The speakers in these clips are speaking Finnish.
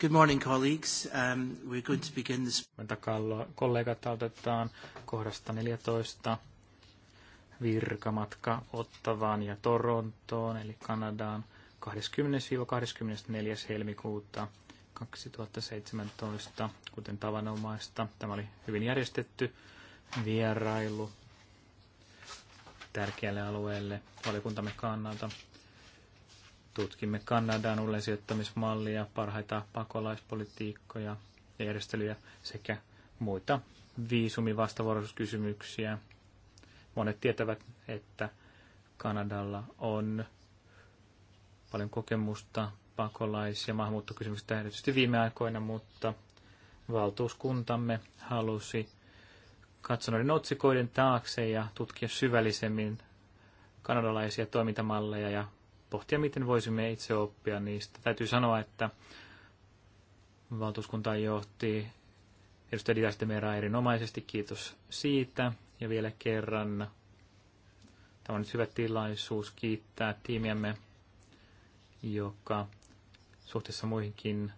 Good morning, colleagues. Um, we're going to begin this... Kollegat aloitetaan kohdasta 14 virkamatka Ottavaan ja Torontoon, eli Kanadaan 20-24. helmikuuta 2017, kuten tavanomaista. Tämä oli hyvin järjestetty vierailu tärkeälle alueelle valiokuntamme kannalta tutkimme Kanadan uudelleensijoittamismallia, parhaita pakolaispolitiikkoja järjestelyjä sekä muita viisumivastavuoroisuuskysymyksiä. Monet tietävät, että Kanadalla on paljon kokemusta pakolais- ja maahanmuuttokysymyksistä erityisesti viime aikoina, mutta valtuuskuntamme halusi katsoa noiden otsikoiden taakse ja tutkia syvällisemmin kanadalaisia toimintamalleja ja pohtia, miten voisimme itse oppia niistä. Täytyy sanoa, että valtuuskunta johti edustaja Didastemera erinomaisesti. Kiitos siitä. Ja vielä kerran tämä on nyt hyvä tilaisuus kiittää tiimiämme, joka suhteessa muihinkin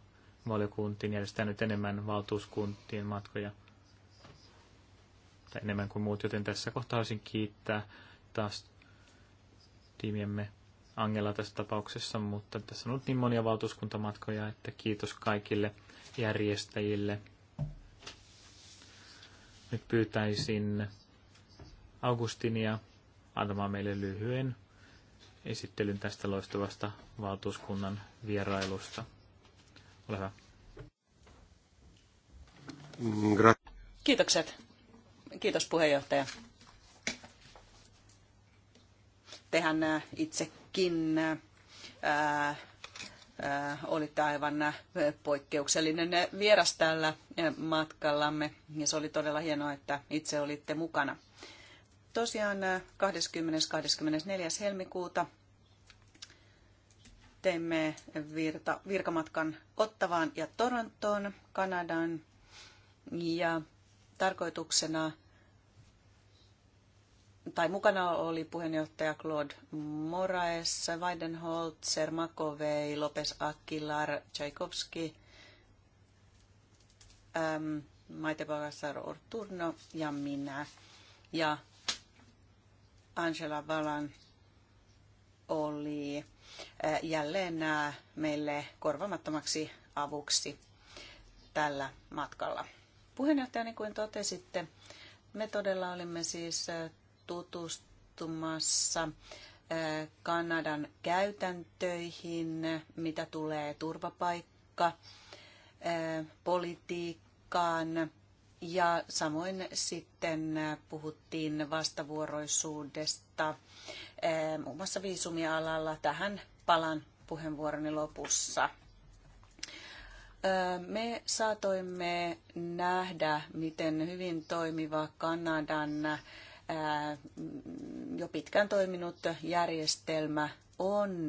valiokuntiin järjestää nyt enemmän valtuuskuntien matkoja tai enemmän kuin muut, joten tässä kohtaa haluaisin kiittää taas tiimiemme Angela tässä tapauksessa, mutta tässä on ollut niin monia valtuuskuntamatkoja, että kiitos kaikille järjestäjille. Nyt pyytäisin Augustinia antamaan meille lyhyen esittelyn tästä loistavasta valtuuskunnan vierailusta. Ole hyvä. Kiitokset. Kiitos puheenjohtaja. Tehän äh, itse Tekin ää, ää, olitte aivan poikkeuksellinen vieras tällä matkallamme ja se oli todella hienoa, että itse olitte mukana. Tosiaan 20.-24. helmikuuta teimme virta, virkamatkan Ottavaan ja Torontoon, Kanadaan. Ja tarkoituksena tai mukana oli puheenjohtaja Claude Moraes, Weidenholt, Sermakovei, Lopes Akilar, Tchaikovski, ähm, Maite Bagassar, Orturno ja minä. Ja Angela Valan oli äh, jälleen äh, meille korvamattomaksi avuksi tällä matkalla. Puheenjohtaja, niin kuin totesitte, me todella olimme siis äh, tutustumassa Kanadan käytäntöihin, mitä tulee turvapaikka politiikkaan. Ja samoin sitten puhuttiin vastavuoroisuudesta muun muassa viisumialalla. Tähän palan puheenvuoroni lopussa. Me saatoimme nähdä, miten hyvin toimiva Kanadan jo pitkään toiminut järjestelmä on.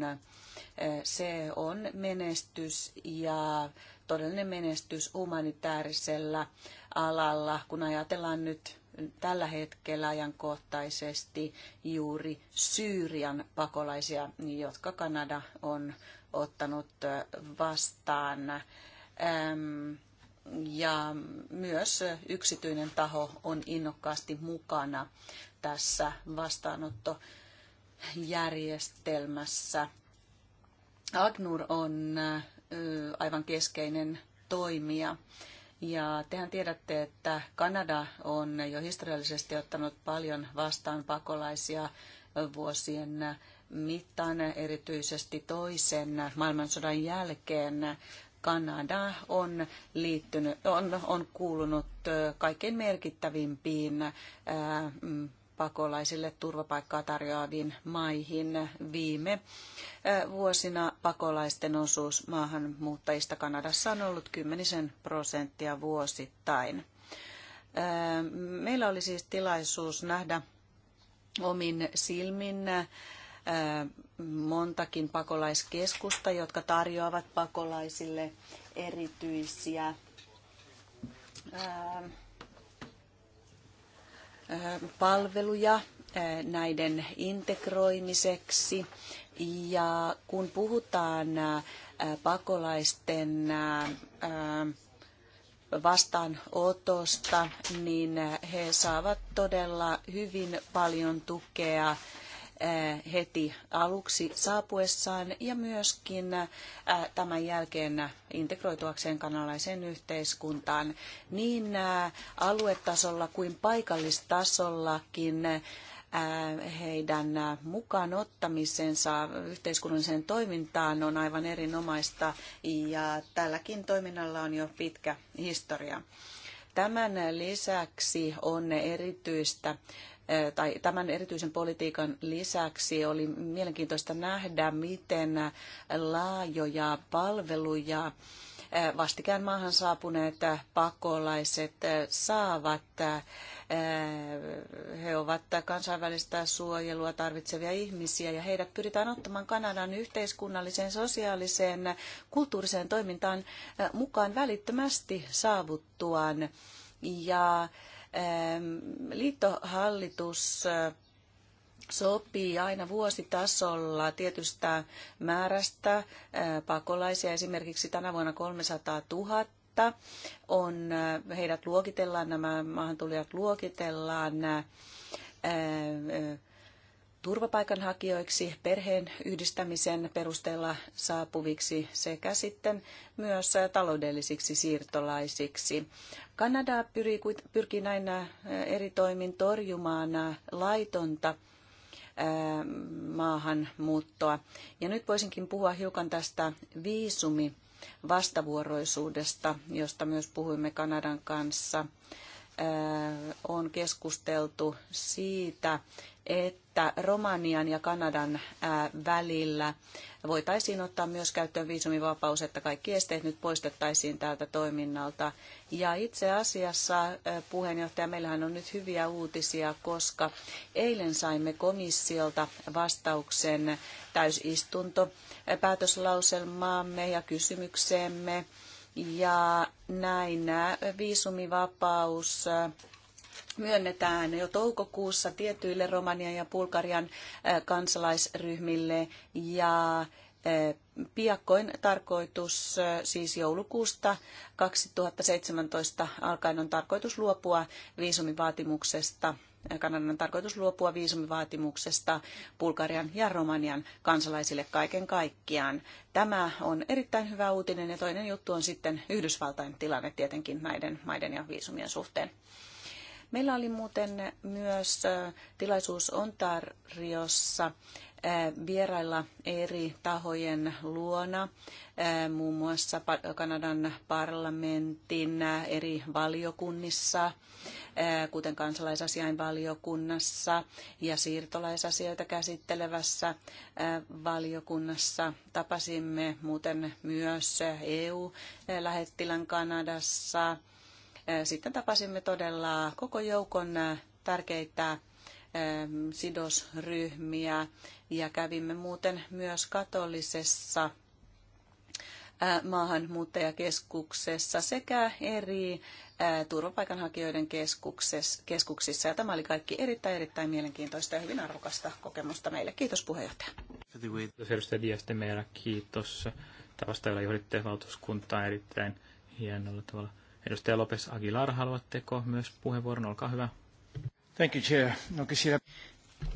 Se on menestys ja todellinen menestys humanitaarisella alalla, kun ajatellaan nyt tällä hetkellä ajankohtaisesti juuri Syyrian pakolaisia, jotka Kanada on ottanut vastaan. Ähm, ja myös yksityinen taho on innokkaasti mukana tässä vastaanottojärjestelmässä. Agnur on aivan keskeinen toimija. Ja tehän tiedätte, että Kanada on jo historiallisesti ottanut paljon vastaan pakolaisia vuosien mittaan, erityisesti toisen maailmansodan jälkeen Kanada on, liittynyt, on, on kuulunut kaikkein merkittävimpiin ää, mm, pakolaisille turvapaikkaa tarjoaviin maihin viime vuosina pakolaisten osuus maahanmuuttajista Kanadassa on ollut kymmenisen prosenttia vuosittain. Meillä oli siis tilaisuus nähdä omin silmin montakin pakolaiskeskusta, jotka tarjoavat pakolaisille erityisiä palveluja näiden integroimiseksi. Ja kun puhutaan pakolaisten vastaanotosta, niin he saavat todella hyvin paljon tukea Eh, heti aluksi saapuessaan ja myöskin eh, tämän jälkeen integroituakseen kanalaiseen yhteiskuntaan niin eh, aluetasolla kuin paikallistasollakin heidän mukaan ottamisensa yhteiskunnalliseen toimintaan on aivan erinomaista ja tälläkin toiminnalla on jo pitkä historia. Tämän lisäksi on erityistä Eh, tai tämän erityisen politiikan lisäksi oli mielenkiintoista nähdä, miten laajoja palveluja eh, vastikään maahan saapuneet eh, pakolaiset saavat. He ovat kansainvälistä suojelua tarvitsevia ihmisiä ja heidät pyritään ottamaan Kanadan yhteiskunnalliseen, sosiaaliseen, kulttuuriseen toimintaan mukaan välittömästi saavuttuaan. Ja Ehm, liittohallitus eh, sopii aina vuositasolla tietystä määrästä eh, pakolaisia, esimerkiksi tänä vuonna 300 000 on, eh, heidät luokitellaan, nämä maahantulijat luokitellaan turvapaikanhakijoiksi, perheen yhdistämisen perusteella saapuviksi sekä sitten myös taloudellisiksi siirtolaisiksi. Kanada pyrkii näin äh, eri toimin torjumaan äh, laitonta äh, maahanmuuttoa. Ja nyt voisinkin puhua hiukan tästä viisumi vastavuoroisuudesta, josta myös puhuimme Kanadan kanssa. On keskusteltu siitä, että että Romanian ja Kanadan välillä voitaisiin ottaa myös käyttöön viisumivapaus, että kaikki esteet nyt poistettaisiin tältä toiminnalta. Ja itse asiassa, puheenjohtaja, meillähän on nyt hyviä uutisia, koska eilen saimme komissiolta vastauksen täysistunto päätöslauselmaamme ja kysymykseemme. Ja näin viisumivapaus myönnetään jo toukokuussa tietyille Romanian ja Bulgarian kansalaisryhmille ja Piakkoin tarkoitus siis joulukuusta 2017 alkaen on tarkoitus luopua viisumivaatimuksesta Kanadan on tarkoitus luopua viisumivaatimuksesta Bulgarian ja Romanian kansalaisille kaiken kaikkiaan. Tämä on erittäin hyvä uutinen ja toinen juttu on sitten Yhdysvaltain tilanne tietenkin näiden maiden ja viisumien suhteen. Meillä oli muuten myös tilaisuus Ontariossa vierailla eri tahojen luona, muun muassa Kanadan parlamentin eri valiokunnissa, kuten kansalaisasiainvaliokunnassa ja siirtolaisasioita käsittelevässä valiokunnassa. Tapasimme muuten myös EU-lähettilän Kanadassa – sitten tapasimme todella koko joukon tärkeitä sidosryhmiä ja kävimme muuten myös katolisessa maahanmuuttajakeskuksessa sekä eri turvapaikanhakijoiden keskuksissa. Ja tämä oli kaikki erittäin, erittäin mielenkiintoista ja hyvin arvokasta kokemusta meille. Kiitos puheenjohtaja. Kiitos edustaja Diastemera, kiitos tavasta, jolla johditte valtuuskuntaa erittäin hienolla tavalla. Edustaja Lopes Aguilar, haluatteko myös puheenvuoron? Olkaa hyvä. Thank you, Chair. No, quisiera...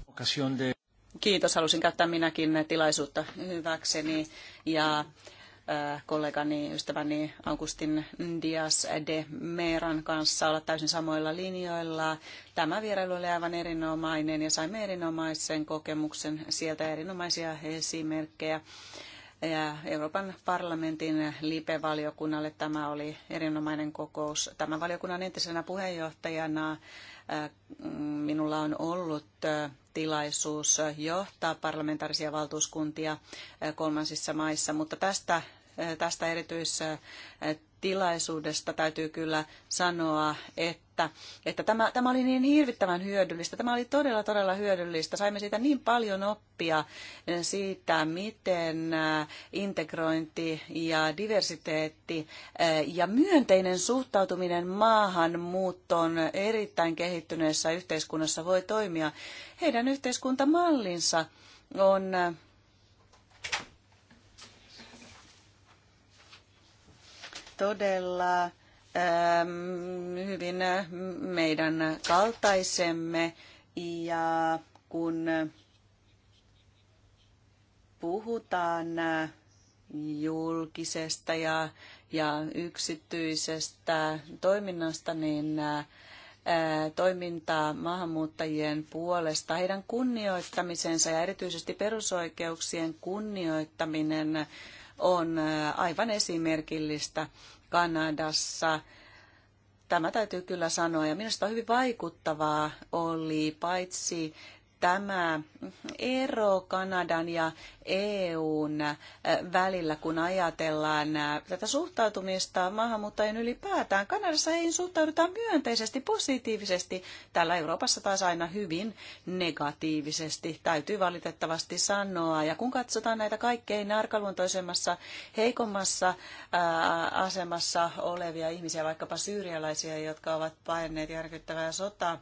ocasión de... Kiitos. Halusin käyttää minäkin tilaisuutta hyväkseni ja äh, kollegani, ystäväni Augustin Dias de Meeran kanssa olla täysin samoilla linjoilla. Tämä vierailu oli aivan erinomainen ja saimme erinomaisen kokemuksen sieltä erinomaisia esimerkkejä ja Euroopan parlamentin LIPE-valiokunnalle tämä oli erinomainen kokous. Tämän valiokunnan entisenä puheenjohtajana äh, minulla on ollut äh, tilaisuus johtaa parlamentaarisia valtuuskuntia äh, kolmansissa maissa, mutta tästä tästä erityistilaisuudesta täytyy kyllä sanoa, että, että tämä, tämä oli niin hirvittävän hyödyllistä. Tämä oli todella, todella hyödyllistä. Saimme siitä niin paljon oppia siitä, miten äh, integrointi ja diversiteetti äh, ja myönteinen suhtautuminen maahanmuuttoon erittäin kehittyneessä yhteiskunnassa voi toimia. Heidän yhteiskuntamallinsa on äh, todella ähm, hyvin meidän kaltaisemme ja kun puhutaan julkisesta ja, ja yksityisestä toiminnasta, niin äh, toimintaa maahanmuuttajien puolesta, heidän kunnioittamisensa ja erityisesti perusoikeuksien kunnioittaminen on äh, aivan esimerkillistä Kanadassa. Tämä täytyy kyllä sanoa ja minusta hyvin vaikuttavaa oli paitsi tämä ero Kanadan ja EUn äh, välillä, kun ajatellaan äh, tätä suhtautumista maahanmuuttajien ylipäätään. Kanadassa ei suhtauduta myönteisesti, positiivisesti. Täällä Euroopassa taas aina hyvin negatiivisesti, täytyy valitettavasti sanoa. Ja kun katsotaan näitä kaikkein arkaluontoisemmassa, heikommassa äh, asemassa olevia ihmisiä, vaikkapa syyrialaisia, jotka ovat paineet järkyttävää sotaa,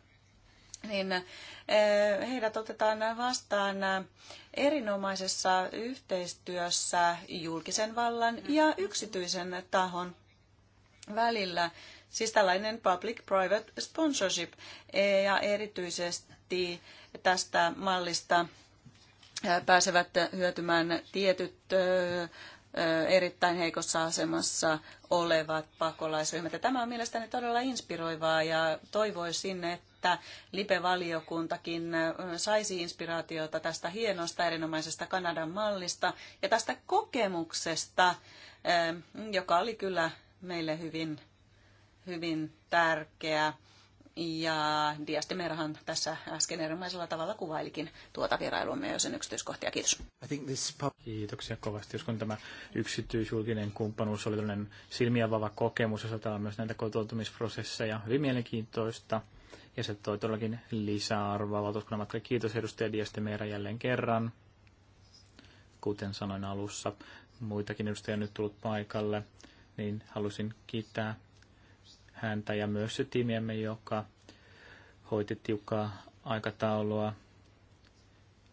niin eh, heidät otetaan vastaan erinomaisessa yhteistyössä julkisen vallan ja mm-hmm. yksityisen tahon välillä. Siis tällainen public-private sponsorship eh, ja erityisesti tästä mallista eh, pääsevät hyötymään tietyt erittäin heikossa asemassa olevat pakolaisryhmät. Ja tämä on mielestäni todella inspiroivaa ja toivoisin, että että Lipe-valiokuntakin saisi inspiraatiota tästä hienosta, erinomaisesta Kanadan mallista ja tästä kokemuksesta, joka oli kyllä meille hyvin, hyvin tärkeä. Ja Dias tässä äsken erinomaisella tavalla kuvailikin tuota vierailua myös sen yksityiskohtia. Kiitos. This... Kiitoksia kovasti. Jos kun tämä yksityisjulkinen kumppanuus oli tällainen silmiä kokemus, jossa myös näitä kotoutumisprosesseja, hyvin mielenkiintoista ja se toi todellakin lisäarvoa valtuuskunnan Kiitos edustaja Diestemeera jälleen kerran. Kuten sanoin alussa, muitakin edustajia nyt tullut paikalle, niin halusin kiittää häntä ja myös se tiimiämme, joka hoiti tiukkaa aikataulua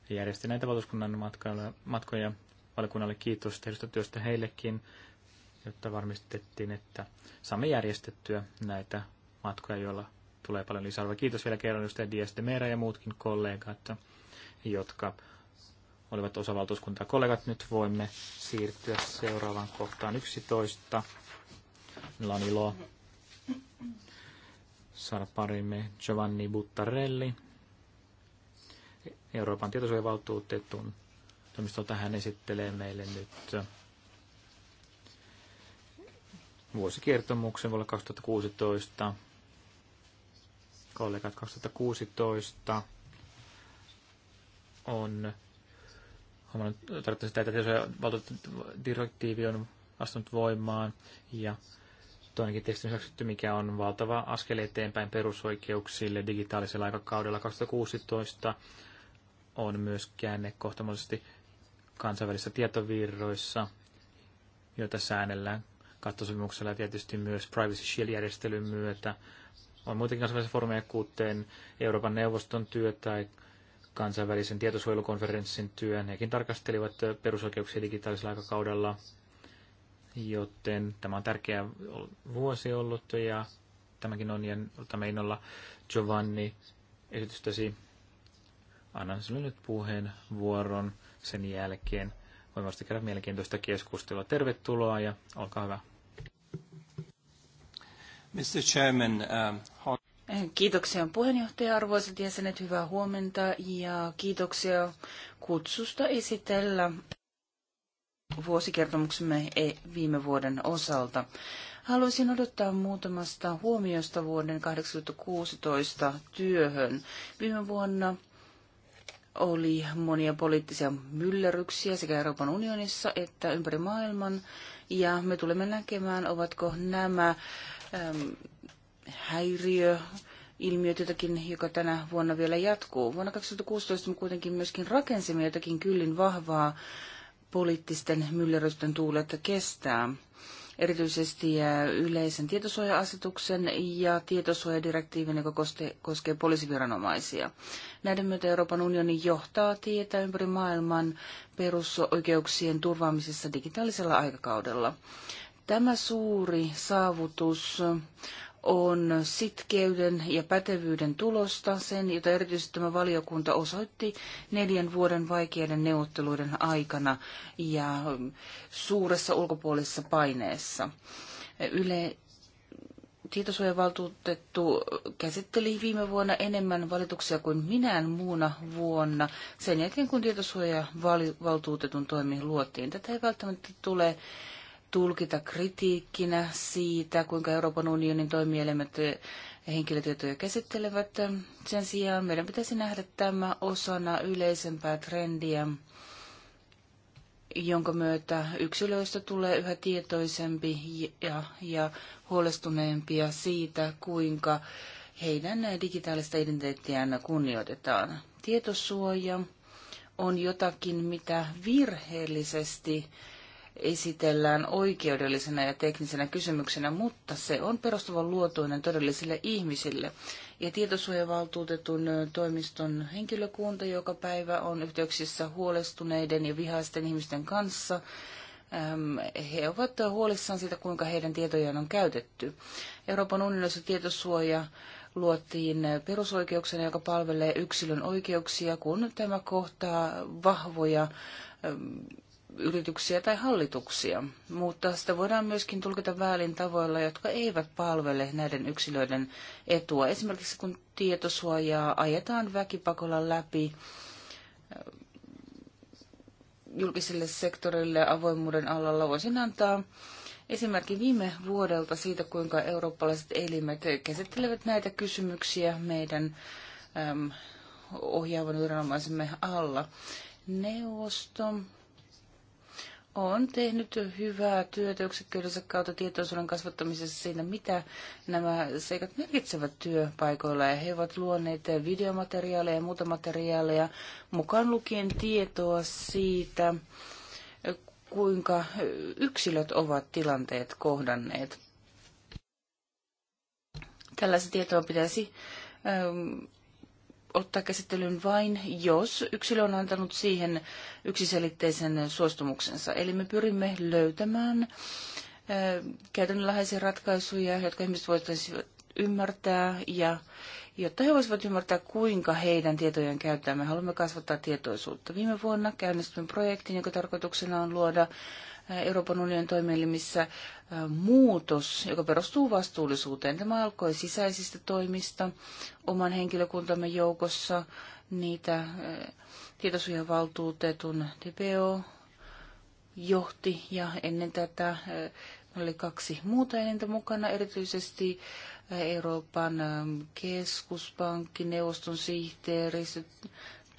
ja järjesti näitä valtuuskunnan matkoja, matkoja valiokunnalle. Kiitos tehdystä työstä heillekin, jotta varmistettiin, että saamme järjestettyä näitä matkoja, joilla tulee paljon lisäarvoa. Kiitos vielä kerran just Dias de Mera ja muutkin kollegat, jotka olivat osavaltuuskuntaa kollegat. Nyt voimme siirtyä seuraavaan kohtaan 11. Meillä on ilo saada parimme Giovanni Buttarelli, Euroopan tietosuojavaltuutetun toimistolta. Hän esittelee meille nyt vuosikertomuksen vuonna 2016 kollegat 2016 on huomannut, tarkoittaa sitä, että direktiivi on astunut voimaan ja toinenkin teksti on hyväksytty, mikä on valtava askel eteenpäin perusoikeuksille digitaalisella aikakaudella 2016 on myös käänne kohtamallisesti kansainvälisissä tietovirroissa, joita säännellään kattosopimuksella ja tietysti myös Privacy Shield-järjestelyn myötä on muitakin kansainvälisiä foorumeja, kuten Euroopan neuvoston työ tai kansainvälisen tietosuojelukonferenssin työ. Nekin tarkastelivat perusoikeuksia digitaalisella aikakaudella, joten tämä on tärkeä vuosi ollut ja tämäkin on, ja otamme innolla Giovanni esitystäsi. Annan sinulle nyt puheen vuoron sen jälkeen. Voimasti käydä mielenkiintoista keskustelua. Tervetuloa ja olkaa hyvä. Mr. Chairman, um, Kiitoksia puheenjohtaja, arvoisat jäsenet, hyvää huomenta ja kiitoksia kutsusta esitellä vuosikertomuksemme e- viime vuoden osalta. Haluaisin odottaa muutamasta huomiosta vuoden 2016 työhön. Viime vuonna oli monia poliittisia myllerryksiä sekä Euroopan unionissa että ympäri maailman, ja me tulemme näkemään, ovatko nämä äm, häiriö, ilmiöt jotakin, joka tänä vuonna vielä jatkuu. Vuonna 2016 me kuitenkin myöskin rakensimme jotakin kyllin vahvaa poliittisten myllerrysten tuuletta kestää. Erityisesti äh, yleisen tietosuoja-asetuksen ja tietosuojadirektiivin, joka koskee poliisiviranomaisia. Näiden myötä Euroopan unioni johtaa tietä ympäri maailman perusoikeuksien turvaamisessa digitaalisella aikakaudella. Tämä suuri saavutus on sitkeyden ja pätevyyden tulosta, sen, jota erityisesti tämä valiokunta osoitti neljän vuoden vaikeiden neuvotteluiden aikana ja suuressa ulkopuolisessa paineessa. Yle tietosuojavaltuutettu käsitteli viime vuonna enemmän valituksia kuin minään muuna vuonna sen jälkeen, kun tietosuojavaltuutetun toimiin luotiin. Tätä ei välttämättä tule tulkita kritiikkinä siitä, kuinka Euroopan unionin toimielimet henkilötietoja käsittelevät. Sen sijaan meidän pitäisi nähdä tämä osana yleisempää trendiä, jonka myötä yksilöistä tulee yhä tietoisempi ja, ja huolestuneempia siitä, kuinka heidän digitaalista identiteettiään kunnioitetaan. Tietosuoja on jotakin, mitä virheellisesti esitellään oikeudellisena ja teknisenä kysymyksenä, mutta se on perustuvan luotuinen todellisille ihmisille. Ja tietosuojavaltuutetun toimiston henkilökunta joka päivä on yhteyksissä huolestuneiden ja vihaisten ihmisten kanssa. He ovat huolissaan siitä, kuinka heidän tietojaan on käytetty. Euroopan unionissa tietosuoja luotiin perusoikeuksena, joka palvelee yksilön oikeuksia, kun tämä kohtaa vahvoja yrityksiä tai hallituksia, mutta sitä voidaan myöskin tulkita väärin tavoilla, jotka eivät palvele näiden yksilöiden etua. Esimerkiksi kun tietosuojaa ajetaan väkipakolla läpi eh, julkiselle sektorille avoimuuden alalla, voisin antaa esimerkki viime vuodelta siitä, kuinka eurooppalaiset elimet käsittelevät näitä kysymyksiä meidän ehm, ohjaavan viranomaisemme alla. Neuvosto on tehnyt hyvää työtä yksiköidensä kautta tietoisuuden kasvattamisessa siinä, mitä nämä seikat merkitsevät työpaikoilla. Ja he ovat luoneet videomateriaaleja ja muuta materiaaleja, mukaan lukien tietoa siitä, kuinka yksilöt ovat tilanteet kohdanneet. Tällaista tietoa pitäisi ähm, ottaa käsittelyyn vain, jos yksilö on antanut siihen yksiselitteisen suostumuksensa. Eli me pyrimme löytämään käytännönläheisiä ratkaisuja, jotka ihmiset voisivat ymmärtää ja jotta he voisivat ymmärtää, kuinka heidän tietojen käyttää. Me haluamme kasvattaa tietoisuutta. Viime vuonna käynnistimme projektin, jonka tarkoituksena on luoda Euroopan unionin toimielimissä muutos, joka perustuu vastuullisuuteen. Tämä alkoi sisäisistä toimista oman henkilökuntamme joukossa, niitä tietosuojavaltuutetun TPO johti ja ennen tätä oli kaksi muuta elintä mukana, erityisesti Euroopan keskuspankki, neuvoston sihteeri,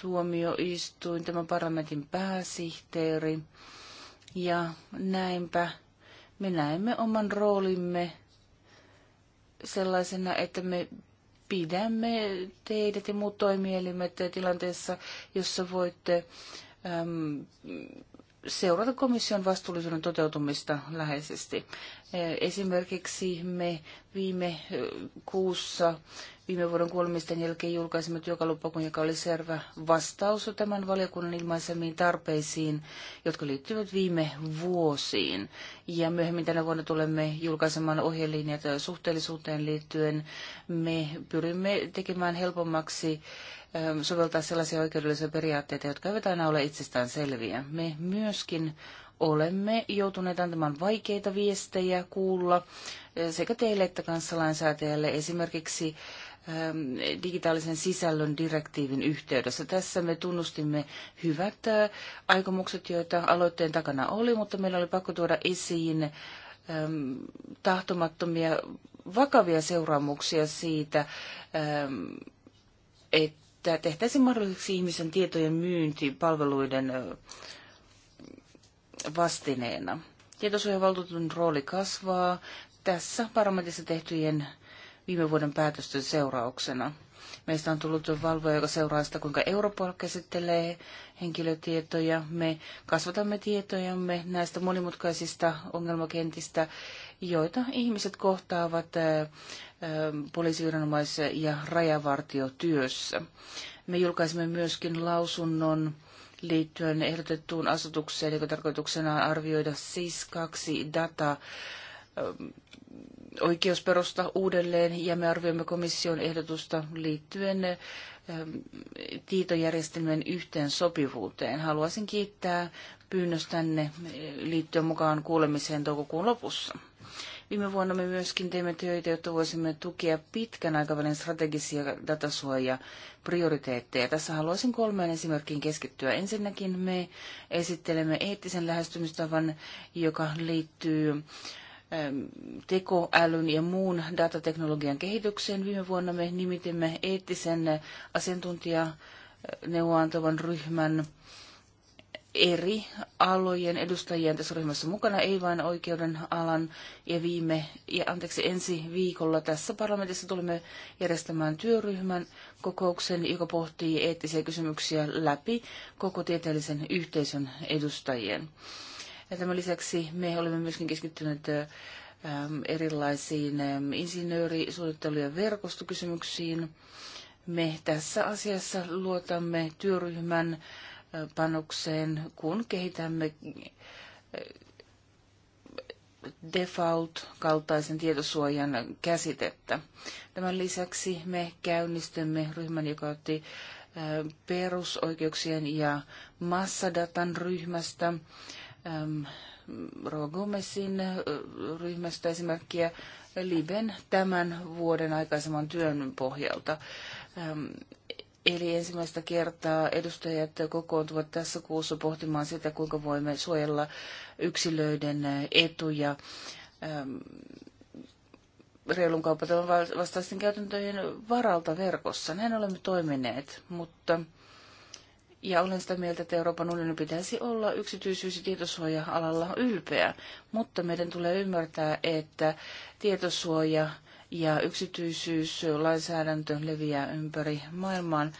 tuomioistuin, tämän parlamentin pääsihteeri ja näinpä me näemme oman roolimme sellaisena, että me pidämme teidät ja muut toimielimet tilanteessa, jossa voitte äm, seurata komission vastuullisuuden toteutumista läheisesti. Esimerkiksi me viime kuussa, viime vuoden kuulemisten jälkeen julkaisimme työkalupakun, joka oli selvä vastaus tämän valiokunnan ilmaisemiin tarpeisiin, jotka liittyvät viime vuosiin. Ja myöhemmin tänä vuonna tulemme julkaisemaan ohjelinjat suhteellisuuteen liittyen. Me pyrimme tekemään helpommaksi soveltaa sellaisia oikeudellisia periaatteita, jotka eivät aina ole itsestään selviä. Me myöskin olemme joutuneet antamaan vaikeita viestejä kuulla eh, sekä teille että kanssalainsäätäjälle esimerkiksi ehm, digitaalisen sisällön direktiivin yhteydessä. Tässä me tunnustimme hyvät eh, aikomukset, joita aloitteen takana oli, mutta meillä oli pakko tuoda esiin ehm, tahtomattomia vakavia seuraamuksia siitä, ehm, että tehtäisiin mahdolliseksi ihmisen tietojen myynti palveluiden eh, vastineena. Tietosuojavaltuutetun rooli kasvaa tässä parlamentissa tehtyjen viime vuoden päätösten seurauksena. Meistä on tullut valvoja, joka seuraa sitä, kuinka Europol käsittelee henkilötietoja. Me kasvatamme tietojamme näistä monimutkaisista ongelmakentistä, joita ihmiset kohtaavat poliisiviranomais- ja rajavartiotyössä. Me julkaisimme myöskin lausunnon liittyen ehdotettuun asetukseen, joka tarkoituksena on arvioida siis kaksi data ähm, oikeusperusta uudelleen ja me arvioimme komission ehdotusta liittyen ähm, tietojärjestelmien yhteensopivuuteen. Haluaisin kiittää pyynnöstänne äh, liittyen mukaan kuulemiseen toukokuun lopussa. Viime vuonna me myöskin teimme töitä, jotta voisimme tukea pitkän aikavälin strategisia datasuoja prioriteetteja. Tässä haluaisin kolmeen esimerkkiin keskittyä. Ensinnäkin me esittelemme eettisen lähestymistavan, joka liittyy ähm, tekoälyn ja muun datateknologian kehitykseen. Viime vuonna me nimitimme eettisen asiantuntijaneuvoantavan ryhmän eri alojen edustajia tässä ryhmässä mukana, ei vain oikeuden alan. Ja viime, ja anteeksi, ensi viikolla tässä parlamentissa tulemme järjestämään työryhmän kokouksen, joka pohtii eettisiä kysymyksiä läpi koko tieteellisen yhteisön edustajien. Ja tämän lisäksi me olemme myöskin keskittyneet erilaisiin insinöörisuunnittelu- ja verkostokysymyksiin. Me tässä asiassa luotamme työryhmän panokseen, kun kehitämme eh, default-kaltaisen tietosuojan käsitettä. Tämän lisäksi me käynnistämme ryhmän, joka otti eh, perusoikeuksien ja massadatan ryhmästä, ehm, Rova Gomesin eh, ryhmästä esimerkkiä Liben tämän vuoden aikaisemman työn pohjalta. Ehm, Eli ensimmäistä kertaa edustajat kokoontuvat tässä kuussa pohtimaan sitä, kuinka voimme suojella yksilöiden etuja ähm, reilun kauppatavan vastaisten käytäntöjen varalta verkossa. Näin olemme toimineet, mutta ja olen sitä mieltä, että Euroopan unionin pitäisi olla yksityisyys- ja tietosuoja-alalla ylpeä, mutta meidän tulee ymmärtää, että tietosuoja ja yksityisyyslainsäädäntö leviää ympäri maailmaan.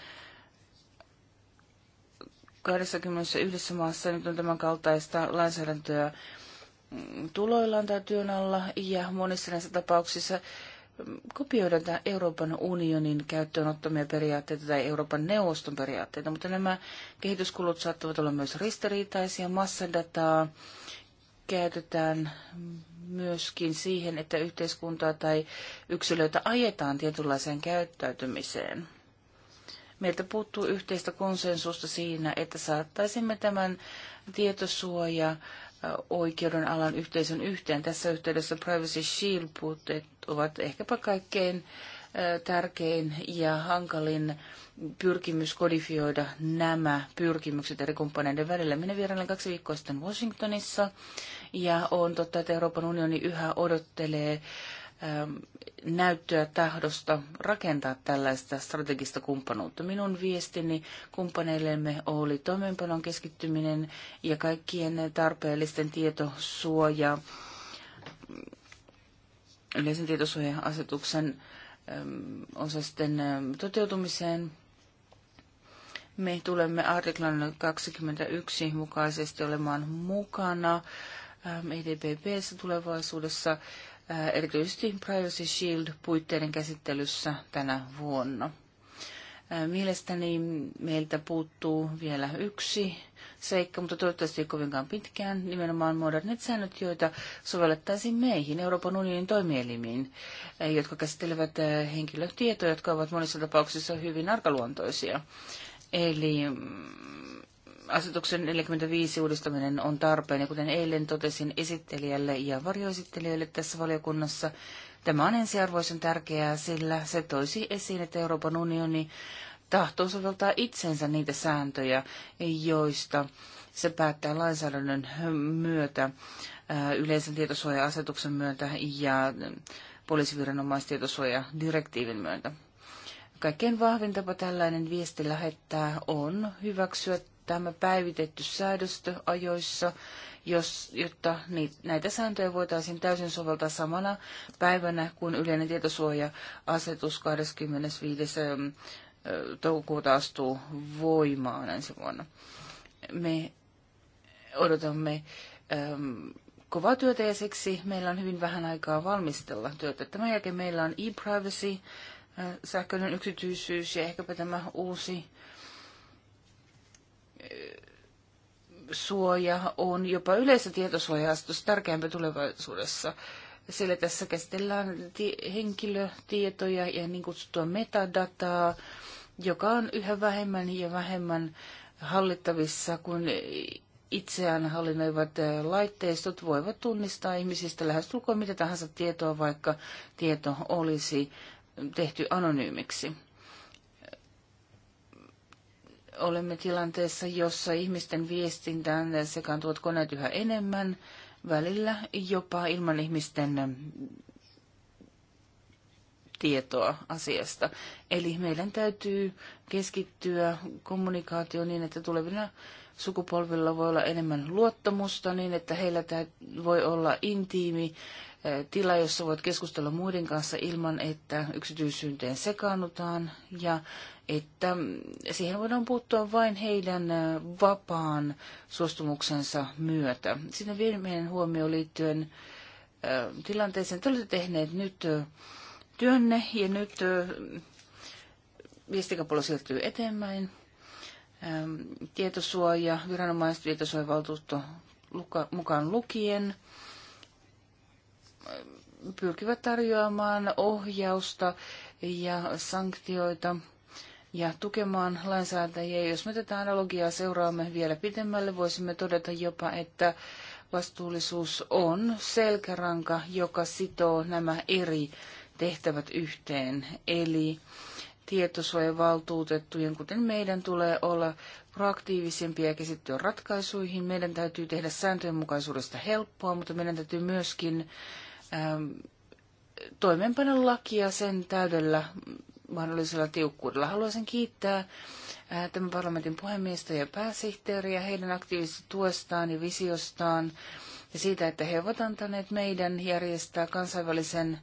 21 maassa nyt on tämän kaltaista lainsäädäntöä tuloillaan tai työn alla, ja monissa näissä tapauksissa kopioidaan Euroopan unionin käyttöön ottamia periaatteita tai Euroopan neuvoston periaatteita, mutta nämä kehityskulut saattavat olla myös ristiriitaisia, massadataa, käytetään myöskin siihen, että yhteiskuntaa tai yksilöitä ajetaan tietynlaiseen käyttäytymiseen. Meiltä puuttuu yhteistä konsensusta siinä, että saattaisimme tämän tietosuoja oikeuden alan yhteisön yhteen. Tässä yhteydessä Privacy Shield-puutteet ovat ehkäpä kaikkein äh, tärkein ja hankalin pyrkimys kodifioida nämä pyrkimykset eri kumppaneiden välillä. Minä vierailen kaksi viikkoa sitten Washingtonissa ja on totta, että Euroopan unioni yhä odottelee ähm, näyttöä tahdosta rakentaa tällaista strategista kumppanuutta. Minun viestini kumppaneillemme oli toimeenpanon keskittyminen ja kaikkien tarpeellisten tietosuoja, yleisen tietosuoja-asetuksen Ähm, on se ähm, toteutumiseen. Me tulemme artiklan 21 mukaisesti olemaan mukana ähm, EDPPssä tulevaisuudessa, äh, erityisesti Privacy Shield-puitteiden käsittelyssä tänä vuonna. Äh, mielestäni meiltä puuttuu vielä yksi seikka, mutta toivottavasti ei kovinkaan pitkään. Nimenomaan modernit säännöt, joita sovellettaisiin meihin, Euroopan unionin toimielimiin, eh, jotka käsittelevät eh, henkilötietoja, jotka ovat monissa tapauksissa hyvin arkaluontoisia. Eli mm, asetuksen 45 uudistaminen on tarpeen, ja kuten eilen totesin esittelijälle ja varjoesittelijälle tässä valiokunnassa, Tämä on ensiarvoisen tärkeää, sillä se toisi esiin, että Euroopan unioni tahtoo soveltaa itsensä niitä sääntöjä, joista se päättää lainsäädännön myötä, äh, yleisen tietosuoja-asetuksen myötä ja poliisiviranomaistietosuojadirektiivin myötä. Kaikkein vahvin tapa tällainen viesti lähettää on hyväksyä tämä päivitetty säädöstö ajoissa, jos, jotta niitä, näitä sääntöjä voitaisiin täysin soveltaa samana päivänä kuin yleinen tietosuoja-asetus 25 toukokuuta astuu voimaan ensi vuonna. Me odotamme äm, kovaa työtä ja siksi meillä on hyvin vähän aikaa valmistella työtä. Tämän jälkeen meillä on e-privacy, äh, sähköinen yksityisyys ja ehkäpä tämä uusi äh, suoja on jopa yleistä tietosuoja-asetus tärkeämpi tulevaisuudessa sillä tässä käsitellään henkilötietoja ja niin kutsuttua metadataa, joka on yhä vähemmän ja vähemmän hallittavissa, kun itseään hallinnoivat eh, laitteistot voivat tunnistaa ihmisistä lähestulkoon mitä tahansa tietoa, vaikka tieto olisi tehty anonyymiksi. Olemme tilanteessa, jossa ihmisten viestintään sekaantuvat koneet yhä enemmän – välillä jopa ilman ihmisten tietoa asiasta. Eli meidän täytyy keskittyä kommunikaatioon niin, että tulevina sukupolvilla voi olla enemmän luottamusta, niin että heillä voi olla intiimi eh, tila, jossa voit keskustella muiden kanssa ilman, että yksityisyyteen sekaannutaan. Ja että siihen voidaan puuttua vain heidän vapaan suostumuksensa myötä. Sinne viimeinen huomio liittyen tilanteeseen. Te olette tehneet nyt työnne ja nyt viestikapolo siirtyy eteenpäin. Tietosuoja, viranomaiset, tietosuojavaltuutto mukaan lukien pyrkivät tarjoamaan ohjausta ja sanktioita ja tukemaan lainsäätäjiä. Jos me tätä analogiaa seuraamme vielä pitemmälle, voisimme todeta jopa, että vastuullisuus on selkäranka, joka sitoo nämä eri tehtävät yhteen. Eli tietosuojavaltuutettujen, kuten meidän tulee olla proaktiivisempia ja keskittyä ratkaisuihin. Meidän täytyy tehdä sääntöjen mukaisuudesta helppoa, mutta meidän täytyy myöskin ähm, toimeenpanon lakia sen täydellä mahdollisella tiukkuudella. Haluaisin kiittää tämän parlamentin puhemiestä ja pääsihteeriä heidän aktiivisesta tuestaan ja visiostaan ja siitä, että he ovat antaneet meidän järjestää kansainvälisen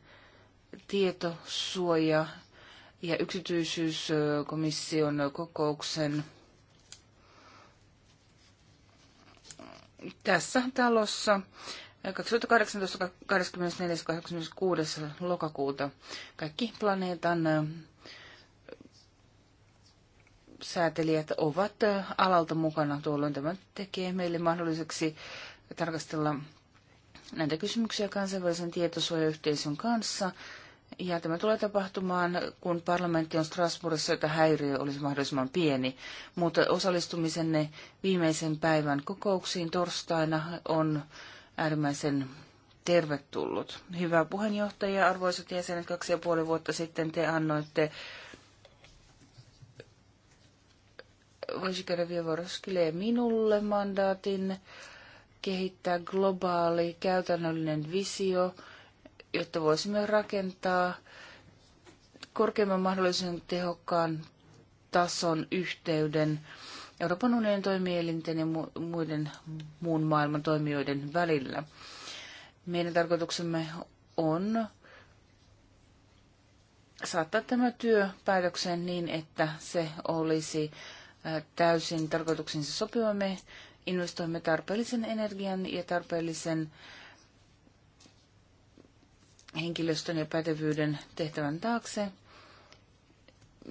tietosuoja- ja yksityisyyskomission kokouksen tässä talossa 2018-24.-26. lokakuuta. Kaikki planeetan säätelijät ovat äh, alalta mukana. Tuolloin tämä tekee meille mahdolliseksi tarkastella näitä kysymyksiä kansainvälisen tietosuojayhteisön kanssa. Ja tämä tulee tapahtumaan, kun parlamentti on Strasbourgissa, että häiriö olisi mahdollisimman pieni. Mutta osallistumisenne viimeisen päivän kokouksiin torstaina on äärimmäisen tervetullut. Hyvä puheenjohtaja, arvoisat jäsenet, kaksi ja puoli vuotta sitten te annoitte voisi käydä vielä Voroskille minulle mandaatin kehittää globaali käytännöllinen visio, jotta voisimme rakentaa korkeimman mahdollisen tehokkaan tason yhteyden Euroopan unionin toimielinten ja muiden muun maailman toimijoiden välillä. Meidän tarkoituksemme on saattaa tämä työ päätökseen niin, että se olisi täysin tarkoituksensa sopiva. Me investoimme tarpeellisen energian ja tarpeellisen henkilöstön ja pätevyyden tehtävän taakse.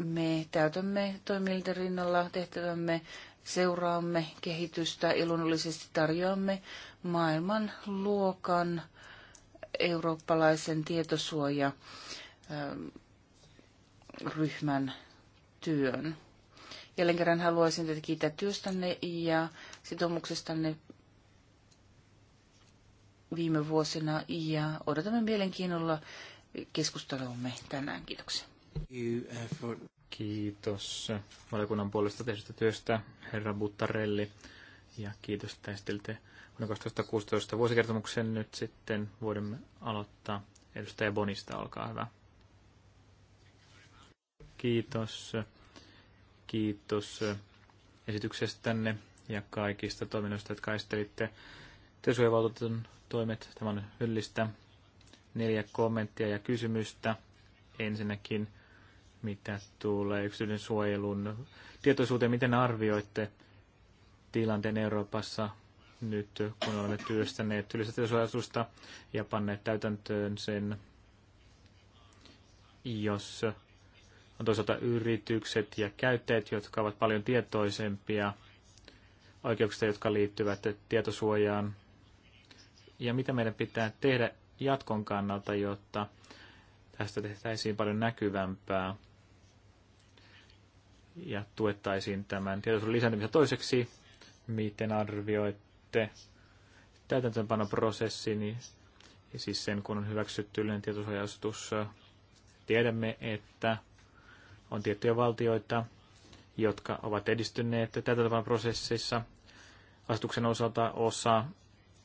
Me täytämme toimijoiden rinnalla tehtävämme, seuraamme kehitystä ja luonnollisesti tarjoamme maailman luokan eurooppalaisen tietosuojaryhmän työn. Jälleen kerran haluaisin teitä kiittää työstänne ja sitoumuksestanne viime vuosina ja odotamme mielenkiinnolla keskusteluumme tänään. Kiitoksia. Kiitos valiokunnan puolesta tehdystä työstä, herra Buttarelli, ja kiitos tästä vuonna 2016 vuosikertomuksen. Nyt sitten voimme aloittaa. Edustaja Bonista, olkaa hyvä. Kiitos Kiitos esityksestänne ja kaikista toiminnoista, jotka esittelitte työsuojavaltuutetun toimet. Tämä on hyllistä. Neljä kommenttia ja kysymystä. Ensinnäkin, mitä tulee yksityisen suojelun tietoisuuteen, miten arvioitte tilanteen Euroopassa nyt, kun olemme työstäneet yleistä ja panneet täytäntöön sen, jos on toisaalta yritykset ja käyttäjät, jotka ovat paljon tietoisempia oikeuksista, jotka liittyvät tietosuojaan. Ja mitä meidän pitää tehdä jatkon kannalta, jotta tästä tehtäisiin paljon näkyvämpää ja tuettaisiin tämän tietoisuuden lisääntymistä toiseksi, miten arvioitte täytäntöönpanoprosessin, ja siis sen kun on hyväksytty yleinen tietosuojaustus, tiedämme, että on tiettyjä valtioita, jotka ovat edistyneet tätä tavan prosessissa. Asetuksen osalta osa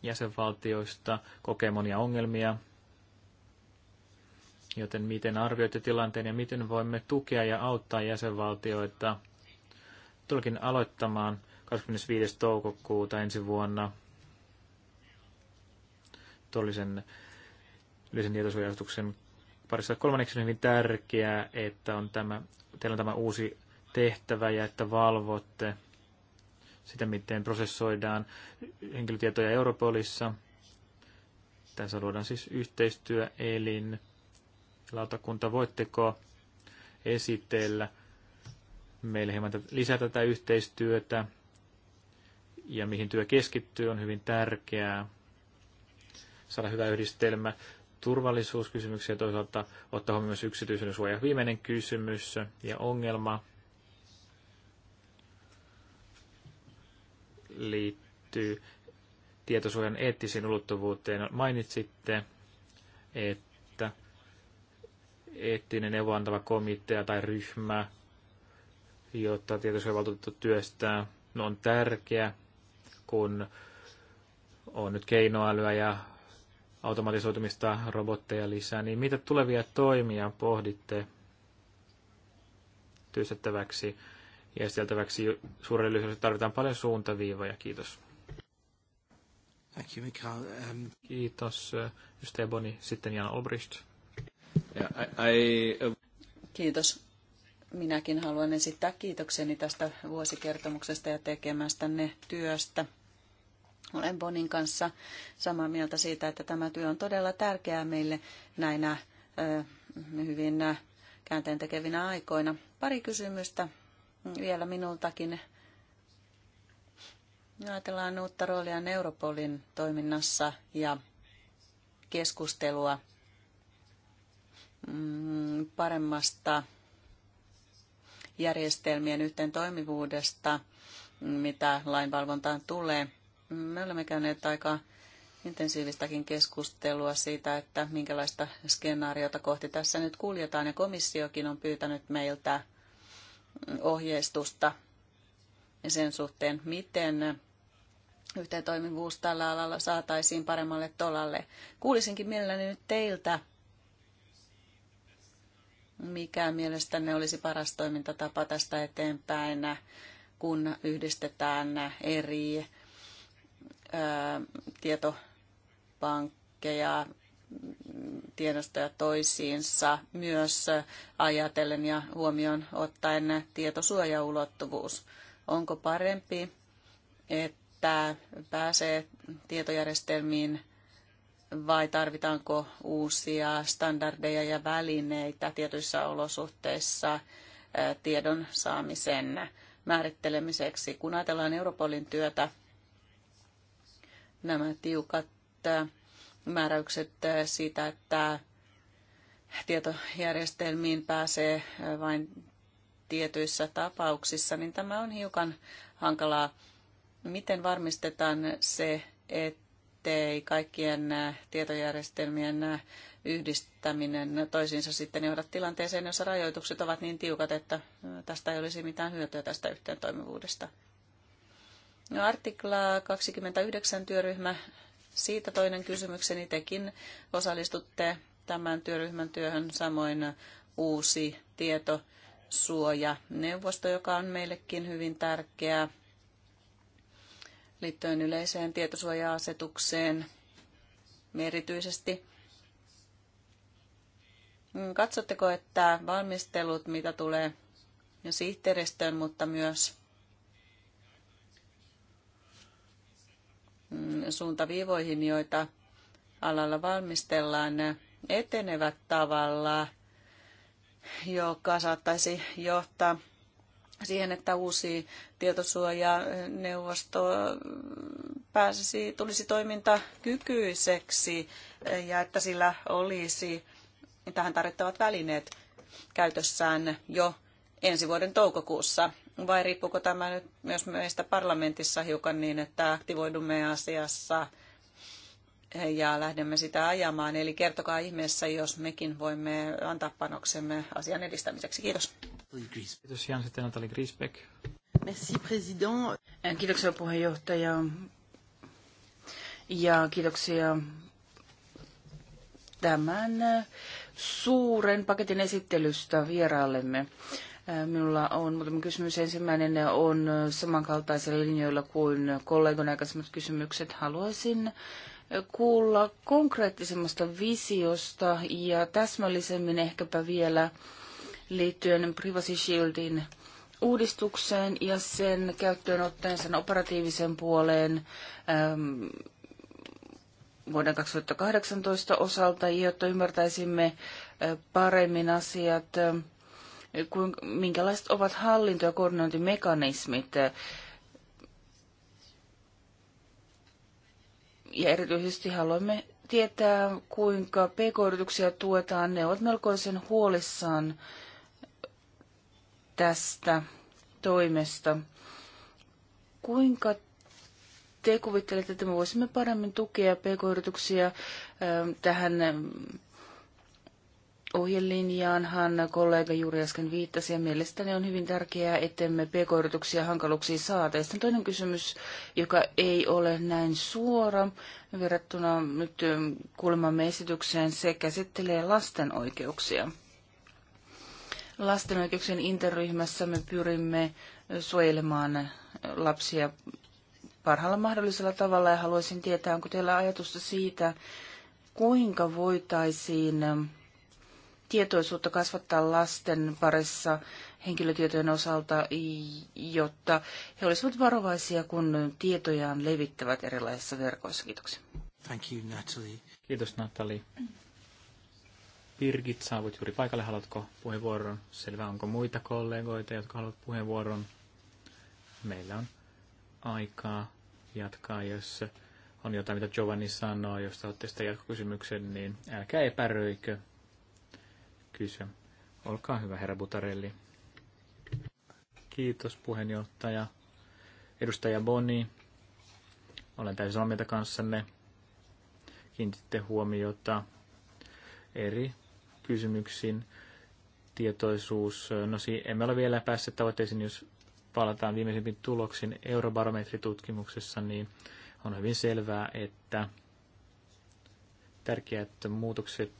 jäsenvaltioista kokee monia ongelmia, joten miten arvioitte tilanteen ja miten voimme tukea ja auttaa jäsenvaltioita tulkin aloittamaan 25. toukokuuta ensi vuonna tuollisen yleisen tietosuojaustuksen parissa. Kolmanneksi on hyvin tärkeää, että on tämä, teillä on tämä uusi tehtävä ja että valvotte sitä, miten prosessoidaan henkilötietoja Europolissa. Tässä luodaan siis yhteistyöelin. Lautakunta, voitteko esitellä meille hieman lisää tätä yhteistyötä ja mihin työ keskittyy on hyvin tärkeää saada hyvä yhdistelmä turvallisuuskysymyksiä toisaalta ottaa myös yksityisyyden suoja. Viimeinen kysymys ja ongelma liittyy tietosuojan eettisiin ulottuvuuteen. Mainitsitte, että eettinen neuvoantava komitea tai ryhmä, jota tietosuojavaltuutettu työstää, on tärkeä, kun on nyt keinoälyä ja automatisoitumista, robotteja lisää, niin mitä tulevia toimia pohditte työstettäväksi ja esteltäväksi suurelle lyhyesti tarvitaan paljon suuntaviivoja. Kiitos. Thank you, Mikael. Um... Kiitos, eh, edustaja Boni. Sitten Jan Olbricht. Yeah, I, I... Uh, Kiitos. Minäkin haluan esittää kiitokseni tästä vuosikertomuksesta ja ne työstä. Olen Bonin kanssa samaa mieltä siitä, että tämä työ on todella tärkeää meille näinä hyvin käänteen tekevinä aikoina. Pari kysymystä vielä minultakin. Ajatellaan uutta roolia Europolin toiminnassa ja keskustelua mm, paremmasta järjestelmien yhteen toimivuudesta, mitä lainvalvontaan tulee – me olemme käyneet aika intensiivistäkin keskustelua siitä, että minkälaista skenaariota kohti tässä nyt kuljetaan. Ja komissiokin on pyytänyt meiltä ohjeistusta sen suhteen, miten yhteentoimivuus tällä alalla saataisiin paremmalle tolalle. Kuulisinkin mielelläni nyt teiltä, mikä mielestänne olisi paras toimintatapa tästä eteenpäin, kun yhdistetään eri tietopankkeja tiedostoja toisiinsa myös ajatellen ja huomioon ottaen tietosuojaulottuvuus. Onko parempi, että pääsee tietojärjestelmiin vai tarvitaanko uusia standardeja ja välineitä tietyissä olosuhteissa tiedon saamisen määrittelemiseksi? Kun ajatellaan Europolin työtä, nämä tiukat äh, määräykset äh, siitä, että tietojärjestelmiin pääsee äh, vain tietyissä tapauksissa, niin tämä on hiukan hankalaa. Miten varmistetaan se, ettei kaikkien tietojärjestelmien yhdistäminen toisiinsa sitten johda tilanteeseen, jossa rajoitukset ovat niin tiukat, että tästä ei olisi mitään hyötyä tästä yhteen toimivuudesta? No, artikla 29 työryhmä, siitä toinen kysymykseni tekin osallistutte tämän työryhmän työhön samoin uusi tietosuojaneuvosto, joka on meillekin hyvin tärkeä liittyen yleiseen tietosuoja-asetukseen erityisesti. Katsotteko, että valmistelut, mitä tulee sihteeristöön, mutta myös Mm, suuntaviivoihin, joita alalla valmistellaan, etenevät tavalla, joka saattaisi johtaa siihen, että uusi tietosuojaneuvosto pääsisi, tulisi toimintakykyiseksi ja että sillä olisi tähän tarvittavat välineet käytössään jo ensi vuoden toukokuussa vai riippuuko tämä nyt myös meistä parlamentissa hiukan niin, että aktivoidumme asiassa ja lähdemme sitä ajamaan. Eli kertokaa ihmeessä, jos mekin voimme antaa panoksemme asian edistämiseksi. Kiitos. Kiitos Jan, sitten Natali Grisbeck. Merci, president. Kiitoksia puheenjohtaja. Ja kiitoksia tämän suuren paketin esittelystä vieraallemme. Äh, minulla on muutama kysymys. Ensimmäinen on samankaltaisilla linjoilla kuin kollegon aikaisemmat kysymykset. Haluaisin kuulla konkreettisemmasta visiosta ja täsmällisemmin ehkäpä vielä liittyen Privacy Shieldin uudistukseen ja sen käyttöönotteen sen operatiivisen puoleen ähm, vuoden 2018 osalta, jotta ymmärtäisimme äh, paremmin asiat kuinka, minkälaiset ovat hallinto- ja koordinointimekanismit. Ja erityisesti haluamme tietää, kuinka pk-yrityksiä tuetaan. Ne ovat melkoisen huolissaan tästä toimesta. Kuinka te kuvittelette, että me voisimme paremmin tukea pk-yrityksiä tähän ohjelinjaanhan kollega juuri äsken viittasi ja mielestäni on hyvin tärkeää, ettemme pk-yrityksiä hankaluuksiin saa. Sitten toinen kysymys, joka ei ole näin suora verrattuna nyt kuulemamme esitykseen, se käsittelee lasten oikeuksia. Lasten oikeuksien interryhmässä me pyrimme suojelemaan lapsia parhaalla mahdollisella tavalla ja haluaisin tietää, onko teillä ajatusta siitä, kuinka voitaisiin tietoisuutta kasvattaa lasten parissa henkilötietojen osalta, jotta he olisivat varovaisia, kun tietojaan levittävät erilaisissa verkoissa. Kiitoksia. Thank you, Natalie. Kiitos, Natalie. Birgit, saavut juuri paikalle. Haluatko puheenvuoron? Selvä, onko muita kollegoita, jotka haluavat puheenvuoron? Meillä on aikaa jatkaa, jos on jotain, mitä Giovanni sanoo, jos te olette sitä jatkokysymyksen, niin älkää epäröikö kyse. Olkaa hyvä, herra Butarelli. Kiitos, puheenjohtaja. Edustaja Boni, olen täysin samaa mieltä kanssanne. Kiinnititte huomiota eri kysymyksiin. Tietoisuus, no si, emme ole vielä päässeet tavoitteisiin, jos palataan viimeisimpiin tuloksiin eurobarometritutkimuksessa, niin on hyvin selvää, että tärkeät muutokset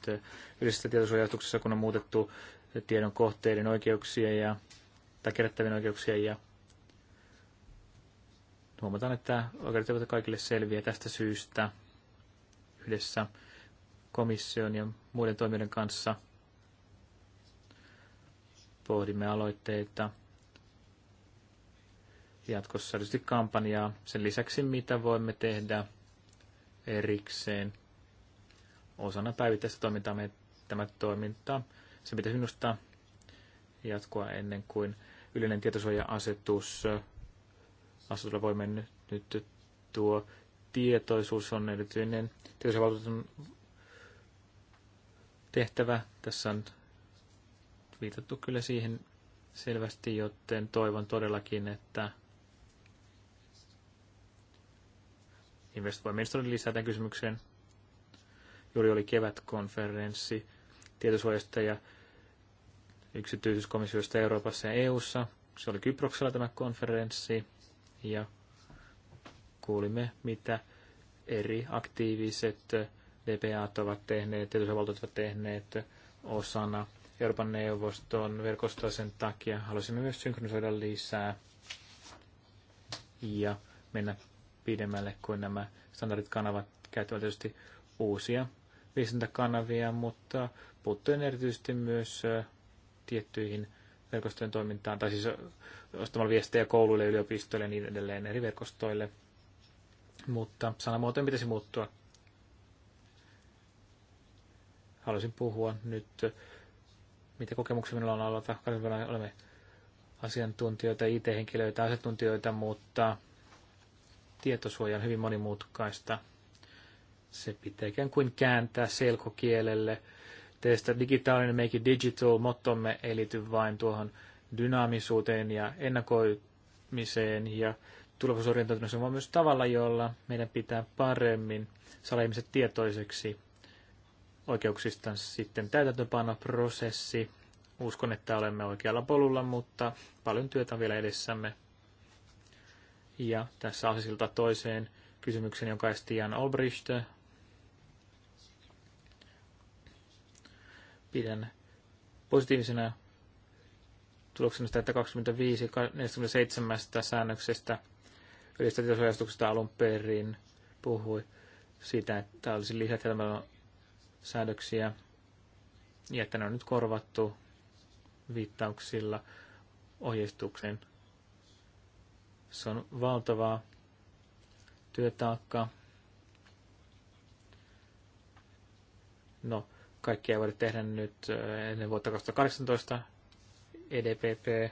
yleisessä tietosuojatuksessa, kun on muutettu tiedon kohteiden oikeuksia ja, tai kerättävien oikeuksia ja huomataan, että oikeudet ovat kaikille selviä tästä syystä yhdessä komission ja muiden toimijoiden kanssa pohdimme aloitteita jatkossa tietysti kampanjaa sen lisäksi, mitä voimme tehdä erikseen – osana päivittäistä toimintaa, tämä toiminta. Se pitäisi minusta jatkoa ennen kuin yleinen tietosuoja-asetus asetulla voi mennä nyt tuo tietoisuus on erityinen tietosuojavaltuutetun tehtävä. Tässä on viitattu kyllä siihen selvästi, joten toivon todellakin, että Investoiminen voi lisää tämän kysymykseen. Juuri oli kevätkonferenssi tietosuojasta ja yksityiskomissiosta Euroopassa ja EU:ssa. Se oli Kyproksella tämä konferenssi ja kuulimme, mitä eri aktiiviset DPA ovat tehneet, tietosuojavaltuutet ovat tehneet osana Euroopan neuvoston verkostoa sen takia. Haluaisimme myös synkronisoida lisää ja mennä pidemmälle kuin nämä standardit kanavat käyttävät tietysti uusia viestintäkanavia, mutta puuttuen erityisesti myös tiettyihin verkostojen toimintaan, tai siis ostamalla viestejä kouluille, yliopistoille ja niin edelleen eri verkostoille. Mutta sanamuotojen pitäisi muuttua. Haluaisin puhua nyt, mitä kokemuksia minulla on alalta. Olemme asiantuntijoita, IT-henkilöitä, asiantuntijoita, mutta tietosuoja on hyvin monimutkaista se pitää ikään kuin kääntää selkokielelle. Teistä digitaalinen make it digital mottomme ei liity vain tuohon dynaamisuuteen ja ennakoimiseen ja tulevaisuusorientoituneeseen, vaan myös tavalla, jolla meidän pitää paremmin saada ihmiset tietoiseksi oikeuksista sitten täytäntöpanoprosessi. Uskon, että olemme oikealla polulla, mutta paljon työtä on vielä edessämme. Ja tässä asisilta toiseen kysymykseen jonka esti Jan Olbricht Pidän positiivisena tuloksena sitä, että 25 47 säännöksestä yleisestä tietosuojastuksesta alun perin puhui siitä, että olisi lisätelmällä säädöksiä ja että ne on nyt korvattu viittauksilla ohjeistukseen. Se on valtavaa työtaakka. No, Kaikkia ei voida tehdä nyt eh, ennen vuotta 2018. EDPP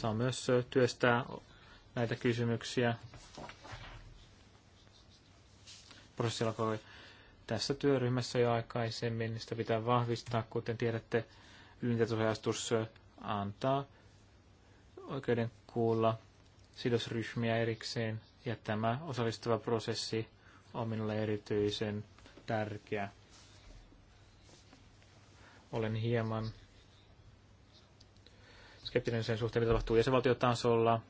saa myös eh, työstää näitä kysymyksiä. Prosessi alkoi tässä työryhmässä jo aikaisemmin. Sitä pitää vahvistaa, kuten tiedätte, ylintetohjastus eh, antaa oikeuden kuulla sidosryhmiä erikseen. Ja tämä osallistuva prosessi on minulle erityisen tärkeä. Olen hieman skeptinen sen suhteen, mitä tapahtuu jäsenvaltiotasolla.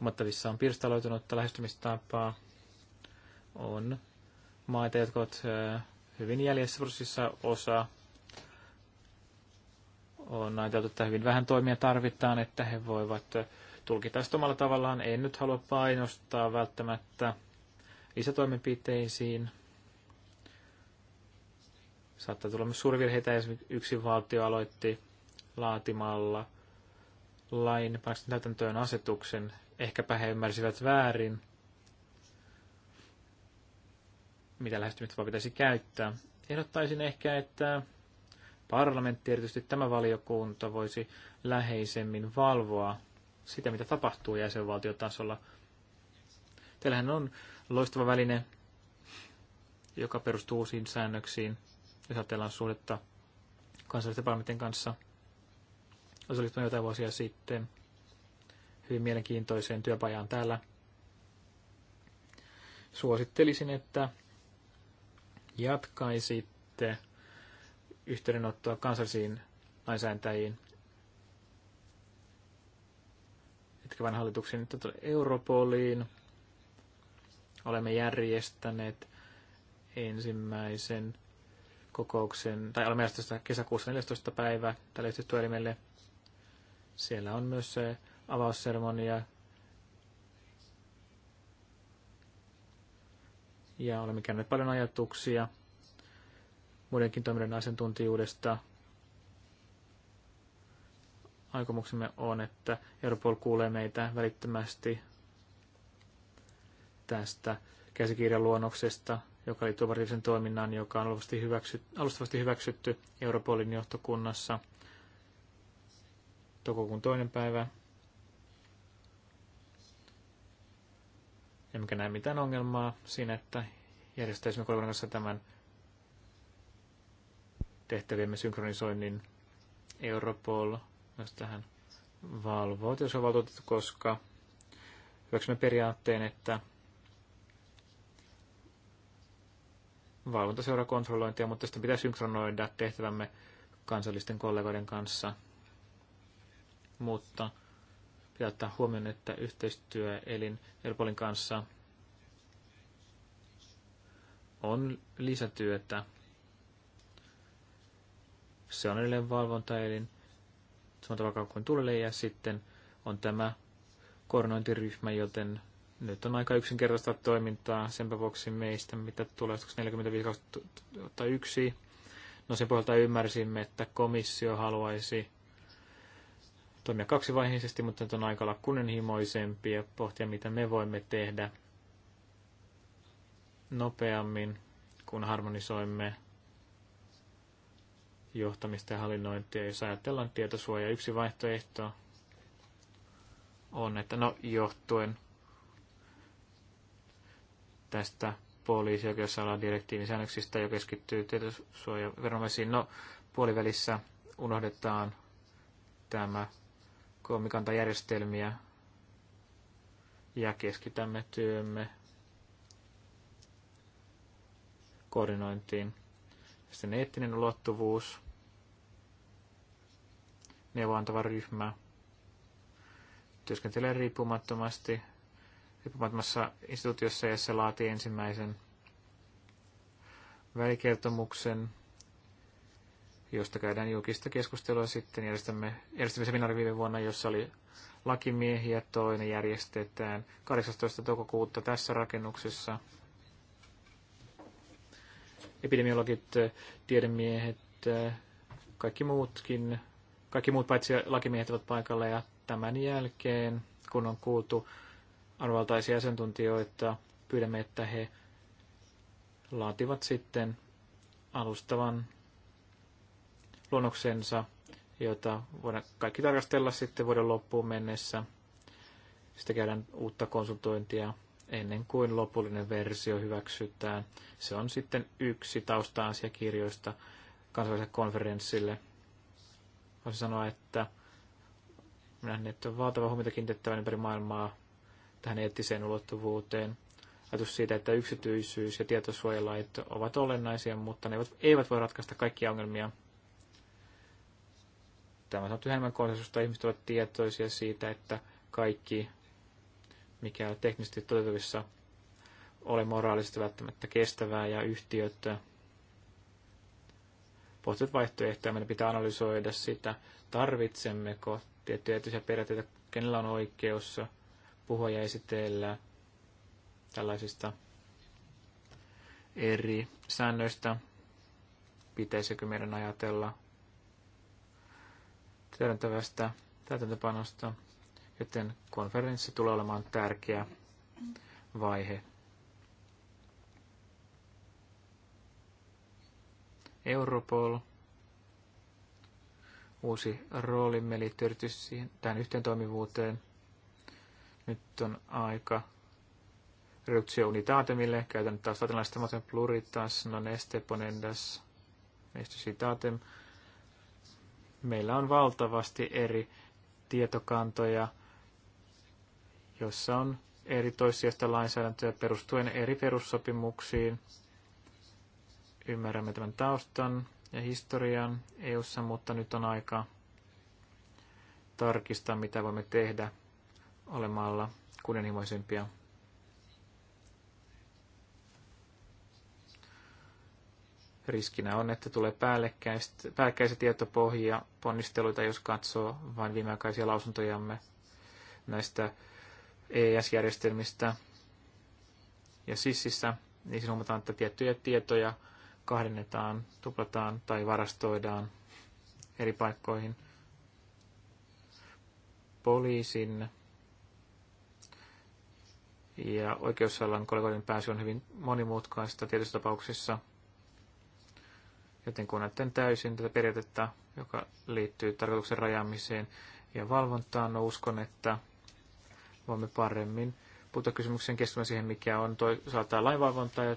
Huomattavissa on pirstaloitunutta lähestymistapaa. On maita, jotka ovat hyvin jäljessä prosessissa osa on ajateltu, että hyvin vähän toimia tarvitaan, että he voivat tulkita sitä omalla tavallaan. En nyt halua painostaa välttämättä lisätoimenpiteisiin. Saattaa tulla myös suuri virheitä, esimerkiksi yksi valtio aloitti laatimalla lain täytäntöön asetuksen. Ehkäpä he ymmärsivät väärin, mitä lähestymistapaa pitäisi käyttää. Ehdottaisin ehkä, että parlamentti, erityisesti tämä valiokunta, voisi läheisemmin valvoa sitä, mitä tapahtuu jäsenvaltiotasolla. Teillähän on loistava väline, joka perustuu uusiin säännöksiin, jos ajatellaan suhdetta kansallisten parlamentin kanssa. Osallistuin jotain vuosia sitten hyvin mielenkiintoiseen työpajaan täällä. Suosittelisin, että jatkaisitte yhteydenottoa kansallisiin lainsääntäjiin, etkä vain hallituksiin, että tuota Europoliin, Olemme järjestäneet ensimmäisen kokouksen, tai olemme järjestäneet kesäkuussa 14. päivä tälle yhteistyöelimelle. Siellä on myös se avausseremonia. Ja olemme käyneet paljon ajatuksia muidenkin toimijoiden asiantuntijuudesta. Aikomuksemme on, että Europol kuulee meitä välittömästi tästä käsikirjan luonnoksesta, joka liittyy operatiivisen toiminnan, joka on alustavasti hyväksytty, alustavasti hyväksytty Europolin johtokunnassa toukokuun toinen päivä. Emmekä näe mitään ongelmaa siinä, että järjestäisimme kolmen kanssa tämän tehtäviemme synkronisoinnin Europol myös tähän valvoo, jos on valtuutettu, koska hyväksymme periaatteen, että valvontaseurakontrollointia, mutta sitä pitää synkronoida tehtävämme kansallisten kollegoiden kanssa. Mutta pitää ottaa huomioon, että yhteistyö elin Erpolin kanssa on lisätyötä. Se on edelleen valvontaelin, samalla tavalla kuin tulee, ja sitten on tämä koordinointiryhmä, joten nyt on aika yksinkertaista toimintaa senpä vuoksi meistä, mitä tulee 45 No sen pohjalta ymmärsimme, että komissio haluaisi toimia kaksivaiheisesti, mutta nyt on aika olla kunnianhimoisempi ja pohtia, mitä me voimme tehdä nopeammin, kun harmonisoimme johtamista ja hallinnointia. Jos ajatellaan tietosuojaa, yksi vaihtoehto on, että no johtuen tästä ja direktiivin säännöksistä, joka keskittyy tietosuojaviranomaisiin. No, puolivälissä unohdetaan tämä kolmikantajärjestelmiä ja keskitämme työmme koordinointiin. Sitten eettinen ulottuvuus, neuvoantava ryhmä, työskentelee riippumattomasti riippumattomassa instituutiossa jossa se laati ensimmäisen välikertomuksen, josta käydään julkista keskustelua sitten. Järjestämme, järjestämme seminaari viime vuonna, jossa oli lakimiehiä. Toinen järjestetään 18. toukokuuta tässä rakennuksessa. Epidemiologit, tiedemiehet, kaikki muutkin, kaikki muut paitsi lakimiehet ovat paikalla ja tämän jälkeen, kun on kuultu arvaltaisia asiantuntijoita. Pyydämme, että he laativat sitten alustavan luonnoksensa, jota voidaan kaikki tarkastella sitten vuoden loppuun mennessä. Sitten käydään uutta konsultointia ennen kuin lopullinen versio hyväksytään. Se on sitten yksi tausta-asiakirjoista kansalliselle konferenssille. Voisi sanoa, että nähnyt, että on valtava huomiota kiinnitettävän ympäri maailmaa tähän eettiseen ulottuvuuteen. Ajatus siitä, että yksityisyys ja tietosuojalait ovat olennaisia, mutta ne eivät voi ratkaista kaikkia ongelmia. Tämä on enemmän konsensusta. Ihmiset ovat tietoisia siitä, että kaikki, mikä on teknisesti toteutuvissa, ole moraalisesti välttämättä kestävää ja yhtiöt pohtivat vaihtoehtoja. Meidän pitää analysoida sitä, tarvitsemmeko tiettyjä eettisiä periaatteita, kenellä on oikeus puhua ja esitellä tällaisista eri säännöistä. Pitäisikö meidän ajatella täydentävästä täytäntöpanosta, joten konferenssi tulee olemaan tärkeä vaihe. Europol, uusi roolimme liittyy erityisesti tähän toimivuuteen – nyt on aika reduktio unitaatemille. Käytän taas matematiikkaa. pluritas non este ponendas estusitatem. Meillä on valtavasti eri tietokantoja, jossa on eri toissijaista lainsäädäntöä perustuen eri perussopimuksiin. Ymmärrämme tämän taustan ja historian EU:ssa, mutta nyt on aika tarkistaa, mitä voimme tehdä olemalla kunnianhimoisempia. Riskinä on, että tulee päällekkäisiä tietopohjia ponnisteluita, jos katsoo vain viimeaikaisia lausuntojamme näistä EES-järjestelmistä ja sississä, niin huomataan, että tiettyjä tietoja kahdennetaan, tuplataan tai varastoidaan eri paikkoihin. Poliisin ja oikeusalan kollegoiden pääsy on hyvin monimutkaista tietyissä tapauksissa. Joten kunnioitan täysin tätä periaatetta, joka liittyy tarkoituksen rajaamiseen ja valvontaan, no uskon, että voimme paremmin puuttua kysymykseen keskustelua siihen, mikä on toisaalta lainvalvonta ja,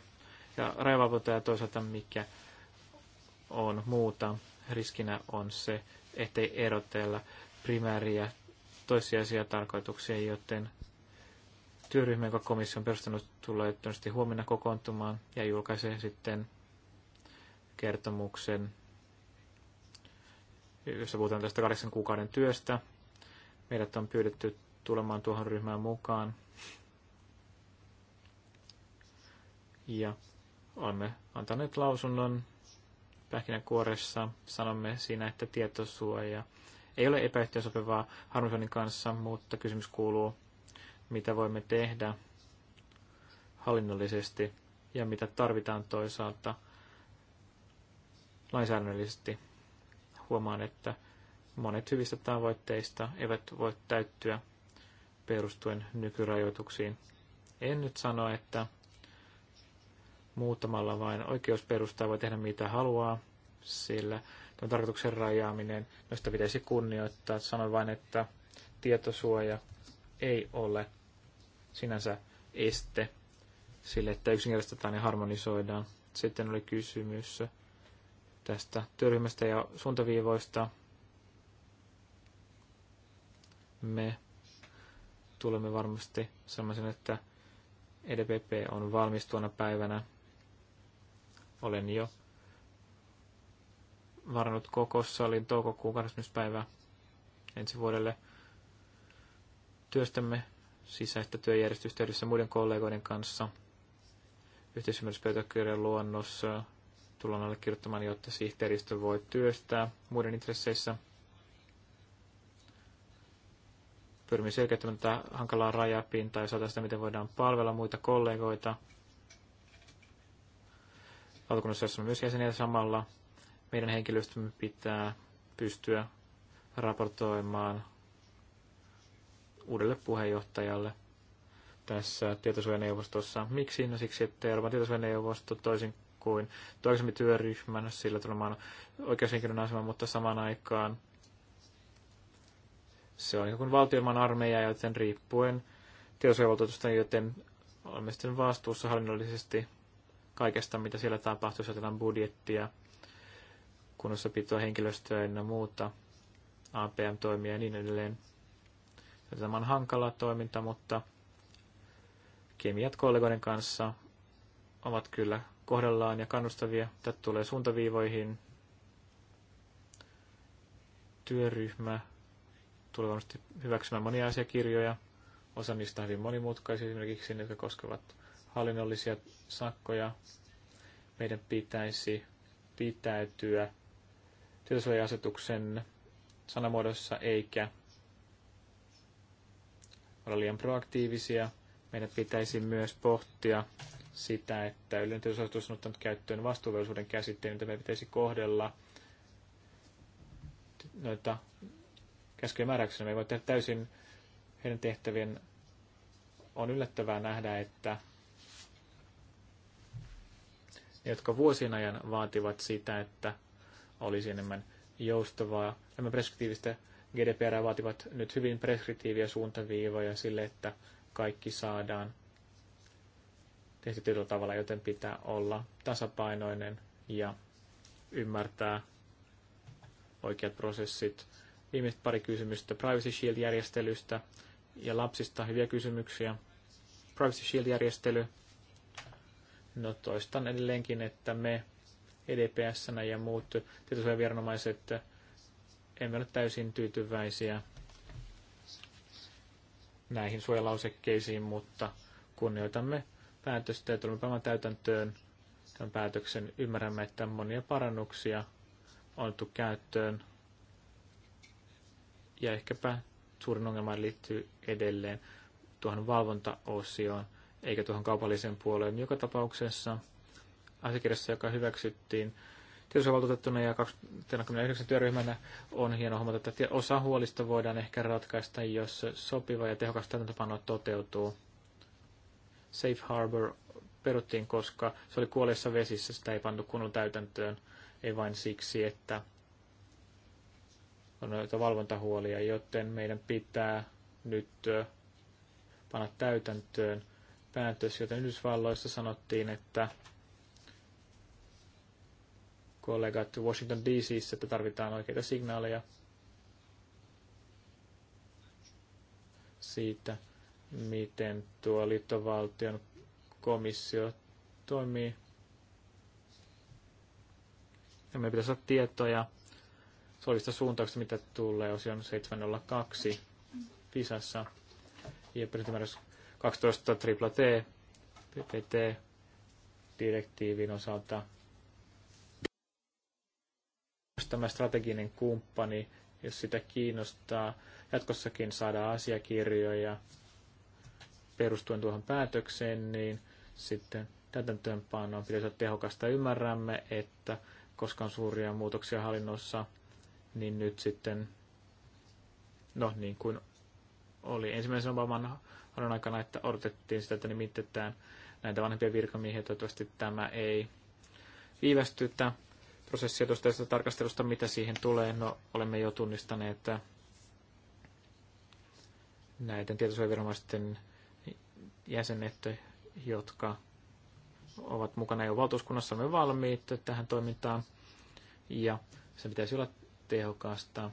ja rajavalvonta ja toisaalta mikä on muuta. Riskinä on se, ettei erotella primääriä toissijaisia tarkoituksia, joten Työryhmä, jonka komissio on perustanut, tulee todennäköisesti huomenna kokoontumaan ja julkaisee sitten kertomuksen, jossa puhutaan tästä kahdeksan kuukauden työstä. Meidät on pyydetty tulemaan tuohon ryhmään mukaan. Ja olemme antaneet lausunnon pähkinäkuoressa. Sanomme siinä, että tietosuoja ei ole epäyhteensopivaa harmonisoinnin kanssa, mutta kysymys kuuluu, mitä voimme tehdä hallinnollisesti ja mitä tarvitaan toisaalta lainsäädännöllisesti. Huomaan, että monet hyvistä tavoitteista eivät voi täyttyä perustuen nykyrajoituksiin. En nyt sano, että muuttamalla vain oikeusperustaa voi tehdä mitä haluaa, sillä tämän tarkoituksen rajaaminen, noista pitäisi kunnioittaa. Sanoin vain, että tietosuoja ei ole sinänsä este sille, että yksinkertaistetaan ja harmonisoidaan. Sitten oli kysymys tästä työryhmästä ja suuntaviivoista. Me tulemme varmasti sellaisen, että EDPP on valmis tuona päivänä. Olen jo varannut kokossa, oli toukokuun 20. päivä ensi vuodelle. Työstämme sisäistä työjärjestystä yhdessä muiden kollegoiden kanssa. Yhteisymmärryspöytäkirjan luonnos äh, tullaan allekirjoittamaan, jotta sihteeristö voi työstää muiden intresseissä. Pyrimme selkeyttämään tätä hankalaa rajapintaa ja saada sitä, miten voidaan palvella muita kollegoita. Valtakunnassa, on myös jäseniä samalla, meidän henkilöstömme pitää pystyä raportoimaan uudelle puheenjohtajalle tässä tietosuojaneuvostossa. Miksi? No siksi, että Euroopan tietosuojaneuvosto toisin kuin toisemmin työryhmän, sillä tulemaan oikeushenkilön asema, mutta samaan aikaan se on joku valtioilman armeija, joten riippuen tietosuojavaltuutusta, joten olemme sitten vastuussa hallinnollisesti kaikesta, mitä siellä tapahtuu, jos ajatellaan budjettia, kunnossapitoa, henkilöstöä ja muuta, APM-toimia ja niin edelleen. Tämä on hankala toiminta, mutta kemiat kollegoiden kanssa ovat kyllä kohdellaan ja kannustavia. Tätä tulee suuntaviivoihin. Työryhmä tulee varmasti hyväksymään monia asiakirjoja. Osa niistä on hyvin monimutkaisia, esimerkiksi ne, jotka koskevat hallinnollisia sakkoja. Meidän pitäisi pitäytyä tietosuoja-asetuksen sanamuodossa eikä olla liian proaktiivisia. Meidän pitäisi myös pohtia sitä, että yleinen on ottanut käyttöön vastuullisuuden käsitteen, jota meidän pitäisi kohdella noita käskyjä määräyksenä. Me ei voi tehdä täysin heidän tehtävien on yllättävää nähdä, että ne, jotka vuosien ajan vaativat sitä, että olisi enemmän joustavaa, enemmän perspektiivistä GDPR vaativat nyt hyvin preskriptiiviä suuntaviivoja sille, että kaikki saadaan tehty tietyllä tavalla, joten pitää olla tasapainoinen ja ymmärtää oikeat prosessit. Viimeiset pari kysymystä Privacy Shield-järjestelystä ja lapsista hyviä kysymyksiä. Privacy Shield-järjestely. No toistan edelleenkin, että me EDPS ja muut tietosuojaviranomaiset viranomaiset emme ole täysin tyytyväisiä näihin suojalausekkeisiin, mutta kunnioitamme päätöstä ja tulemme päivän täytäntöön tämän päätöksen. Ymmärrämme, että monia parannuksia on otettu käyttöön ja ehkäpä suurin ongelma liittyy edelleen tuohon valvontaosioon eikä tuohon kaupalliseen puoleen. Joka tapauksessa asiakirjassa, joka hyväksyttiin tietosuojavaltuutettuna ja 29 työryhmänä on hieno huomata, että osa huolista voidaan ehkä ratkaista, jos sopiva ja tehokas täytäntöpano toteutuu. Safe Harbor peruttiin, koska se oli kuolleessa vesissä, sitä ei pantu kunnolla täytäntöön, ei vain siksi, että on noita valvontahuolia, joten meidän pitää nyt panna täytäntöön päätös, joten Yhdysvalloissa sanottiin, että kollegat Washington DC, että tarvitaan oikeita signaaleja siitä, miten tuo liittovaltion komissio toimii. Ja meidän pitäisi olla tietoja solista suuntauksista, mitä tulee osion 702 Pisassa ja presidentimääräys 12 PPT, direktiivin osalta tämä strateginen kumppani, jos sitä kiinnostaa. Jatkossakin saada asiakirjoja perustuen tuohon päätökseen, niin sitten täytäntöönpanoon pitäisi olla tehokasta. Ymmärrämme, että koska on suuria muutoksia hallinnossa, niin nyt sitten, no niin kuin oli ensimmäisen Obaman hallinnon aikana, että odotettiin sitä, että nimitetään näitä vanhempia virkamiehiä. Toivottavasti tämä ei viivästytä prosessia tuosta tästä tarkastelusta, mitä siihen tulee. No, olemme jo tunnistaneet, että näiden tietosuojaviranomaisten jäsenet, jotka ovat mukana jo valtuuskunnassa, olemme valmiit tähän toimintaan. Ja se pitäisi olla tehokasta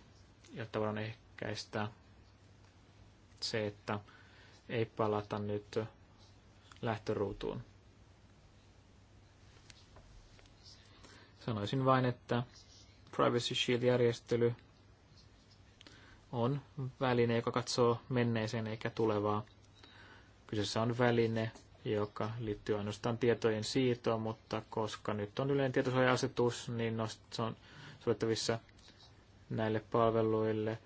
ja tavallaan ehkäistä se, että ei palata nyt lähtöruutuun. Sanoisin vain, että Privacy Shield-järjestely on väline, joka katsoo menneeseen eikä tulevaa. Kyseessä on väline, joka liittyy ainoastaan tietojen siirtoon, mutta koska nyt on yleinen tietosuoja-asetus, niin no, se on sovittavissa näille palveluille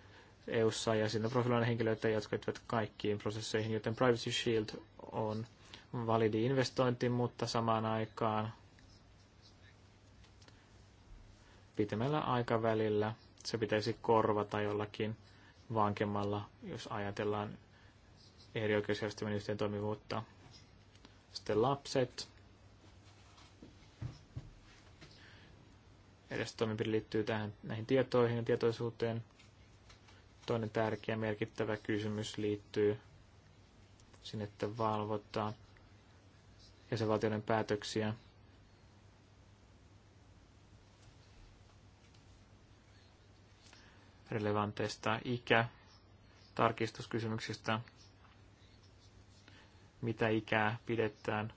EU:ssa ja siinä profiloidaan henkilöitä, jotka liittyvät kaikkiin prosesseihin, joten Privacy Shield on validi investointi, mutta samaan aikaan pitemmällä aikavälillä se pitäisi korvata jollakin vankemmalla, jos ajatellaan eri oikeusjärjestelmän yhteen toimivuutta. Sitten lapset. Edes toimenpide liittyy tähän, näihin tietoihin ja tietoisuuteen. Toinen tärkeä merkittävä kysymys liittyy sinne, että valvotaan jäsenvaltioiden päätöksiä relevanteista ikä tarkistuskysymyksistä, mitä ikää pidetään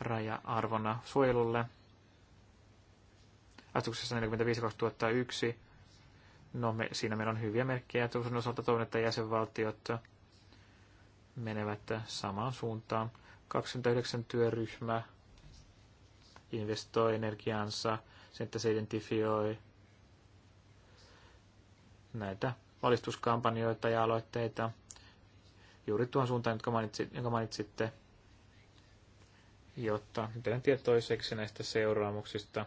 raja-arvona suojelulle. Asetuksessa 45-2001, no me, siinä meillä on hyviä merkkejä, tuossa osalta toivon, että jäsenvaltiot menevät samaan suuntaan. 29 työryhmä investoi energiansa, sen, että se identifioi näitä valistuskampanjoita ja aloitteita juuri tuon suuntaan, jonka, mainitsit, jonka mainitsitte, jotta teidän tietoiseksi näistä seuraamuksista,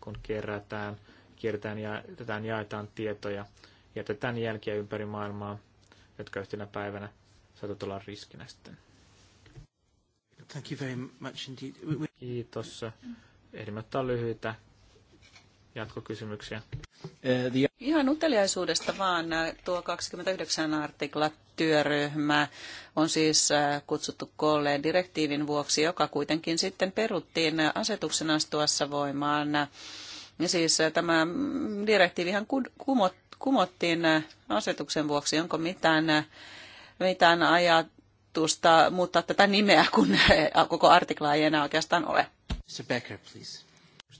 kun kerätään, kierretään ja jätetään, jaetaan tietoja, jätetään jälkiä ympäri maailmaa, jotka yhtenä päivänä saatat olla riskinä sitten. Thank you very much indeed. Kiitos. Ehdimme ottaa lyhyitä jatkokysymyksiä. Ihan uteliaisuudesta vaan tuo 29 artikla työryhmä on siis äh, kutsuttu koolle direktiivin vuoksi, joka kuitenkin sitten peruttiin asetuksen astuessa voimaan. Ja siis äh, tämä direktiivihan kumottiin äh, asetuksen vuoksi. Onko mitään, mitään ajatusta muuttaa tätä nimeä, kun koko artikla ei enää oikeastaan ole? Mr. Becker, please.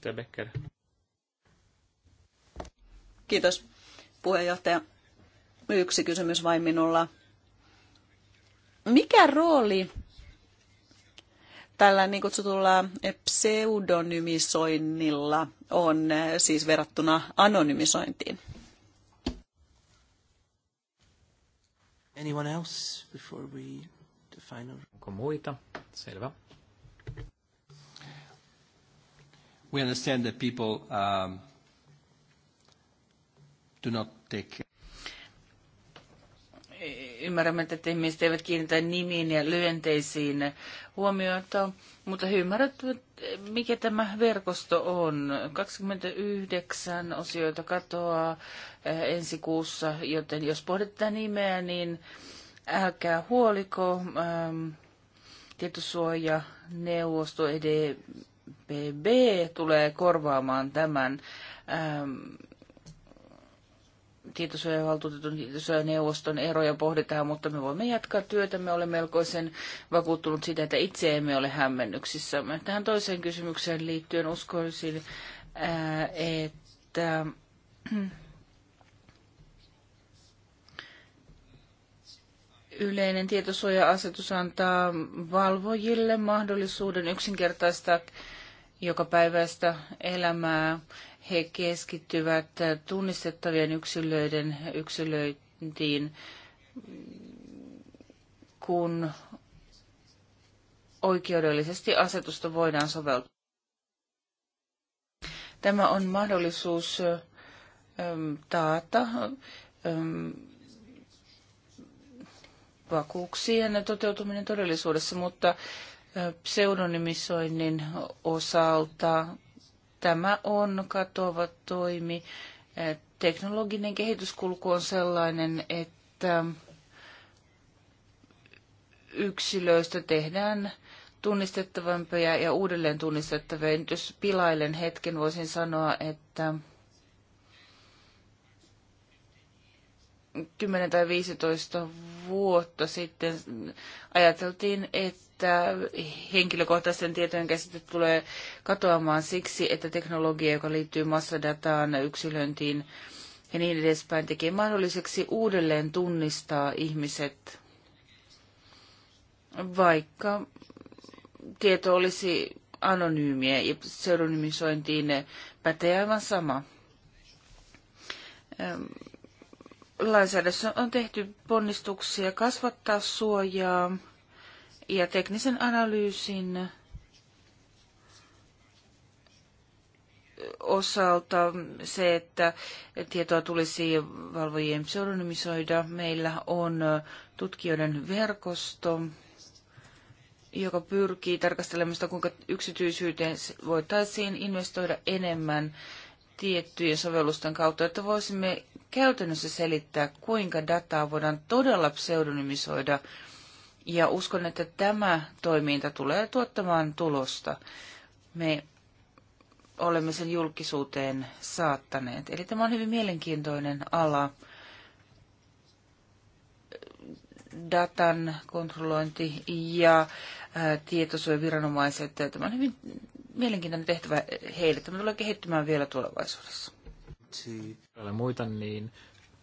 Mr. Becker. Kiitos puheenjohtaja. Yksi kysymys vain minulla. Mikä rooli tällä niin kutsutulla pseudonymisoinnilla on eh, siis verrattuna anonymisointiin? Anyone else before we define our... Onko muita? Selvä. We understand that people um, do not take ymmärrämme, että ihmiset eivät kiinnitä nimiin ja lyönteisiin huomiota, mutta he ymmärrättävät, mikä tämä verkosto on. 29 osioita katoaa eh, ensi kuussa, joten jos pohditaan nimeä, niin älkää huoliko. Ehm, tietosuoja neuvosto EDPB tulee korvaamaan tämän. Ehm, tietosuojavaltuutetun tietosuojaneuvoston eroja pohditaan, mutta me voimme jatkaa työtä. Me olemme melkoisen vakuuttunut siitä, että itse emme ole hämmennyksissämme. Tähän toiseen kysymykseen liittyen uskoisin, äh, että yleinen tietosuoja-asetus antaa valvojille mahdollisuuden yksinkertaistaa joka päiväistä elämää he keskittyvät tunnistettavien yksilöiden yksilöintiin, kun oikeudellisesti asetusta voidaan soveltaa. Tämä on mahdollisuus ähm, taata ähm, vakuuksien toteutuminen todellisuudessa, mutta äh, pseudonymisoinnin osalta tämä on katova toimi. Teknologinen kehityskulku on sellainen, että yksilöistä tehdään tunnistettavampia ja uudelleen tunnistettavia. Nyt jos pilailen hetken, voisin sanoa, että 10 tai 15 vuotta sitten ajateltiin, että henkilökohtaisten tietojen käsite tulee katoamaan siksi, että teknologia, joka liittyy massadataan, yksilöintiin ja niin edespäin, tekee mahdolliseksi uudelleen tunnistaa ihmiset, vaikka tieto olisi anonyymiä ja pseudonymisointiin pätee aivan sama ehm, lainsäädännössä on tehty ponnistuksia kasvattaa suojaa ja teknisen analyysin osalta se, että tietoa tulisi valvojien pseudonymisoida. Meillä on tutkijoiden verkosto, joka pyrkii tarkastelemaan sitä, kuinka yksityisyyteen voitaisiin investoida enemmän tiettyjen sovellusten kautta, että voisimme käytännössä selittää, kuinka dataa voidaan todella pseudonymisoida. Ja uskon, että tämä toiminta tulee tuottamaan tulosta. Me olemme sen julkisuuteen saattaneet. Eli tämä on hyvin mielenkiintoinen ala. Datan kontrollointi ja tietosuojaviranomaiset. Tämä on hyvin mielenkiintoinen tehtävä heille. Tämä tulee kehittymään vielä tulevaisuudessa to... ole muita, niin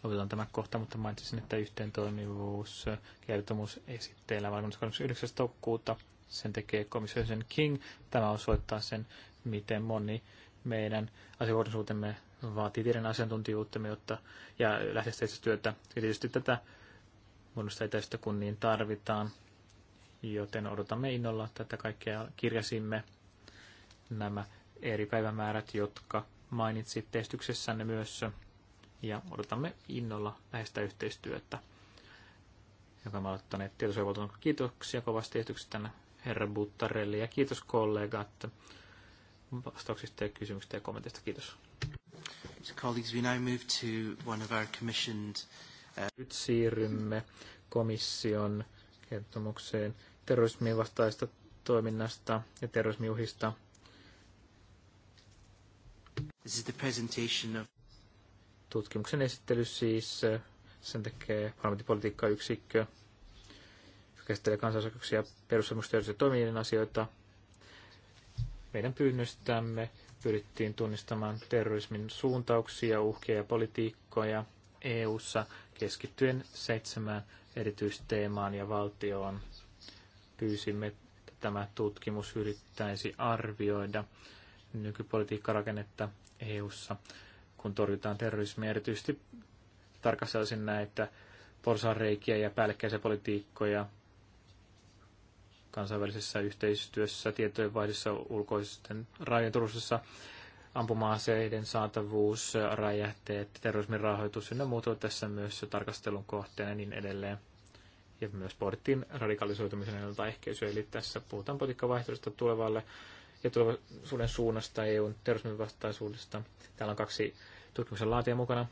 lopetan tämä kohta, mutta mainitsin, että yhteen toimivuus kertomus esitteellä valmennus 29. toukokuuta. Sen tekee sen King. Tämä osoittaa sen, miten moni meidän asiakohdallisuutemme vaatii tiedon asiantuntijuuttamme jotta, ja työtä Ja tietysti tätä muodosta etäistä kun niin tarvitaan, joten odotamme innolla tätä kaikkea. Kirjasimme nämä eri päivämäärät, jotka mainitsit testyksessänne myös, ja odotamme innolla läheistä yhteistyötä, joka me aloittaneet tietosuojavaltuutetun. Kiitoksia kovasti tänne herra Buttarelle ja kiitos kollegat vastauksista ja kysymyksistä ja kommenteista. Kiitos. Uh, Nyt siirrymme komission kertomukseen terrorismin vastaista toiminnasta ja terrorismiuhista This is the presentation of... Tutkimuksen esittely siis, eh, sen tekee yksikkö joka käsittelee kansalaisoikeuksia, perussopimusten ja toimijoiden asioita. Meidän pyynnöstämme pyrittiin tunnistamaan terrorismin suuntauksia, uhkia ja politiikkoja EU-ssa keskittyen seitsemään erityisteemaan ja valtioon. Pyysimme, että tämä tutkimus yrittäisi arvioida nykypolitiikkarakennetta EU:ssa, kun torjutaan terrorismia. Erityisesti tarkastelisin näitä porsanreikiä ja päällekkäisiä politiikkoja kansainvälisessä yhteistyössä, tietojenvaihdossa, ulkoisten rajojen turvallisuudessa, ampuma-aseiden saatavuus, räjähteet, terrorismin rahoitus ja muut ovat tässä myös tarkastelun kohteena ja niin edelleen. Ja myös pohdittiin radikalisoitumisen ennaltaehkäisyä, eli tässä puhutaan potikkavaihtoehdosta tulevalle ja tulevaisuuden suunnasta EUn terrorismin vastaisuudesta. Täällä on kaksi tutkimuksen laatia mukana.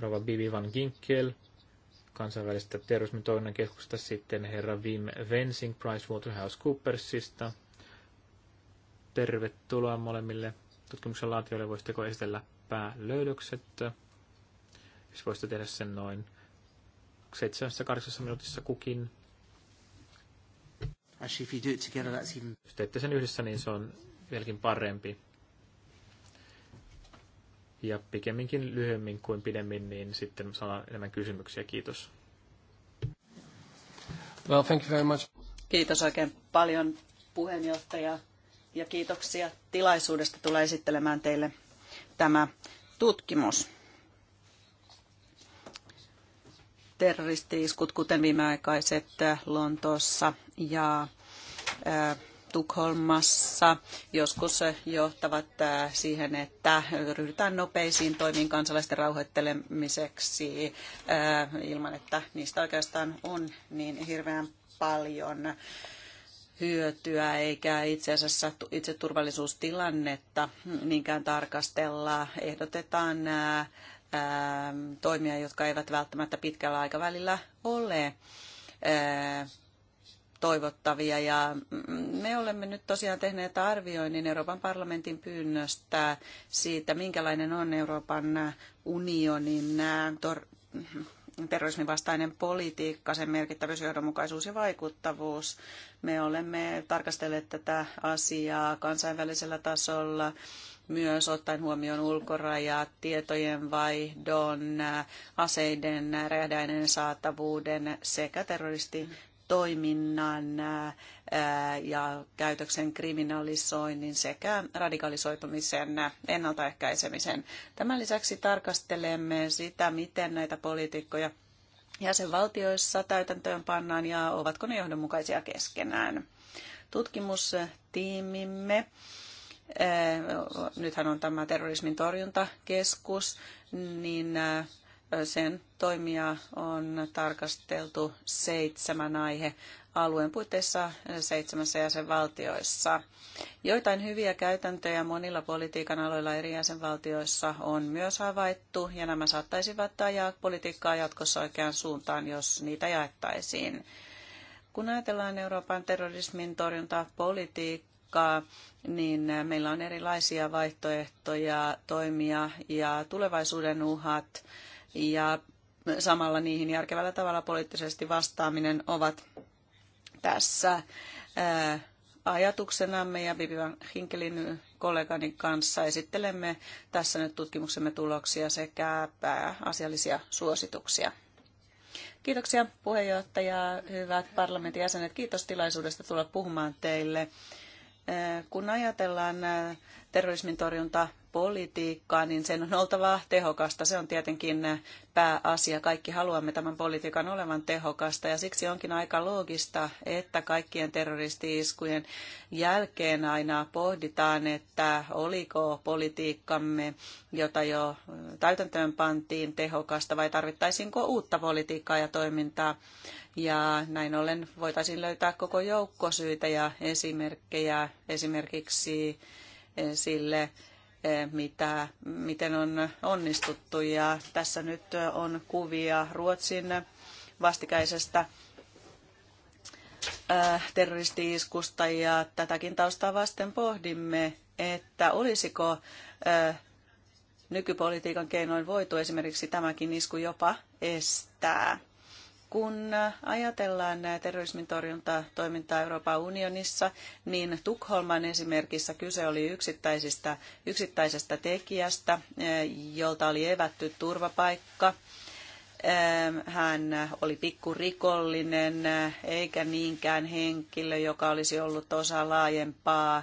Rova Bibi van Ginkel kansainvälistä terrorismin toiminnan keskuksesta, sitten herra Wim Vensing PricewaterhouseCoopersista. Tervetuloa molemmille tutkimuksen laatijoille. Voisitteko esitellä päälöydökset? Siis voisitte tehdä sen noin 7-8 minuutissa kukin. Actually, if you do it together, that's even... Jos teette sen yhdessä, niin se on vieläkin parempi. Ja pikemminkin lyhyemmin kuin pidemmin, niin sitten saadaan enemmän kysymyksiä. Kiitos. Well, thank you very much. Kiitos oikein paljon puheenjohtaja ja kiitoksia tilaisuudesta tulee esittelemään teille tämä tutkimus. terroristi-iskut, kuten viimeaikaiset äh, Lontoossa ja äh, Tukholmassa joskus äh, johtavat siihen, että ryhdytään nopeisiin toimiin kansalaisten rauhoittelemiseksi ilman, että niistä oikeastaan on niin hirveän paljon hyötyä eikä itse asiassa itse turvallisuustilannetta niinkään tarkastella. Ehdotetaan Ähm, toimia, jotka eivät välttämättä pitkällä aikavälillä ole äh, toivottavia. Ja mm, me olemme nyt tosiaan tehneet arvioinnin Euroopan parlamentin pyynnöstä siitä, minkälainen on Euroopan unionin äh, tor- terrorismin vastainen politiikka, sen merkittävyys, johdonmukaisuus ja vaikuttavuus. Me olemme tarkastelleet tätä asiaa kansainvälisellä tasolla myös ottaen huomioon ulkorajat, tietojen vaihdon, aseiden, räjähdäinen saatavuuden sekä terroristin toiminnan ja käytöksen kriminalisoinnin sekä radikalisoitumisen ennaltaehkäisemisen. Tämän lisäksi tarkastelemme sitä, miten näitä poliitikkoja jäsenvaltioissa täytäntöön pannaan ja ovatko ne johdonmukaisia keskenään. Tutkimustiimimme Eh, nythän on tämä terrorismin torjuntakeskus, niin eh, sen toimia on tarkasteltu seitsemän aihe alueen puitteissa eh, seitsemässä jäsenvaltioissa. Joitain hyviä käytäntöjä monilla politiikan aloilla eri jäsenvaltioissa on myös havaittu, ja nämä saattaisivat ajaa politiikkaa jatkossa oikeaan suuntaan, jos niitä jaettaisiin. Kun ajatellaan Euroopan terrorismin torjuntapolitiikkaa, velkaa, niin meillä on erilaisia vaihtoehtoja toimia ja tulevaisuuden uhat ja samalla niihin järkevällä tavalla poliittisesti vastaaminen ovat tässä ajatuksenamme ja Vivian Hinkelin kollegani kanssa esittelemme tässä nyt tutkimuksemme tuloksia sekä pääasiallisia suosituksia. Kiitoksia puheenjohtaja, hyvät parlamentin jäsenet. Kiitos tilaisuudesta tulla puhumaan teille kun ajatellaan äh, terrorismin torjuntaa politiikkaa, niin sen on oltava tehokasta. Se on tietenkin pääasia. Kaikki haluamme tämän politiikan olevan tehokasta ja siksi onkin aika loogista, että kaikkien terroristi-iskujen jälkeen aina pohditaan, että oliko politiikkamme, jota jo täytäntöön pantiin, tehokasta vai tarvittaisiinko uutta politiikkaa ja toimintaa. Ja näin ollen voitaisiin löytää koko joukko syitä ja esimerkkejä esimerkiksi sille, mitä, miten on onnistuttu. Ja tässä nyt on kuvia Ruotsin vastikäisestä äh, terroristi-iskusta ja tätäkin taustaa vasten pohdimme, että olisiko äh, nykypolitiikan keinoin voitu esimerkiksi tämäkin isku jopa estää. Kun ajatellaan terrorismin torjuntaa toimintaa Euroopan unionissa, niin Tukholman esimerkissä kyse oli yksittäisistä, yksittäisestä tekijästä, eh, jolta oli evätty turvapaikka. Eh, hän oli pikkurikollinen, eh, eikä niinkään henkilö, joka olisi ollut osa laajempaa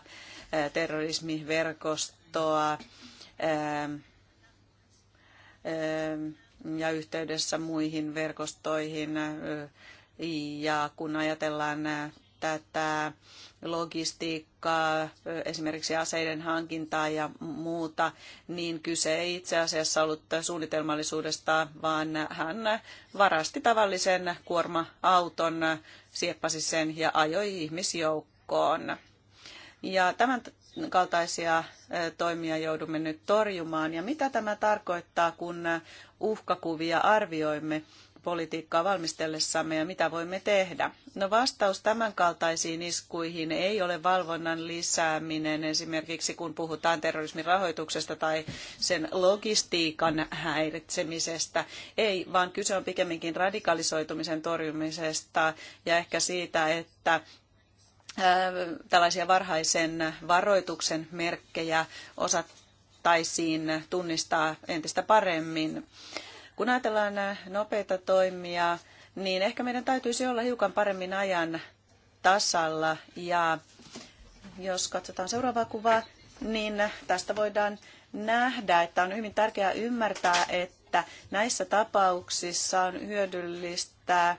terrorismiverkostoa. Ähm, ähm, ja yhteydessä muihin verkostoihin. Ja kun ajatellaan tätä logistiikkaa, esimerkiksi aseiden hankintaa ja muuta, niin kyse ei itse asiassa ollut suunnitelmallisuudesta, vaan hän varasti tavallisen kuorma-auton, sieppasi sen ja ajoi ihmisjoukkoon. Ja tämän kaltaisia toimia joudumme nyt torjumaan ja mitä tämä tarkoittaa, kun uhkakuvia arvioimme politiikkaa valmistellessamme ja mitä voimme tehdä? No vastaus tämänkaltaisiin iskuihin ei ole valvonnan lisääminen, esimerkiksi kun puhutaan terrorismin rahoituksesta tai sen logistiikan häiritsemisestä. Ei, vaan kyse on pikemminkin radikalisoitumisen torjumisesta ja ehkä siitä, että tällaisia varhaisen varoituksen merkkejä osattaisiin tunnistaa entistä paremmin. Kun ajatellaan nopeita toimia, niin ehkä meidän täytyisi olla hiukan paremmin ajan tasalla. Ja jos katsotaan seuraavaa kuvaa, niin tästä voidaan nähdä, että on hyvin tärkeää ymmärtää, että näissä tapauksissa on hyödyllistä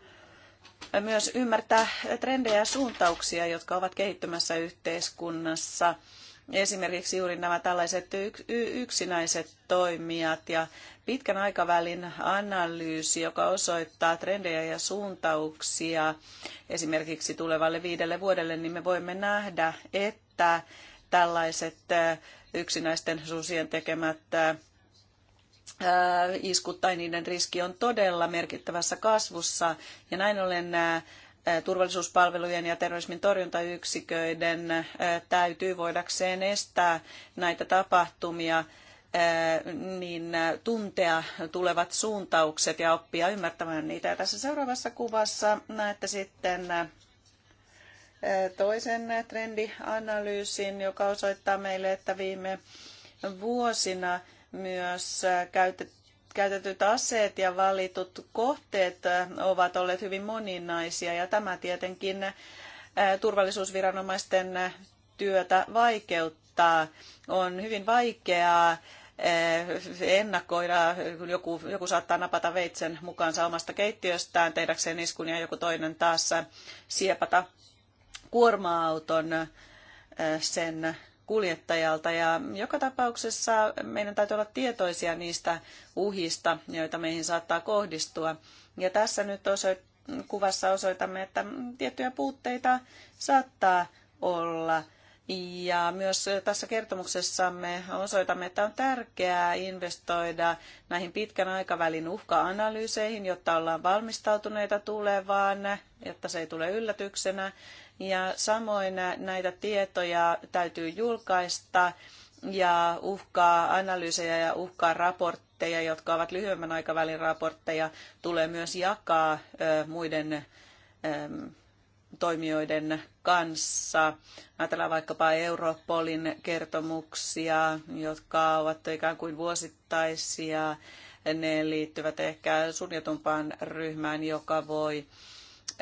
myös ymmärtää trendejä ja suuntauksia, jotka ovat kehittymässä yhteiskunnassa. Esimerkiksi juuri nämä tällaiset yksinäiset toimijat ja pitkän aikavälin analyysi, joka osoittaa trendejä ja suuntauksia esimerkiksi tulevalle viidelle vuodelle, niin me voimme nähdä, että tällaiset yksinäisten susien tekemät Äh, iskut tai niiden riski on todella merkittävässä kasvussa. Ja näin ollen nämä äh, turvallisuuspalvelujen ja terrorismin torjuntayksiköiden äh, täytyy voidakseen estää näitä tapahtumia niin tuntea tulevat suuntaukset ja oppia ymmärtämään niitä. Ja tässä seuraavassa kuvassa näette sitten toisen trendianalyysin, joka osoittaa meille, että viime vuosina – myös äh, käytetyt aseet ja valitut kohteet äh, ovat olleet hyvin moninaisia ja tämä tietenkin äh, turvallisuusviranomaisten työtä vaikeuttaa. On hyvin vaikeaa ennakoida, kun joku, joku saattaa napata veitsen mukaansa omasta keittiöstään tehdäkseen iskun ja joku toinen taas siepata kuorma-auton sen kuljettajalta. Ja joka tapauksessa meidän täytyy olla tietoisia niistä uhista, joita meihin saattaa kohdistua. Ja tässä nyt osoit- kuvassa osoitamme, että tiettyjä puutteita saattaa olla. Ja myös tässä kertomuksessamme osoitamme, että on tärkeää investoida näihin pitkän aikavälin uhka-analyyseihin, jotta ollaan valmistautuneita tulevaan, jotta se ei tule yllätyksenä. Ja samoin näitä tietoja täytyy julkaista ja uhkaa analyysejä ja uhkaa raportteja, jotka ovat lyhyemmän aikavälin raportteja, tulee myös jakaa muiden toimijoiden kanssa. Ajatellaan vaikkapa Europolin kertomuksia, jotka ovat ikään kuin vuosittaisia. Ne liittyvät ehkä suljetumpaan ryhmään, joka voi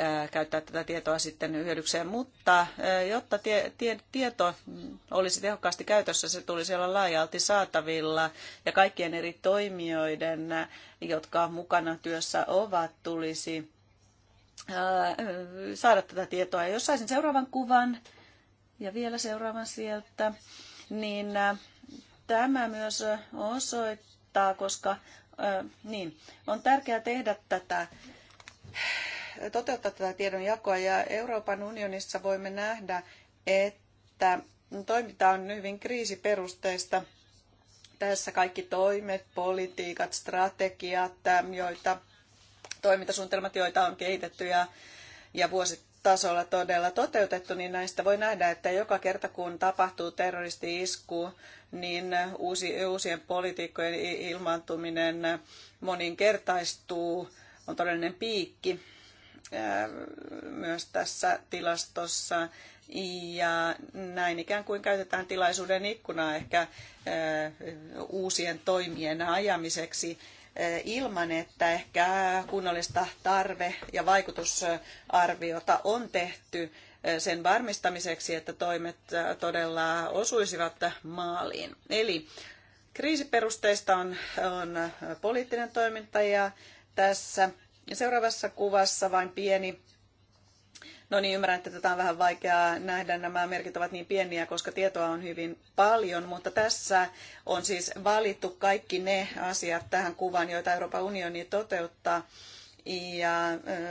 Äh, käyttää tätä tietoa sitten hyödykseen, mutta äh, jotta tie, tie, tieto olisi tehokkaasti käytössä, se tulisi olla laajalti saatavilla ja kaikkien eri toimijoiden, äh, jotka mukana työssä ovat, tulisi saada tätä tietoa. Ja jos saisin seuraavan kuvan ja vielä seuraavan sieltä, niin tämä myös osoittaa, koska niin, on tärkeää tehdä tätä toteuttaa tätä tiedonjakoa ja Euroopan unionissa voimme nähdä, että toiminta on hyvin kriisiperusteista. Tässä kaikki toimet, politiikat, strategiat, joita, toimintasuunnitelmat, joita on kehitetty ja, ja vuositasolla todella toteutettu, niin näistä voi nähdä, että joka kerta kun tapahtuu terroristi-isku, niin uusi, uusien politiikkojen ilmaantuminen moninkertaistuu, on todellinen piikki. Äh, myös tässä tilastossa. Ja näin ikään kuin käytetään tilaisuuden ikkunaa ehkä äh, uusien toimien ajamiseksi äh, ilman, että ehkä kunnollista tarve- ja vaikutusarviota on tehty sen varmistamiseksi, että toimet todella osuisivat maaliin. Eli kriisiperusteista on, on poliittinen toiminta ja tässä ja seuraavassa kuvassa vain pieni No niin, ymmärrän, että tätä on vähän vaikeaa nähdä. Nämä merkit ovat niin pieniä, koska tietoa on hyvin paljon, mutta tässä on siis valittu kaikki ne asiat tähän kuvaan, joita Euroopan unioni toteuttaa. Ja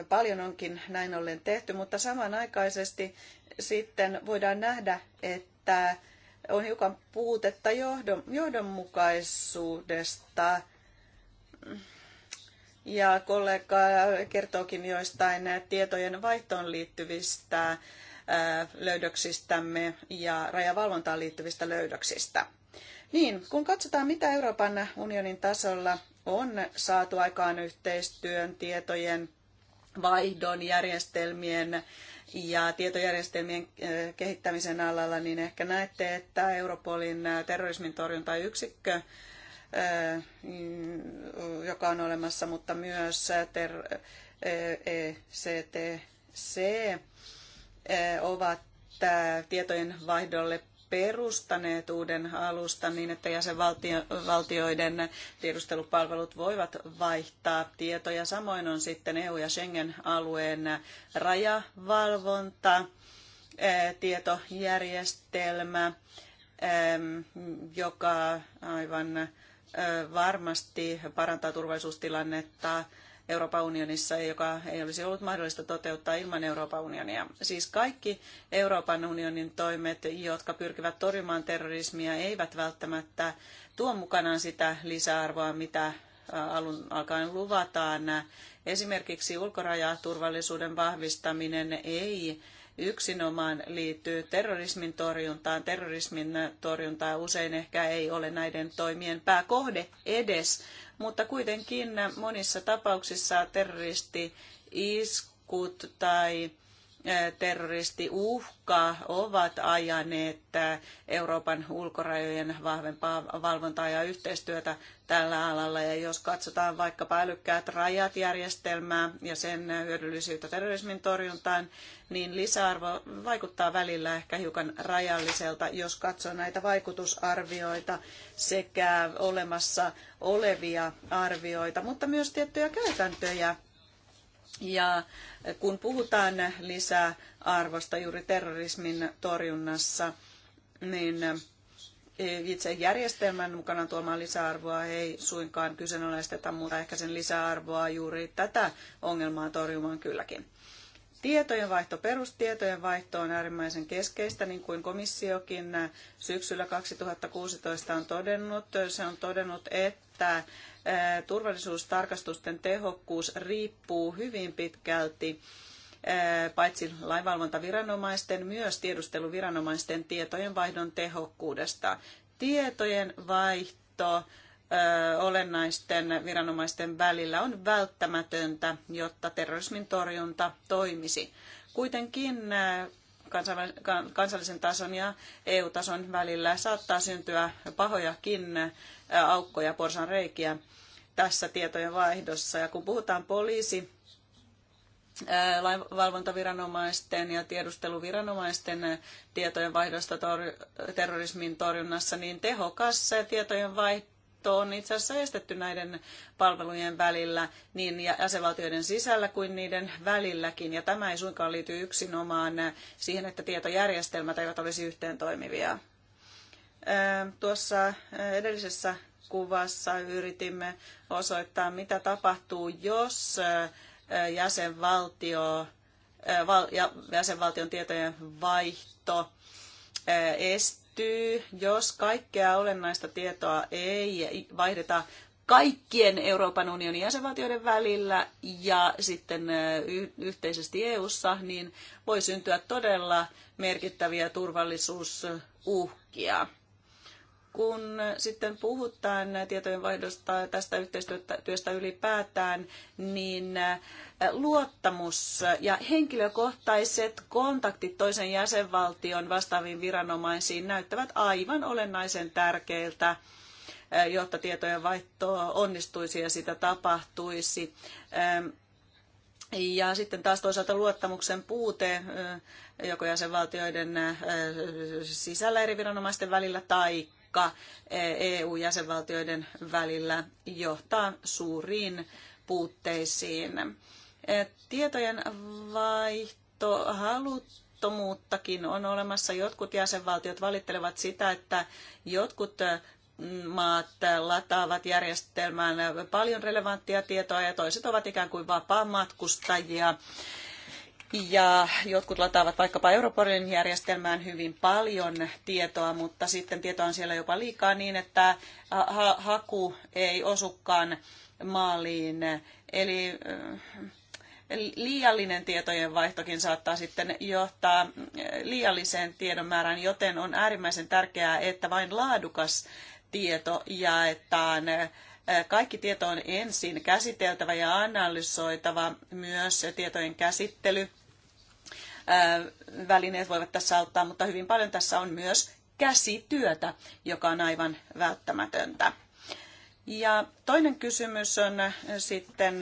paljon onkin näin ollen tehty, mutta samanaikaisesti sitten voidaan nähdä, että on hiukan puutetta johdonmukaisuudesta ja kollega kertookin joistain tietojen vaihtoon liittyvistä äh, löydöksistämme ja rajavalvontaan liittyvistä löydöksistä. Niin, kun katsotaan, mitä Euroopan unionin tasolla on saatu aikaan yhteistyön, tietojen vaihdon järjestelmien ja tietojärjestelmien äh, kehittämisen alalla, niin ehkä näette, että Europolin äh, terrorismin torjuntayksikkö joka on olemassa, mutta myös ter- ECTC ovat tietojen vaihdolle perustaneet uuden alustan niin, että jäsenvaltioiden tiedustelupalvelut voivat vaihtaa tietoja. Samoin on sitten EU- ja Schengen-alueen rajavalvonta, tietojärjestelmä, joka aivan varmasti parantaa turvallisuustilannetta Euroopan unionissa, joka ei olisi ollut mahdollista toteuttaa ilman Euroopan unionia. Siis kaikki Euroopan unionin toimet, jotka pyrkivät torjumaan terrorismia, eivät välttämättä tuo mukanaan sitä lisäarvoa, mitä alun alkaen luvataan. Esimerkiksi ulkorajaturvallisuuden vahvistaminen ei yksinomaan liittyy terrorismin torjuntaan. Terrorismin torjuntaa usein ehkä ei ole näiden toimien pääkohde edes, mutta kuitenkin monissa tapauksissa terroristi iskut tai terroristiuhka ovat ajaneet Euroopan ulkorajojen vahvempaa valvontaa ja yhteistyötä tällä alalla. Ja jos katsotaan vaikkapa älykkäät rajat järjestelmää ja sen hyödyllisyyttä terrorismin torjuntaan, niin lisäarvo vaikuttaa välillä ehkä hiukan rajalliselta, jos katsoo näitä vaikutusarvioita sekä olemassa olevia arvioita, mutta myös tiettyjä käytäntöjä ja kun puhutaan lisäarvosta juuri terrorismin torjunnassa, niin eh, itse järjestelmän mukana tuomaan lisäarvoa ei suinkaan kyseenalaisteta, mutta ehkä sen lisäarvoa juuri tätä ongelmaa torjumaan kylläkin. Tietojen vaihto, perustietojen vaihto on äärimmäisen keskeistä, niin kuin komissiokin syksyllä 2016 on todennut. Se on todennut, että Äh, turvallisuustarkastusten tehokkuus riippuu hyvin pitkälti äh, paitsi lainvalvontaviranomaisten, myös tiedusteluviranomaisten tietojenvaihdon tehokkuudesta. Tietojen vaihto äh, olennaisten viranomaisten välillä on välttämätöntä, jotta terrorismin torjunta toimisi. Kuitenkin kansallisen tason ja EU-tason välillä saattaa syntyä pahojakin aukkoja, porsan reikiä tässä tietojen vaihdossa. Ja kun puhutaan poliisi, lainvalvontaviranomaisten ja tiedusteluviranomaisten tietojen vaihdosta terrorismin torjunnassa, niin tehokas tietojen vaihto liitto on itse asiassa estetty näiden palvelujen välillä niin jäsenvaltioiden sisällä kuin niiden välilläkin. Ja tämä ei suinkaan liity yksinomaan siihen, että tietojärjestelmät eivät olisi yhteen toimivia. Tuossa edellisessä kuvassa yritimme osoittaa, mitä tapahtuu, jos jäsenvaltio ja jäsenvaltion tietojen vaihto estyy, jos kaikkea olennaista tietoa ei vaihdeta kaikkien Euroopan unionin jäsenvaltioiden välillä ja sitten yhteisesti EU-ssa, niin voi syntyä todella merkittäviä turvallisuusuhkia kun sitten puhutaan tietojenvaihdosta tästä yhteistyöstä ylipäätään, niin äh, luottamus ja henkilökohtaiset kontaktit toisen jäsenvaltion vastaaviin viranomaisiin näyttävät aivan olennaisen tärkeiltä äh, jotta tietojen vaihto onnistuisi ja sitä tapahtuisi. Ähm, ja sitten taas toisaalta luottamuksen puute äh, joko jäsenvaltioiden sisällä eri viranomaisten välillä tai taakka EU-jäsenvaltioiden eh, e välillä johtaa suuriin puutteisiin. Eh, tietojen vaihto haluttomuuttakin on olemassa. Jotkut jäsenvaltiot valittelevat sitä, että jotkut eh, maat lataavat järjestelmään paljon relevanttia tietoa ja toiset ovat ikään kuin vapaamatkustajia. matkustajia ja jotkut lataavat vaikkapa Europolin järjestelmään hyvin paljon tietoa, mutta sitten tietoa on siellä jopa liikaa niin, että äh, ha- haku ei osukaan maaliin. Eli äh, liiallinen tietojen vaihtokin saattaa sitten johtaa äh, liialliseen tiedon määrään, joten on äärimmäisen tärkeää, että vain laadukas tieto jaetaan kaikki tieto on ensin käsiteltävä ja analysoitava myös tietojen käsittely. Välineet voivat tässä auttaa, mutta hyvin paljon tässä on myös käsityötä, joka on aivan välttämätöntä. Ja toinen kysymys on sitten,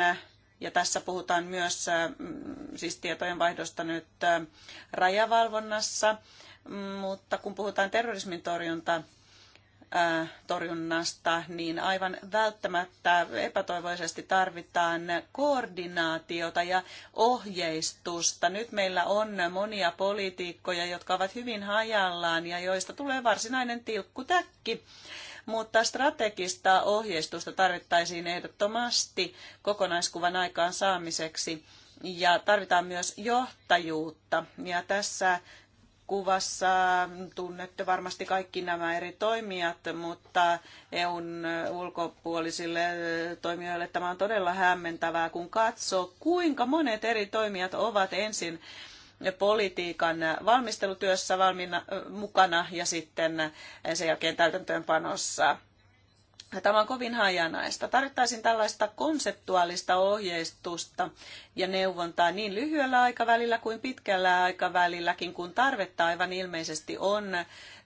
ja tässä puhutaan myös mm, siis tietojen vaihdosta nyt rajavalvonnassa, mutta kun puhutaan terrorismin torjunta torjunnasta, niin aivan välttämättä epätoivoisesti tarvitaan koordinaatiota ja ohjeistusta. Nyt meillä on monia poliitikkoja, jotka ovat hyvin hajallaan ja joista tulee varsinainen tilkkutäkki. Mutta strategista ohjeistusta tarvittaisiin ehdottomasti kokonaiskuvan aikaan saamiseksi ja tarvitaan myös johtajuutta. Ja tässä kuvassa tunnette varmasti kaikki nämä eri toimijat, mutta EUn ulkopuolisille toimijoille tämä on todella hämmentävää, kun katsoo, kuinka monet eri toimijat ovat ensin politiikan valmistelutyössä valmiina, mukana ja sitten sen jälkeen täytäntöönpanossa. Tämä on kovin hajanaista. Tarvittaisiin tällaista konseptuaalista ohjeistusta ja neuvontaa niin lyhyellä aikavälillä kuin pitkällä aikavälilläkin, kun tarvetta aivan ilmeisesti on.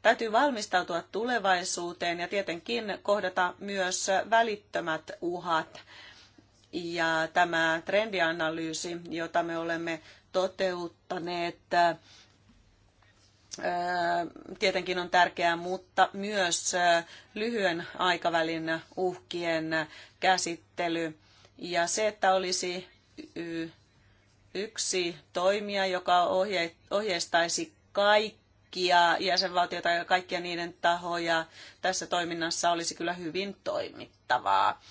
Täytyy valmistautua tulevaisuuteen ja tietenkin kohdata myös välittömät uhat. Ja tämä trendianalyysi, jota me olemme toteuttaneet, tietenkin on tärkeää, mutta myös lyhyen aikavälin uhkien käsittely ja se, että olisi yksi toimija, joka ohje, ohjeistaisi kaikkia jäsenvaltioita ja kaikkia niiden tahoja tässä toiminnassa olisi kyllä hyvin toimittu kattavaa.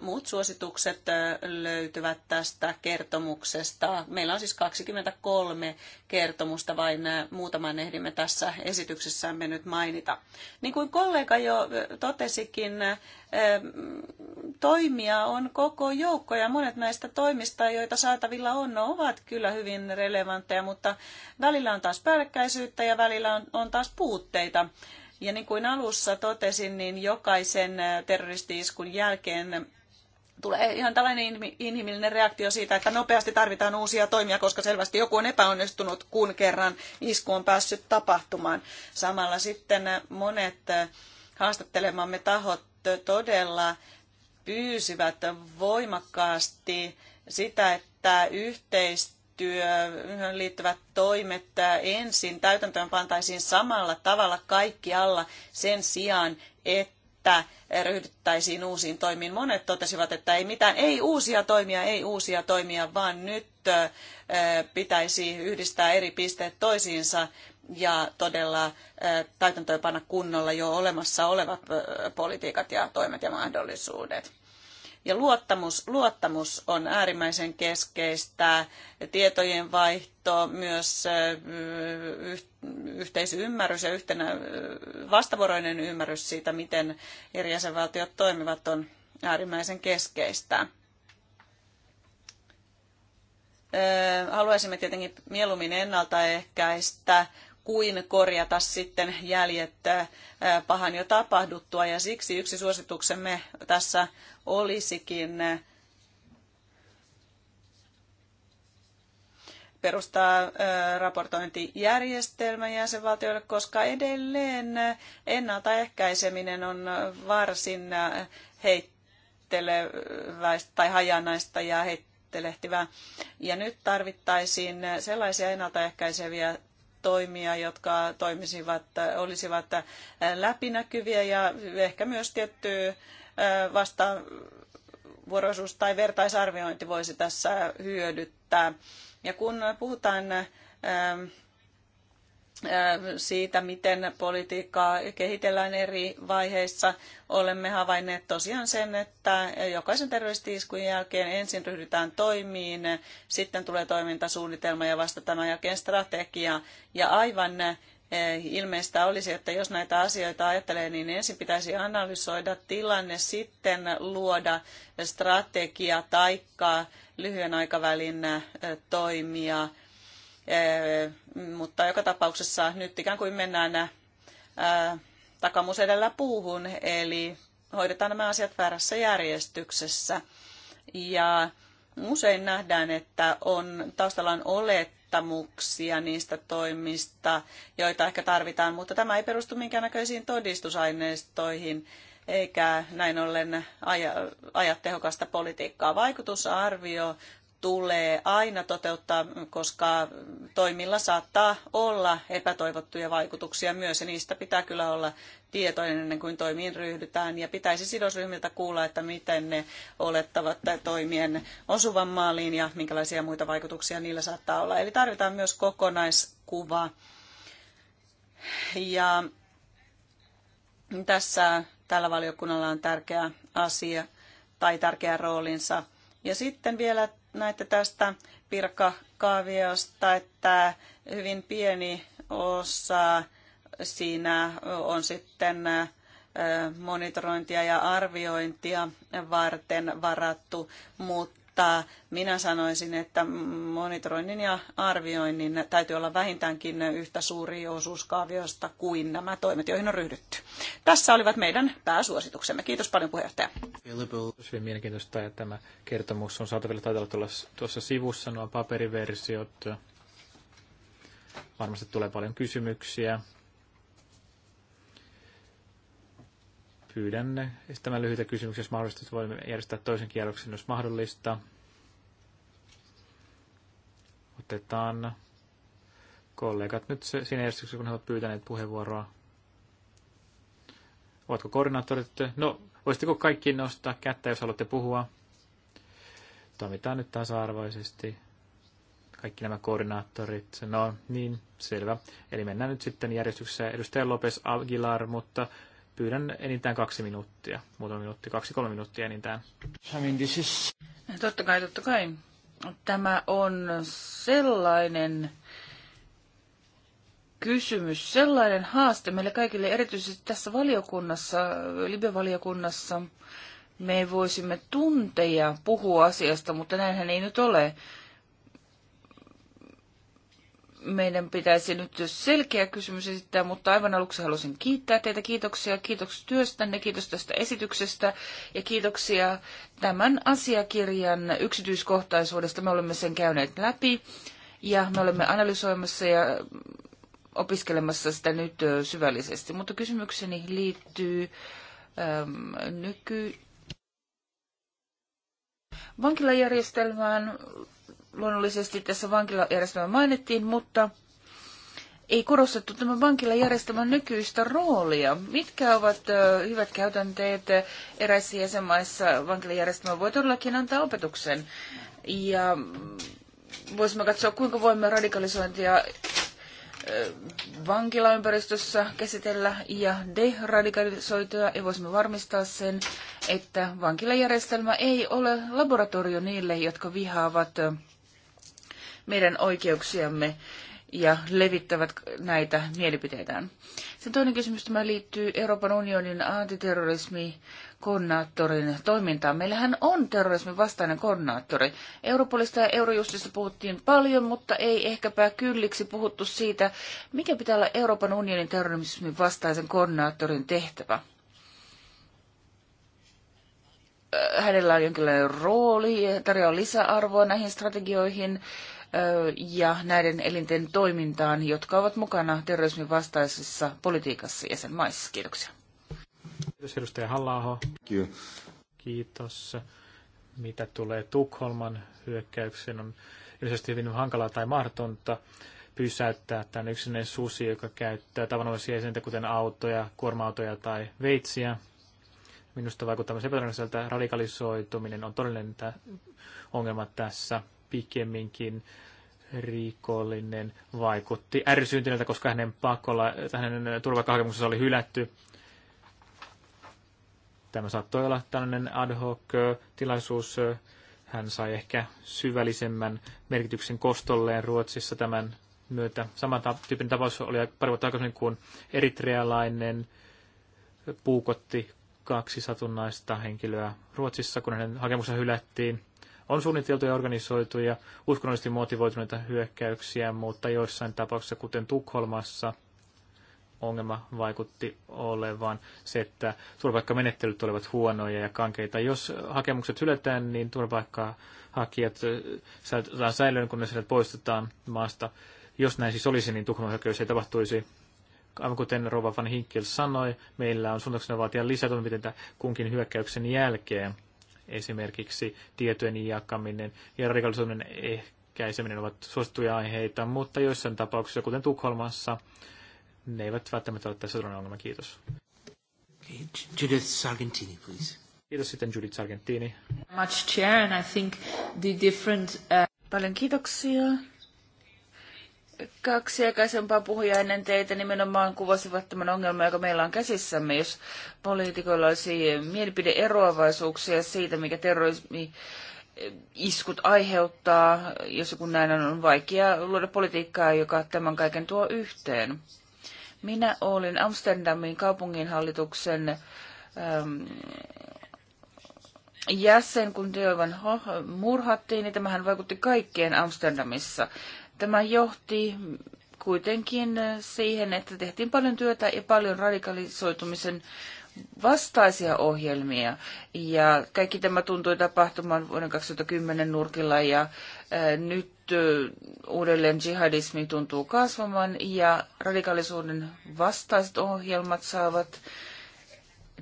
Muut suositukset löytyvät tästä kertomuksesta. Meillä on siis 23 kertomusta, vain muutaman ehdimme tässä esityksessämme nyt mainita. Niin kuin kollega jo totesikin, toimia on koko joukko ja monet näistä toimista, joita saatavilla on, no, ovat kyllä hyvin relevantteja, mutta välillä on taas päällekkäisyyttä ja välillä on, on taas puutteita ja niin kuin alussa totesin, niin jokaisen terroristiiskun jälkeen tulee ihan tällainen inhimillinen reaktio siitä, että nopeasti tarvitaan uusia toimia, koska selvästi joku on epäonnistunut, kun kerran isku on päässyt tapahtumaan. Samalla sitten monet haastattelemamme tahot todella pyysivät voimakkaasti sitä, että yhteistyö työhön äh, liittyvät toimet äh, ensin täytäntöön pantaisiin samalla tavalla kaikkialla sen sijaan, että ryhdyttäisiin uusiin toimiin. Monet totesivat, että ei mitään, ei uusia toimia, ei uusia toimia, vaan nyt äh, pitäisi yhdistää eri pisteet toisiinsa ja todella täytäntöönpana kunnolla jo olemassa olevat politiikat ja toimet ja mahdollisuudet. Ja luottamus, luottamus on äärimmäisen keskeistä, tietojen vaihto, myös yhteisymmärrys ja yhtenä vastavuoroinen ymmärrys siitä, miten eri jäsenvaltiot toimivat, on äärimmäisen keskeistä. Haluaisimme tietenkin mieluummin ennaltaehkäistä kuin korjata sitten jäljet pahan jo tapahduttua. Ja siksi yksi suosituksemme tässä olisikin perustaa raportointijärjestelmä jäsenvaltioille, koska edelleen ennaltaehkäiseminen on varsin heitteleväistä tai hajanaista ja heittelehtivää. Ja nyt tarvittaisiin sellaisia ennaltaehkäiseviä toimia, jotka toimisivat, olisivat läpinäkyviä ja ehkä myös tietty vastavuoroisuus tai vertaisarviointi voisi tässä hyödyttää. Ja kun puhutaan siitä, miten politiikkaa kehitellään eri vaiheissa, olemme havainneet tosiaan sen, että jokaisen terroristi-iskun jälkeen ensin ryhdytään toimiin, sitten tulee toimintasuunnitelma ja vasta tämän jälkeen strategia. Ja aivan ilmeistä olisi, että jos näitä asioita ajattelee, niin ensin pitäisi analysoida tilanne, sitten luoda strategia taikka lyhyen aikavälin toimia – mutta joka tapauksessa nyt ikään kuin mennään takamus edellä puuhun, eli hoidetaan nämä asiat väärässä järjestyksessä. Ja usein nähdään, että on, taustalla on olettamuksia niistä toimista, joita ehkä tarvitaan, mutta tämä ei perustu minkäännäköisiin todistusaineistoihin eikä näin ollen aja, aja tehokasta politiikkaa. Vaikutusarvio tulee aina toteuttaa, koska toimilla saattaa olla epätoivottuja vaikutuksia myös, ja niistä pitää kyllä olla tietoinen ennen kuin toimiin ryhdytään, ja pitäisi sidosryhmiltä kuulla, että miten ne olettavat toimien osuvan maaliin ja minkälaisia muita vaikutuksia niillä saattaa olla. Eli tarvitaan myös kokonaiskuva. Ja tässä tällä valiokunnalla on tärkeä asia tai tärkeä roolinsa. Ja sitten vielä näette tästä pirkkakaaviosta, että hyvin pieni osa siinä on sitten monitorointia ja arviointia varten varattu, mutta mutta minä sanoisin, että monitoroinnin ja arvioinnin täytyy olla vähintäänkin yhtä suuri osuus kaaviosta kuin nämä toimet, joihin on ryhdytty. Tässä olivat meidän pääsuosituksemme. Kiitos paljon puheenjohtaja. Hyvin mielenkiintoista että tämä kertomus on saatavilla taitella tulla tuossa sivussa nuo paperiversiot. Eh, varmasti tulee paljon kysymyksiä Pyydän tämän lyhyitä kysymyksiä, jos että voimme järjestää toisen kierroksen, jos mahdollista. Otetaan kollegat nyt siinä järjestyksessä, kun he ovat pyytäneet puheenvuoroa. Ovatko koordinaattorit? No, voisitteko kaikki nostaa kättä, jos haluatte puhua? Toimitaan nyt tasa-arvoisesti. Kaikki nämä koordinaattorit. No, niin, selvä. Eli mennään nyt sitten järjestyksessä edustaja Lopes Aguilar, mutta Pyydän enintään kaksi minuuttia, muutama minuutti, kaksi kolme minuuttia enintään. Totta kai, totta kai. Tämä on sellainen kysymys, sellainen haaste meille kaikille, erityisesti tässä valiokunnassa, Libe-valiokunnassa. Me voisimme tunteja puhua asiasta, mutta näinhän ei nyt ole meidän pitäisi nyt selkeä kysymys esittää, mutta aivan aluksi haluaisin kiittää teitä. Kiitoksia, kiitoksia työstänne, kiitos tästä esityksestä ja kiitoksia tämän asiakirjan yksityiskohtaisuudesta. Me olemme sen käyneet läpi ja me olemme analysoimassa ja opiskelemassa sitä nyt syvällisesti. Mutta kysymykseni liittyy äm, nyky... Vankilajärjestelmään luonnollisesti tässä vankilajärjestelmä mainittiin, mutta ei korostettu tämän vankilajärjestelmän nykyistä roolia. Mitkä ovat hyvät käytänteet eräissä jäsenmaissa? Vankilajärjestelmä voi todellakin antaa opetuksen. Ja voisimme katsoa, kuinka voimme radikalisointia vankilaympäristössä käsitellä ja deradikalisoitua ja voisimme varmistaa sen, että vankilajärjestelmä ei ole laboratorio niille, jotka vihaavat meidän oikeuksiamme ja levittävät näitä mielipiteitään. Sen toinen kysymys tämä liittyy Euroopan unionin antiterrorismi koordinaattorin toimintaan. Meillähän on terrorismin vastainen koordinaattori. Europolista ja Eurojustista puhuttiin paljon, mutta ei ehkäpä kylliksi puhuttu siitä, mikä pitää olla Euroopan unionin terrorismin vastaisen koordinaattorin tehtävä. Hänellä on jonkinlainen rooli, tarjoaa lisäarvoa näihin strategioihin ja näiden elinten toimintaan, jotka ovat mukana terrorismin vastaisessa politiikassa jäsenmaissa. Kiitoksia. Kiitos edustaja halla Kiitos. Mitä tulee Tukholman hyökkäykseen, on ilmeisesti hyvin hankalaa tai mahdotonta pysäyttää tämän yksinen susi, joka käyttää tavanomaisia esineitä, kuten autoja, kuorma-autoja tai veitsiä. Minusta vaikuttaa myös epätodennäköiseltä radikalisoituminen on todellinen ongelma tässä pikemminkin rikollinen vaikutti ärsyyntyneeltä, koska hänen, pakola, hänen turvakahdemuksensa oli hylätty. Tämä saattoi olla tällainen ad hoc tilaisuus. Hän sai ehkä syvällisemmän merkityksen kostolleen Ruotsissa tämän myötä. Sama tyyppinen tapaus oli pari vuotta aikaisemmin, kun eritrealainen puukotti kaksi satunnaista henkilöä Ruotsissa, kun hänen hakemuksensa hylättiin on suunniteltuja ja organisoituja uskonnollisesti motivoituneita hyökkäyksiä, mutta joissain tapauksissa, kuten Tukholmassa, ongelma vaikutti olevan se, että turvapaikkamenettelyt olivat huonoja ja kankeita. Jos hakemukset hylätään, niin turvapaikkahakijat äh, saadaan säilöön, kunnes heidät poistetaan maasta. Jos näin siis olisi, niin Tukholman hyökkäys ei tapahtuisi. Aivan kuten Rova van Hinkel sanoi, meillä on suunnitelmana vaatia lisätoimenpiteitä kunkin hyökkäyksen jälkeen esimerkiksi tietojen jakaminen ja radikalisoiminen ehkäiseminen ovat suosittuja aiheita, mutta joissain tapauksissa, kuten Tukholmassa, ne eivät välttämättä ole tässä sellainen ongelma. Kiitos. Judith Sargentini, please. Kiitos sitten Judith Sargentini. Much chair and I think the different... Uh... Paljon kiitoksia kaksi aikaisempaa puhujaa ennen teitä nimenomaan kuvasivat tämän ongelman, joka meillä on käsissämme, jos poliitikoilla olisi mielipideeroavaisuuksia siitä, mikä terrorismi eh, iskut aiheuttaa, jos kun näin on, on vaikea luoda politiikkaa, joka tämän kaiken tuo yhteen. Minä olin Amsterdamin kaupunginhallituksen äm, jäsen, kun Diovan Hoh murhattiin, niin tämähän vaikutti kaikkeen Amsterdamissa. Tämä johti kuitenkin siihen, että tehtiin paljon työtä ja paljon radikalisoitumisen vastaisia ohjelmia. Ja kaikki tämä tuntui tapahtumaan vuoden 2010 nurkilla ja nyt uudelleen jihadismi tuntuu kasvamaan ja radikalisuuden vastaiset ohjelmat saavat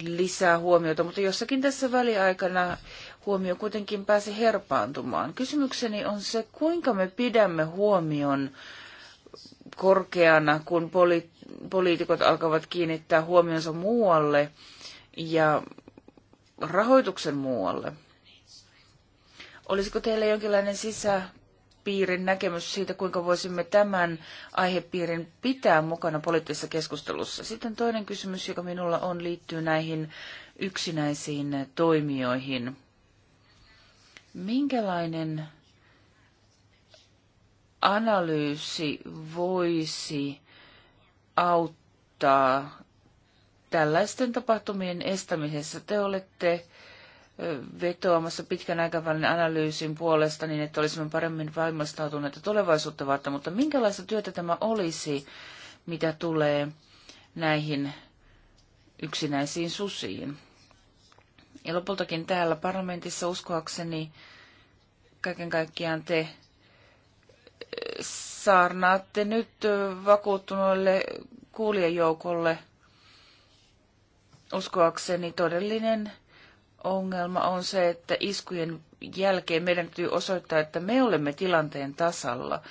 lisää huomiota, mutta jossakin tässä väliaikana huomio kuitenkin pääsi herpaantumaan. Kysymykseni on se, kuinka me pidämme huomion korkeana, kun poli- poliitikot alkavat kiinnittää huomionsa muualle ja rahoituksen muualle. Olisiko teillä jonkinlainen sisäpiirin näkemys siitä, kuinka voisimme tämän aihepiirin pitää mukana poliittisessa keskustelussa? Sitten toinen kysymys, joka minulla on, liittyy näihin yksinäisiin toimijoihin. Minkälainen analyysi voisi auttaa tällaisten tapahtumien estämisessä? Te olette vetoamassa pitkän aikavälin analyysin puolesta niin, että olisimme paremmin valmistautuneita tulevaisuutta varten, mutta minkälaista työtä tämä olisi, mitä tulee näihin yksinäisiin susiin? Ja lopultakin täällä parlamentissa uskoakseni kaiken kaikkiaan te eh, saarnaatte nyt eh, vakuuttuneelle kuulijajoukolle uskoakseni todellinen ongelma on se, että iskujen jälkeen meidän täytyy osoittaa, että me olemme tilanteen tasalla.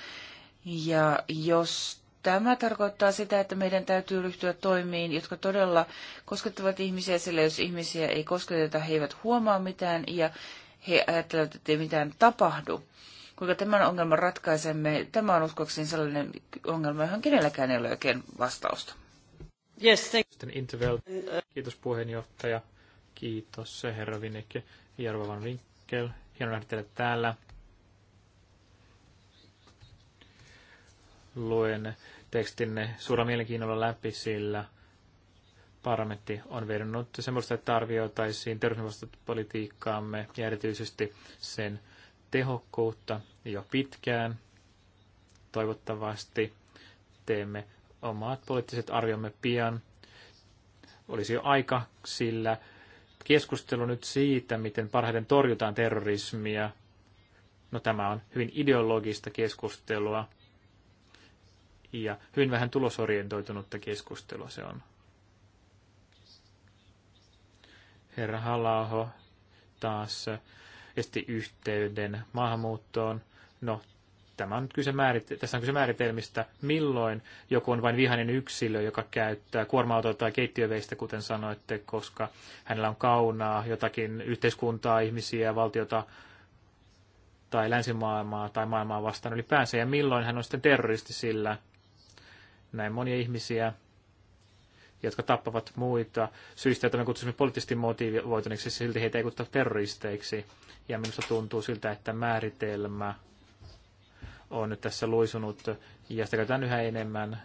Ja jos tämä tarkoittaa sitä, että meidän täytyy ryhtyä toimiin, jotka todella koskettavat ihmisiä, sillä jos ihmisiä ei kosketeta, he eivät huomaa mitään ja he ajattelevat, että ei mitään tapahdu. Kuinka tämän ongelman ratkaisemme, tämä on uskoakseni sellainen ongelma, johon kenelläkään ei ole oikein vastausta. Yes, thank Intervel. Kiitos puheenjohtaja. Kiitos herra Vinikki. Jarva van Winkel. Hieno nähdä täällä. luen tekstinne suurella mielenkiinnolla läpi, sillä parlamentti on vedonnut semmoista, että arvioitaisiin politiikkaamme ja erityisesti sen tehokkuutta jo pitkään. Toivottavasti teemme omat poliittiset arviomme pian. Olisi jo aika, sillä keskustelu nyt siitä, miten parhaiten torjutaan terrorismia, no tämä on hyvin ideologista keskustelua, ja hyvin vähän tulosorientoitunutta keskustelua se on. Herra Halaho taas esti yhteyden maahanmuuttoon. No, tämä on kyse määrit- tässä on kyse määritelmistä, milloin joku on vain vihainen yksilö, joka käyttää kuorma tai keittiöveistä, kuten sanoitte, koska hänellä on kaunaa jotakin yhteiskuntaa, ihmisiä, valtiota tai länsimaailmaa tai maailmaa vastaan ylipäänsä, ja milloin hän on sitten terroristi sillä, näin monia ihmisiä, jotka tappavat muita syistä, että me kutsumme poliittisesti motivoituneeksi, silti heitä ei kutsuta terroristeiksi. Ja minusta tuntuu siltä, että määritelmä on nyt tässä luisunut ja sitä käytetään yhä enemmän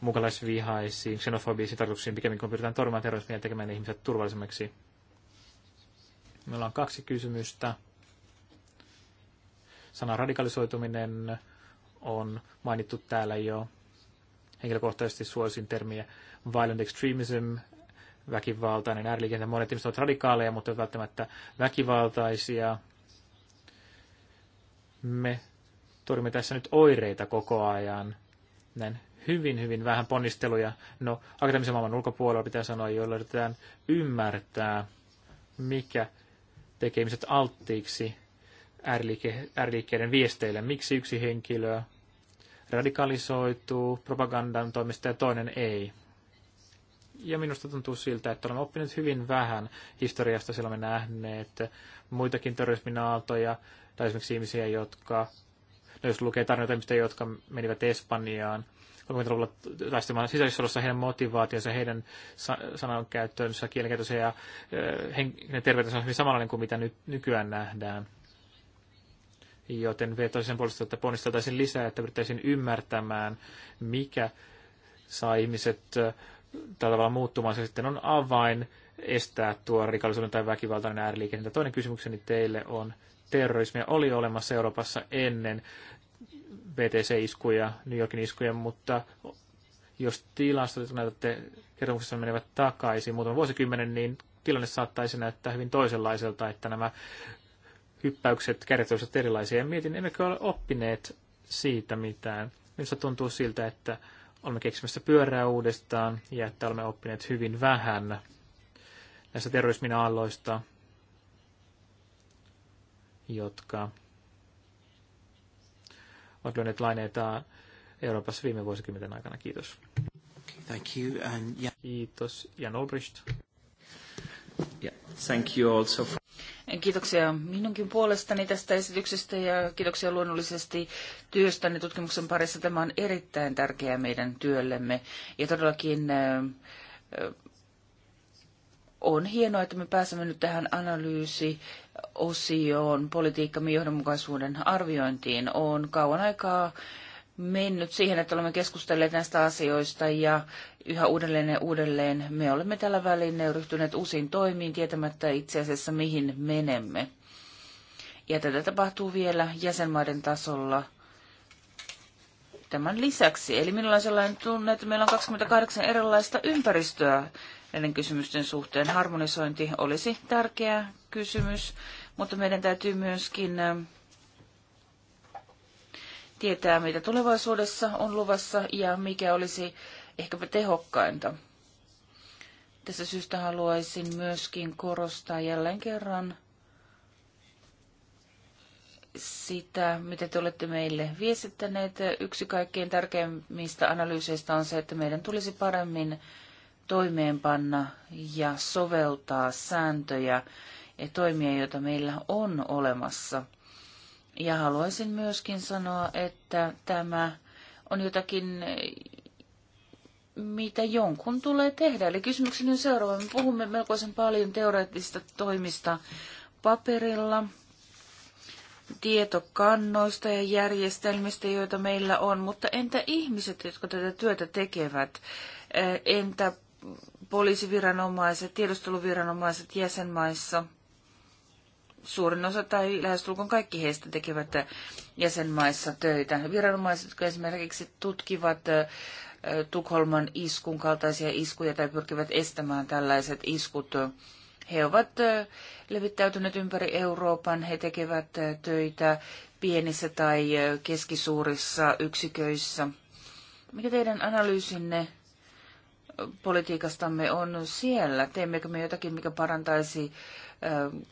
mukalaisvihaisiin, xenofobisiin tarkoituksiin, pikemmin kun pyritään torjumaan terrorismia ja tekemään ihmiset turvallisemmiksi. Meillä on kaksi kysymystä. Sana radikalisoituminen on mainittu täällä jo. Henkilökohtaisesti suosin termiä violent extremism, väkivaltainen ääriliikenne. Monet ihmiset ovat radikaaleja, mutta ovat välttämättä väkivaltaisia. Me torjumme tässä nyt oireita koko ajan. Näin hyvin, hyvin vähän ponnisteluja. No, akateemisen maailman ulkopuolella pitää sanoa, joilla yritetään ymmärtää, mikä tekee ihmiset alttiiksi ääriliikkeiden viesteille. Miksi yksi henkilö radikalisoituu propagandan toimesta ja toinen ei? Ja minusta tuntuu siltä, että olen oppinut hyvin vähän historiasta, sillä me nähneet muitakin terrorismin aaltoja, tai esimerkiksi ihmisiä, jotka, no jos lukee tarinoita ihmistä, jotka menivät Espanjaan 30-luvulla taistelemaan sisällissodassa heidän motivaationsa, heidän sanankäyttöönsä, kielenkäytönsä ja henkinen terveytensä on hyvin samanlainen kuin mitä nyt nykyään nähdään joten vetoisen puolesta, että ponnisteltaisiin lisää, että pyrittäisiin ymmärtämään, mikä saa ihmiset tällä tavalla muuttumaan. Se sitten on avain estää tuo rikollisuuden tai väkivaltainen ääriliikenne. Toinen kysymykseni teille on, terrorismia oli olemassa Euroopassa ennen VTC-iskuja, New Yorkin iskuja, mutta jos tilastot näytätte kertomuksessa menevät takaisin muutaman vuosikymmenen, niin tilanne saattaisi näyttää hyvin toisenlaiselta, että nämä hyppäykset kädet olisivat erilaisia. Ja mietin, emmekö ole oppineet siitä mitään. Minusta tuntuu siltä, että olemme keksimässä pyörää uudestaan ja että olemme oppineet hyvin vähän näistä terrorismin aalloista, jotka ovat lyöneet laineita Euroopassa viime vuosikymmenten aikana. Kiitos. Thank you. And, yeah. Kiitos. Jan Olbricht. Thank you also for... Kiitoksia minunkin puolestani tästä esityksestä ja kiitoksia luonnollisesti työstänne tutkimuksen parissa. Tämä on erittäin tärkeää meidän työllemme ja todellakin äh, äh, on hienoa, että me pääsemme nyt tähän analyysi-osioon, osioon, politiikkamme johdonmukaisuuden arviointiin. On kauan aikaa mennyt siihen, että olemme keskustelleet näistä asioista ja yhä uudelleen ja uudelleen me olemme tällä välin ryhtyneet uusiin toimiin tietämättä itse asiassa mihin menemme. Ja tätä tapahtuu vielä jäsenmaiden tasolla tämän lisäksi. Eli minulla on sellainen tunne, että meillä on 28 erilaista ympäristöä näiden kysymysten suhteen. Harmonisointi olisi tärkeä kysymys, mutta meidän täytyy myöskin tietää, mitä tulevaisuudessa on luvassa ja mikä olisi ehkäpä tehokkainta. Tässä syystä haluaisin myöskin korostaa jälleen kerran sitä, mitä te olette meille viestittäneet. Yksi kaikkein tärkeimmistä analyyseistä on se, että meidän tulisi paremmin toimeenpanna ja soveltaa sääntöjä ja toimia, joita meillä on olemassa – ja haluaisin myöskin sanoa, että tämä on jotakin, mitä jonkun tulee tehdä. Eli kysymykseni on seuraava. Me puhumme melkoisen paljon teoreettista toimista paperilla, tietokannoista ja järjestelmistä, joita meillä on, mutta entä ihmiset, jotka tätä työtä tekevät? Entä poliisiviranomaiset, tiedusteluviranomaiset jäsenmaissa? suurin osa tai lähestulkoon kaikki heistä tekevät jäsenmaissa töitä. Viranomaiset, jotka esimerkiksi tutkivat Tukholman iskun kaltaisia iskuja tai pyrkivät estämään tällaiset iskut, he ovat levittäytyneet ympäri Euroopan, he tekevät töitä pienissä tai keskisuurissa yksiköissä. Mikä teidän analyysinne politiikastamme on siellä? Teemmekö me jotakin, mikä parantaisi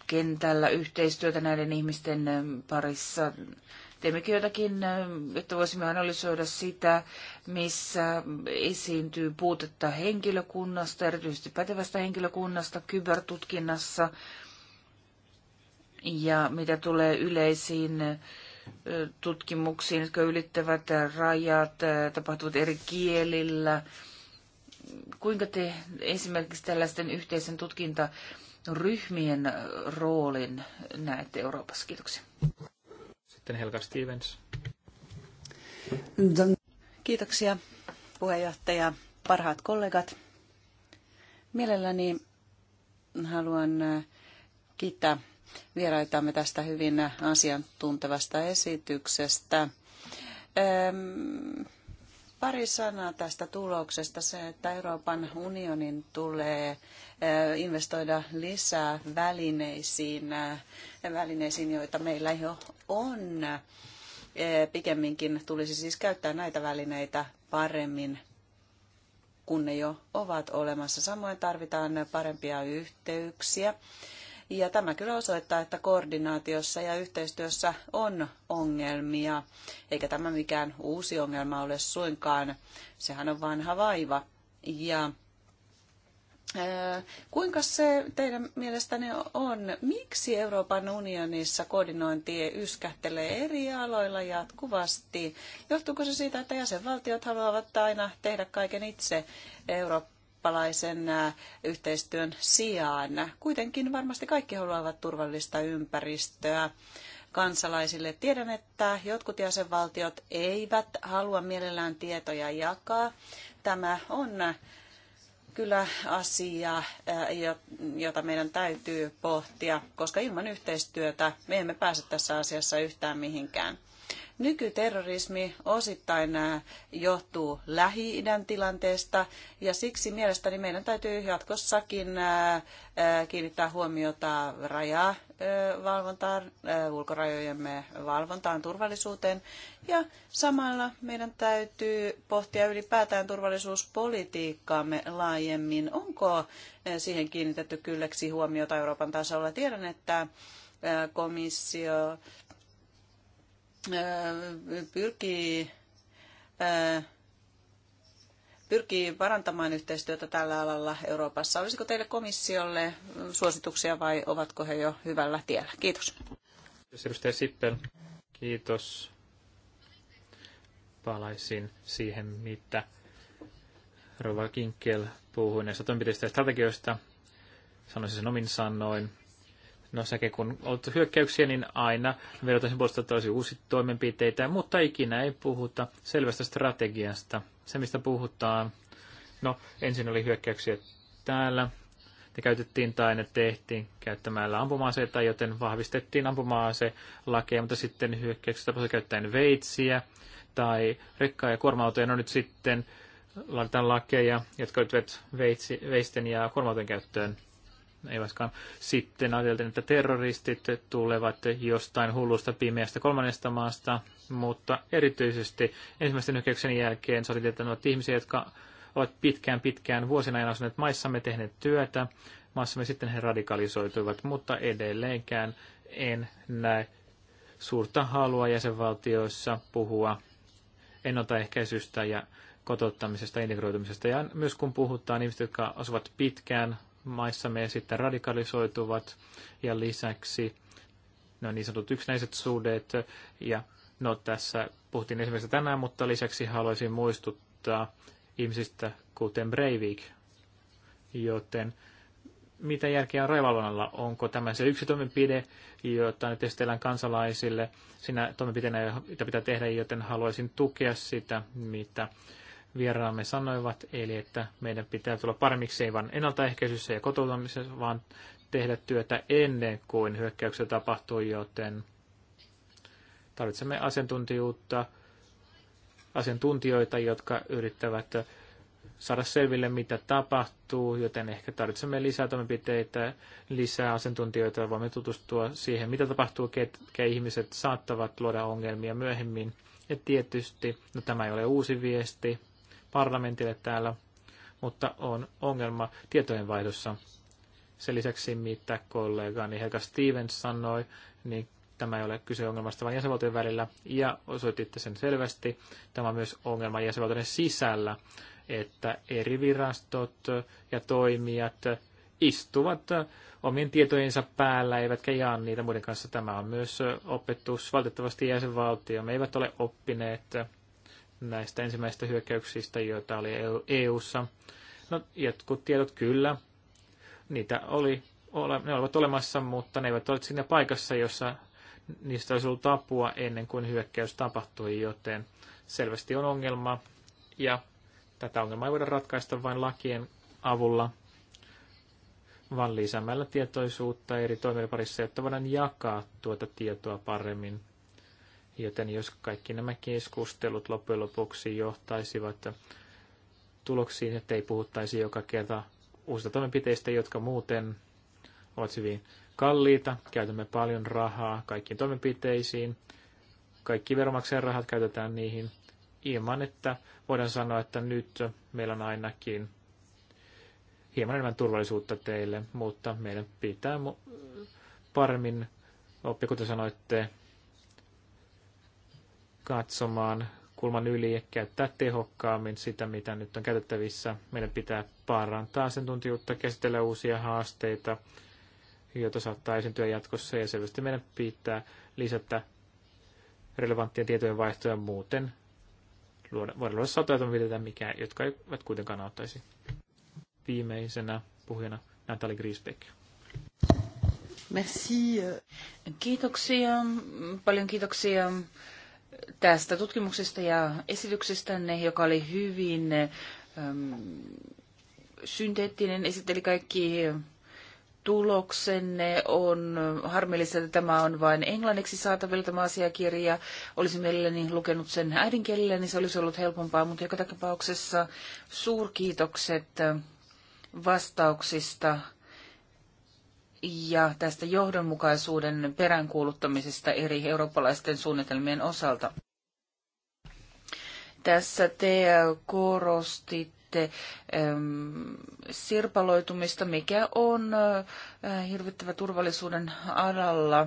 kentällä yhteistyötä näiden ihmisten parissa. Teemmekin jotakin, että voisimme analysoida sitä, missä esiintyy puutetta henkilökunnasta, erityisesti pätevästä henkilökunnasta, kybertutkinnassa ja mitä tulee yleisiin tutkimuksiin, jotka ylittävät rajat, tapahtuvat eri kielillä. Kuinka te esimerkiksi tällaisten yhteisen tutkinta ryhmien roolin näette Euroopassa? Kiitoksia. Sitten Helga Stevens. Kiitoksia puheenjohtaja, parhaat kollegat. Mielelläni haluan äh, kiittää vieraitamme tästä hyvin äh, asiantuntevasta esityksestä ehm, Pari sanaa tästä tuloksesta. Se, että Euroopan unionin tulee investoida lisää välineisiin, välineisiin joita meillä jo on. Pikemminkin tulisi siis käyttää näitä välineitä paremmin kun ne jo ovat olemassa. Samoin tarvitaan parempia yhteyksiä ja tämä kyllä osoittaa, että koordinaatiossa ja yhteistyössä on ongelmia, eikä tämä mikään uusi ongelma ole suinkaan. Sehän on vanha vaiva. Ja Kuinka se teidän mielestänne on? Miksi Euroopan unionissa koordinointi yskähtelee eri aloilla jatkuvasti? Johtuuko se siitä, että jäsenvaltiot haluavat aina tehdä kaiken itse? Eurooppa eurooppalaisen yhteistyön sijaan. Kuitenkin varmasti kaikki haluavat turvallista ympäristöä kansalaisille. Tiedän, että jotkut jäsenvaltiot eivät halua mielellään tietoja jakaa. Tämä on kyllä asia, jota meidän täytyy pohtia, koska ilman yhteistyötä me emme pääse tässä asiassa yhtään mihinkään. Nykyterrorismi osittain johtuu Lähi-idän tilanteesta ja siksi mielestäni meidän täytyy jatkossakin kiinnittää huomiota rajavalvontaan, ulkorajojemme valvontaan, turvallisuuteen ja samalla meidän täytyy pohtia ylipäätään turvallisuuspolitiikkaamme laajemmin. Onko siihen kiinnitetty kylläksi huomiota Euroopan tasolla? Tiedän, että komissio pyrkii pyrkii parantamaan yhteistyötä tällä alalla Euroopassa. Olisiko teille komissiolle suosituksia vai ovatko he jo hyvällä tiellä? Kiitos. Kiitos Sippel. Kiitos. Palaisin siihen, mitä Rova Kinkel puhui näistä toimenpiteistä ja strategioista. Sanoisin sen omin sanoin. No sekin, kun on hyökkäyksiä, niin aina vedotaan sen puolesta, että olisi uusia toimenpiteitä, mutta ikinä ei puhuta selvästä strategiasta. Se, mistä puhutaan, no ensin oli hyökkäyksiä täällä, ne käytettiin tai ne tehtiin käyttämällä ampuma-aseita, joten vahvistettiin ampuma-aselakeja, mutta sitten hyökkäyksessä tapahtui käyttäen veitsiä tai rekkaa ja kuorma on No nyt sitten laitetaan lakeja, jotka liittyvät veitsi, veisten ja kuorma käyttöön vaikkaan Sitten ajateltiin, että terroristit tulevat jostain hullusta pimeästä kolmannesta maasta, mutta erityisesti ensimmäisten hyökkäyksen jälkeen saatiin ovat ihmisiä, jotka ovat pitkään pitkään vuosina ajan asuneet maissamme, tehneet työtä. Maassamme sitten he radikalisoituivat, mutta edelleenkään en näe suurta halua jäsenvaltioissa puhua ennaltaehkäisystä ja kotouttamisesta, integroitumisesta. Ja myös kun puhutaan ihmistä, jotka asuvat pitkään maissa me sitten radikalisoituvat ja lisäksi no niin sanotut yksinäiset suudet ja no tässä puhuttiin esimerkiksi tänään, mutta lisäksi haluaisin muistuttaa ihmisistä kuten Breivik, joten mitä järkeä on rajavalvonnalla? Onko tämä se yksi toimenpide, jota nyt esitellään kansalaisille sinä toimenpiteenä, jota pitää tehdä, joten haluaisin tukea sitä, mitä vieraamme sanoivat, eli että meidän pitää tulla paremmiksi ei vain ennaltaehkäisyssä ja kotoutumisessa, vaan tehdä työtä ennen kuin hyökkäyksiä tapahtuu, joten tarvitsemme asiantuntijuutta, asiantuntijoita, jotka yrittävät saada selville, mitä tapahtuu, joten ehkä tarvitsemme lisää toimenpiteitä, lisää asiantuntijoita, voimme tutustua siihen, mitä tapahtuu, ketkä ihmiset saattavat luoda ongelmia myöhemmin. Ja tietysti, no tämä ei ole uusi viesti, parlamentille täällä, mutta on ongelma tietojenvaihdossa. Sen lisäksi, mitä kollegani Helga Stevens sanoi, niin tämä ei ole kyse ongelmasta vain jäsenvaltojen välillä, ja osoititte sen selvästi. Tämä on myös ongelma jäsenvaltojen sisällä, että eri virastot ja toimijat istuvat omien tietojensa päällä, eivätkä jaa niitä muiden kanssa. Tämä on myös opetus. Valitettavasti jäsenvaltio. Me eivät ole oppineet näistä ensimmäistä hyökkäyksistä, joita oli EU-ssa. E no, jotkut tiedot kyllä, niitä oli, ne olivat olemassa, mutta ne eivät ole siinä paikassa, jossa niistä olisi ollut apua ennen kuin hyökkäys tapahtui, joten selvästi on ongelma, ja tätä ongelmaa ei voida ratkaista vain lakien avulla, vaan lisäämällä tietoisuutta eri toimijoiden parissa, jotta voidaan jakaa tuota tietoa paremmin Joten jos kaikki nämä keskustelut loppujen lopuksi johtaisivat tuloksiin, ei puhuttaisi joka kerta uusista toimenpiteistä, jotka muuten ovat hyvin kalliita, käytämme paljon rahaa kaikkiin toimenpiteisiin, kaikki veronmaksajan rahat käytetään niihin ilman, että voidaan sanoa, että nyt meillä on ainakin hieman enemmän turvallisuutta teille, mutta meidän pitää paremmin oppia, kuten sanoitte, katsomaan kulman yli ja käyttää tehokkaammin sitä, mitä nyt on käytettävissä. Meidän pitää parantaa asiantuntijuutta, käsitellä uusia haasteita, joita saattaa esiintyä jatkossa, ja selvästi meidän pitää lisätä relevanttien tietojen vaihtoja muuten. Luoda, voidaan luoda satoja toimenpiteitä, mikä, jotka eivät kuitenkaan auttaisi. Viimeisenä puhujana Natalie Griesbeck. Merci. Euh. Kiitoksia. Paljon kiitoksia tästä tutkimuksesta ja esityksestänne, joka oli hyvin äm, synteettinen, esitteli kaikki tuloksenne. On harmillista, että tämä on vain englanniksi saatavilla tämä asiakirja. Olisin mielelläni lukenut sen äidinkielellä, niin se olisi ollut helpompaa, mutta joka tapauksessa suurkiitokset vastauksista ja tästä johdonmukaisuuden peräänkuuluttamisesta eri eurooppalaisten suunnitelmien osalta. Tässä te korostitte ähm, sirpaloitumista, mikä on äh, hirvittävä turvallisuuden alalla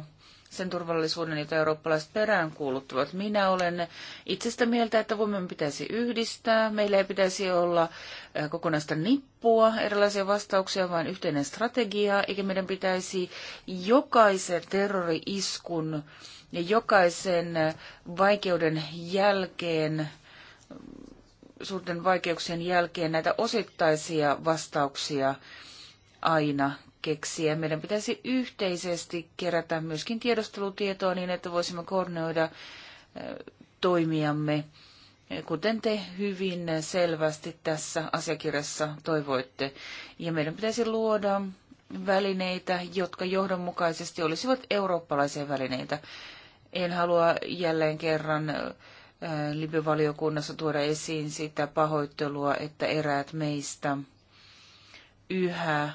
sen turvallisuuden, jota eurooppalaiset peräänkuuluttavat. Minä olen itsestä mieltä, että voimme pitäisi yhdistää. Meillä ei pitäisi olla kokonaista nippua, erilaisia vastauksia, vaan yhteinen strategia, eikä meidän pitäisi jokaisen terrori-iskun ja jokaisen vaikeuden jälkeen suurten vaikeuksien jälkeen näitä osittaisia vastauksia aina keksiä. Meidän pitäisi yhteisesti kerätä myöskin tiedostelutietoa niin, että voisimme koordinoida toimiamme, kuten te hyvin selvästi tässä asiakirjassa toivoitte. Ja meidän pitäisi luoda välineitä, jotka johdonmukaisesti olisivat eurooppalaisia välineitä. En halua jälleen kerran Libyvaliokunnassa tuoda esiin sitä pahoittelua, että eräät meistä yhä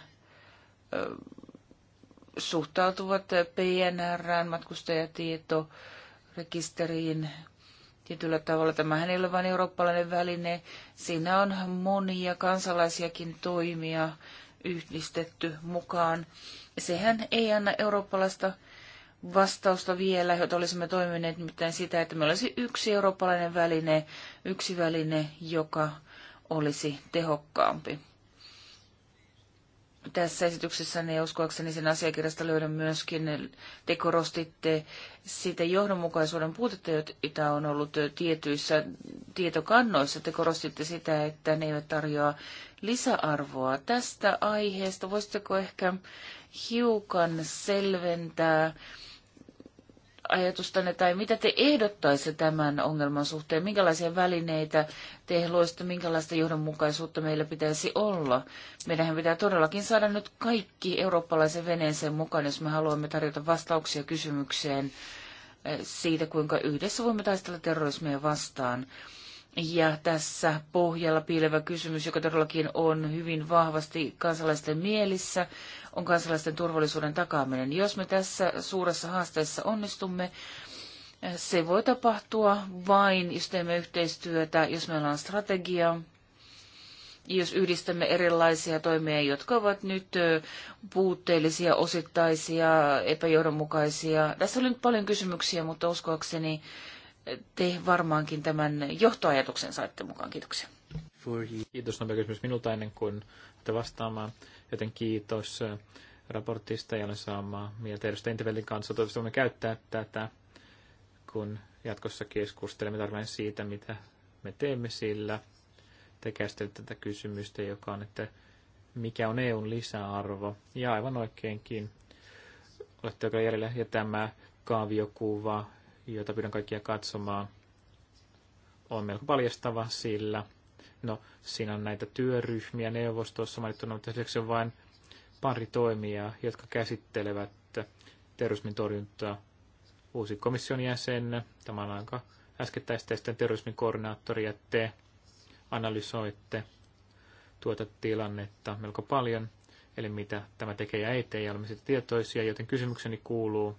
suhtautuvat PNR-matkustajatietorekisteriin rekisteriin tietyllä tavalla. Tämähän ei ole vain eurooppalainen väline. Siinä on monia kansalaisiakin toimia yhdistetty mukaan. Sehän ei anna eurooppalaista vastausta vielä, jota olisimme toimineet mitään sitä, että meillä olisi yksi eurooppalainen väline, yksi väline, joka olisi tehokkaampi tässä esityksessä ja uskoakseni sen asiakirjasta löydän myöskin, te korostitte sitä johdonmukaisuuden puutetta, jota on ollut tietyissä tietokannoissa. Te korostitte sitä, että ne eivät tarjoa lisäarvoa tästä aiheesta. Voisitteko ehkä hiukan selventää ajatustanne tai mitä te ehdottaisitte tämän ongelman suhteen? Minkälaisia välineitä te luoisitte, minkälaista johdonmukaisuutta meillä pitäisi olla? Meidän pitää todellakin saada nyt kaikki eurooppalaisen veneeseen mukaan, jos me haluamme tarjota vastauksia kysymykseen eh, siitä, kuinka yhdessä voimme taistella terrorismia vastaan. Ja tässä pohjalla piilevä kysymys, joka todellakin on hyvin vahvasti kansalaisten mielissä, on kansalaisten turvallisuuden takaaminen. Jos me tässä suuressa haasteessa onnistumme, se voi tapahtua vain, jos teemme yhteistyötä, jos meillä on strategia, jos yhdistämme erilaisia toimia, jotka ovat nyt puutteellisia, osittaisia, epäjohdonmukaisia. Tässä oli nyt paljon kysymyksiä, mutta uskoakseni te varmaankin tämän johtoajatuksen saitte mukaan. Kiitoksia. Kiitos nopea kysymys minulta ennen kuin te vastaamaan, joten kiitos raportista ja olen saamaa mieltä edustaja Intervelin kanssa. Toivottavasti voimme käyttää tätä, kun jatkossa keskustelemme tarkemmin siitä, mitä me teemme sillä. Te käsittelette tätä kysymystä, joka on, että mikä on EUn lisäarvo. Ja aivan oikeinkin olette aika jäljellä. Ja tämä kaaviokuva jota pyydän kaikkia katsomaan, on melko paljastava, sillä no, siinä on näitä työryhmiä neuvostossa mainittuna, no, mutta lisäksi on vain pari toimijaa, jotka käsittelevät terrorismin torjuntaa. Uusi komission jäsen, tämä on aika äskettäistä, sitten terrorismin koordinaattori, ja te analysoitte tuota tilannetta melko paljon, eli mitä tämä tekee ja ei tee, ja olemme tietoisia, joten kysymykseni kuuluu,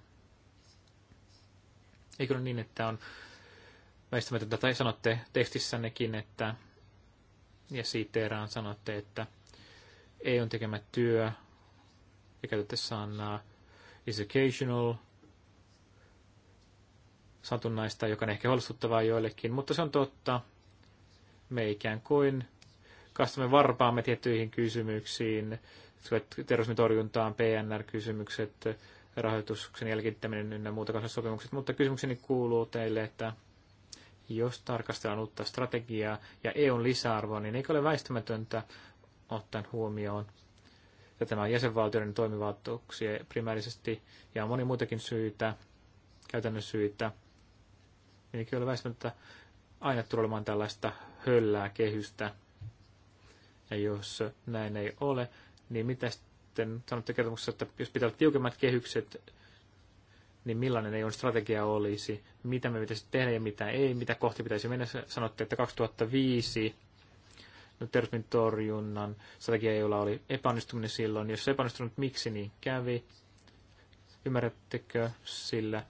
Eikö niin, että on väistämätöntä, tai sanotte tekstissännekin, että, ja siteeraan sanotte, että ei on tekemä työ, ja käytätte sanaa is occasional, satunnaista, joka on ehkä huolestuttavaa joillekin, mutta se on totta. Me ikään kuin kastamme varpaamme tiettyihin kysymyksiin, terrorismin torjuntaan, PNR-kysymykset, rahoituksen jälkittäminen ynnä muuta sopimukset, mutta kysymykseni kuuluu teille, että jos tarkastellaan uutta strategiaa ja EUn lisäarvoa, niin eikö ole väistämätöntä ottaen huomioon ja tämä on jäsenvaltioiden toimivaltuuksia primäärisesti ja on moni muitakin syitä, käytännön syitä. Niin eikö ole väistämättä aina tulemaan tällaista höllää kehystä. Ja jos näin ei ole, niin mitä sitten sanotte kertomuksessa, että jos pitää olla tiukemmat kehykset, niin millainen on strategia olisi, mitä me pitäisi tehdä ja mitä ei, mitä kohti pitäisi mennä. Sanotte, että 2005 no, terrorismin torjunnan strategia EUlla oli epäonnistuminen silloin. Jos se epäonnistunut, miksi niin kävi? Ymmärrättekö sillä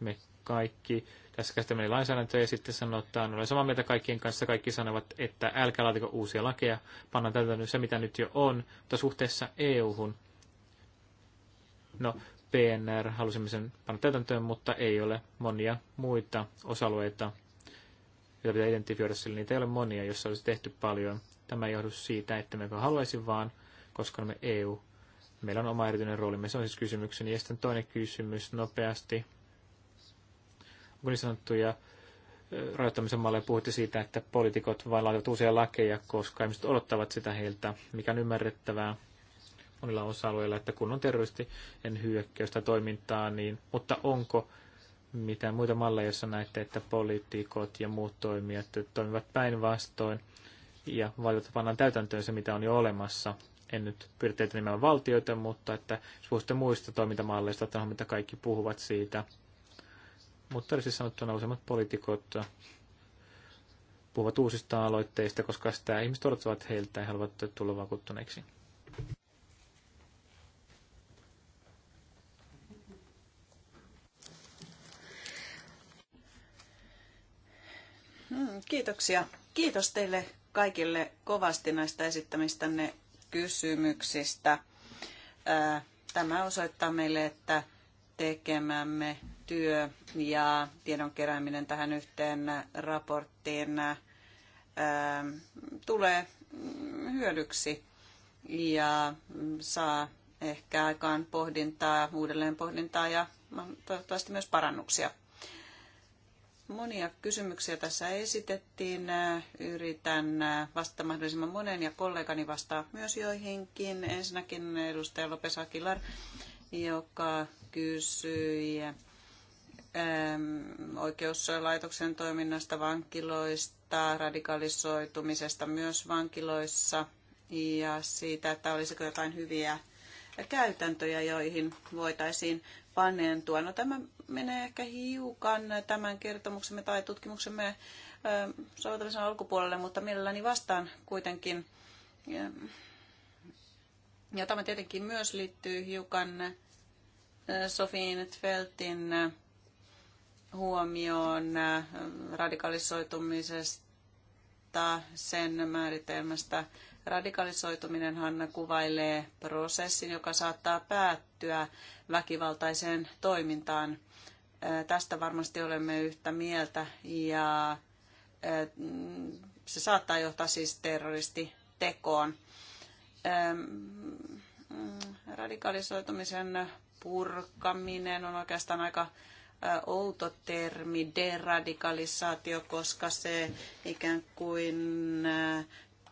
me kaikki tässä käsitellä meni lainsäädäntöä ja sitten sanotaan, olen samaa mieltä kaikkien kanssa, kaikki sanovat, että älkää laatiko uusia lakeja, tätä nyt se, mitä nyt jo on, mutta suhteessa EU-hun, no PNR, halusimme sen panna täytäntöön, mutta ei ole monia muita osa-alueita, joita pitää identifioida, sillä niitä ei ole monia, jossa olisi tehty paljon. Tämä ei johdu siitä, että me haluaisin vaan, koska me EU. Meillä on oma erityinen roolimme, se on siis kysymykseni. Ja sitten toinen kysymys nopeasti kun niin sanottuja rajoittamisen malleja puhutti siitä, että poliitikot vain laitavat uusia lakeja, koska ihmiset odottavat sitä heiltä, mikä on ymmärrettävää monilla osa-alueilla, että kun on terroristi, en hyökkäystä toimintaa, niin, mutta onko mitään muita malleja, joissa näette, että poliitikot ja muut toimijat toimivat päinvastoin ja valitettavasti pannaan täytäntöön se, mitä on jo olemassa. En nyt pyritä teitä nimellä valtioita, mutta että jos muista toimintamalleista, että mitä kaikki puhuvat siitä, mutta siis sanottuna useimmat poliitikot puhuvat uusista aloitteista, koska sitä ihmiset odottavat heiltä ja haluavat tulla vakuuttuneeksi. Hmm, kiitoksia. Kiitos teille kaikille kovasti näistä esittämistänne kysymyksistä. Tämä osoittaa meille, että tekemämme työ ja tiedon kerääminen tähän yhteen raporttiin tulee hyödyksi ja saa ehkä aikaan pohdintaa, uudelleen pohdintaa ja toivottavasti myös parannuksia. Monia kysymyksiä tässä esitettiin. Yritän vastata mahdollisimman monen ja kollegani vastaa myös joihinkin. Ensinnäkin edustaja Lopes Akilar joka kysyi ähm, oikeuslaitoksen toiminnasta vankiloista, radikalisoitumisesta myös vankiloissa ja siitä, että olisiko jotain hyviä käytäntöjä, joihin voitaisiin paneentua. No tämä menee ehkä hiukan tämän kertomuksemme tai tutkimuksemme ähm, soveltamisen alkupuolelle, mutta mielelläni vastaan kuitenkin ähm, ja tämä tietenkin myös liittyy hiukan Sofiin Feltin huomioon radikalisoitumisesta, sen määritelmästä. Radikalisoituminenhan kuvailee prosessin, joka saattaa päättyä väkivaltaiseen toimintaan. Tästä varmasti olemme yhtä mieltä ja se saattaa johtaa siis terroristi tekoon. Ähm, mm, radikalisoitumisen purkaminen on oikeastaan aika outo termi, deradikalisaatio, koska se ikään kuin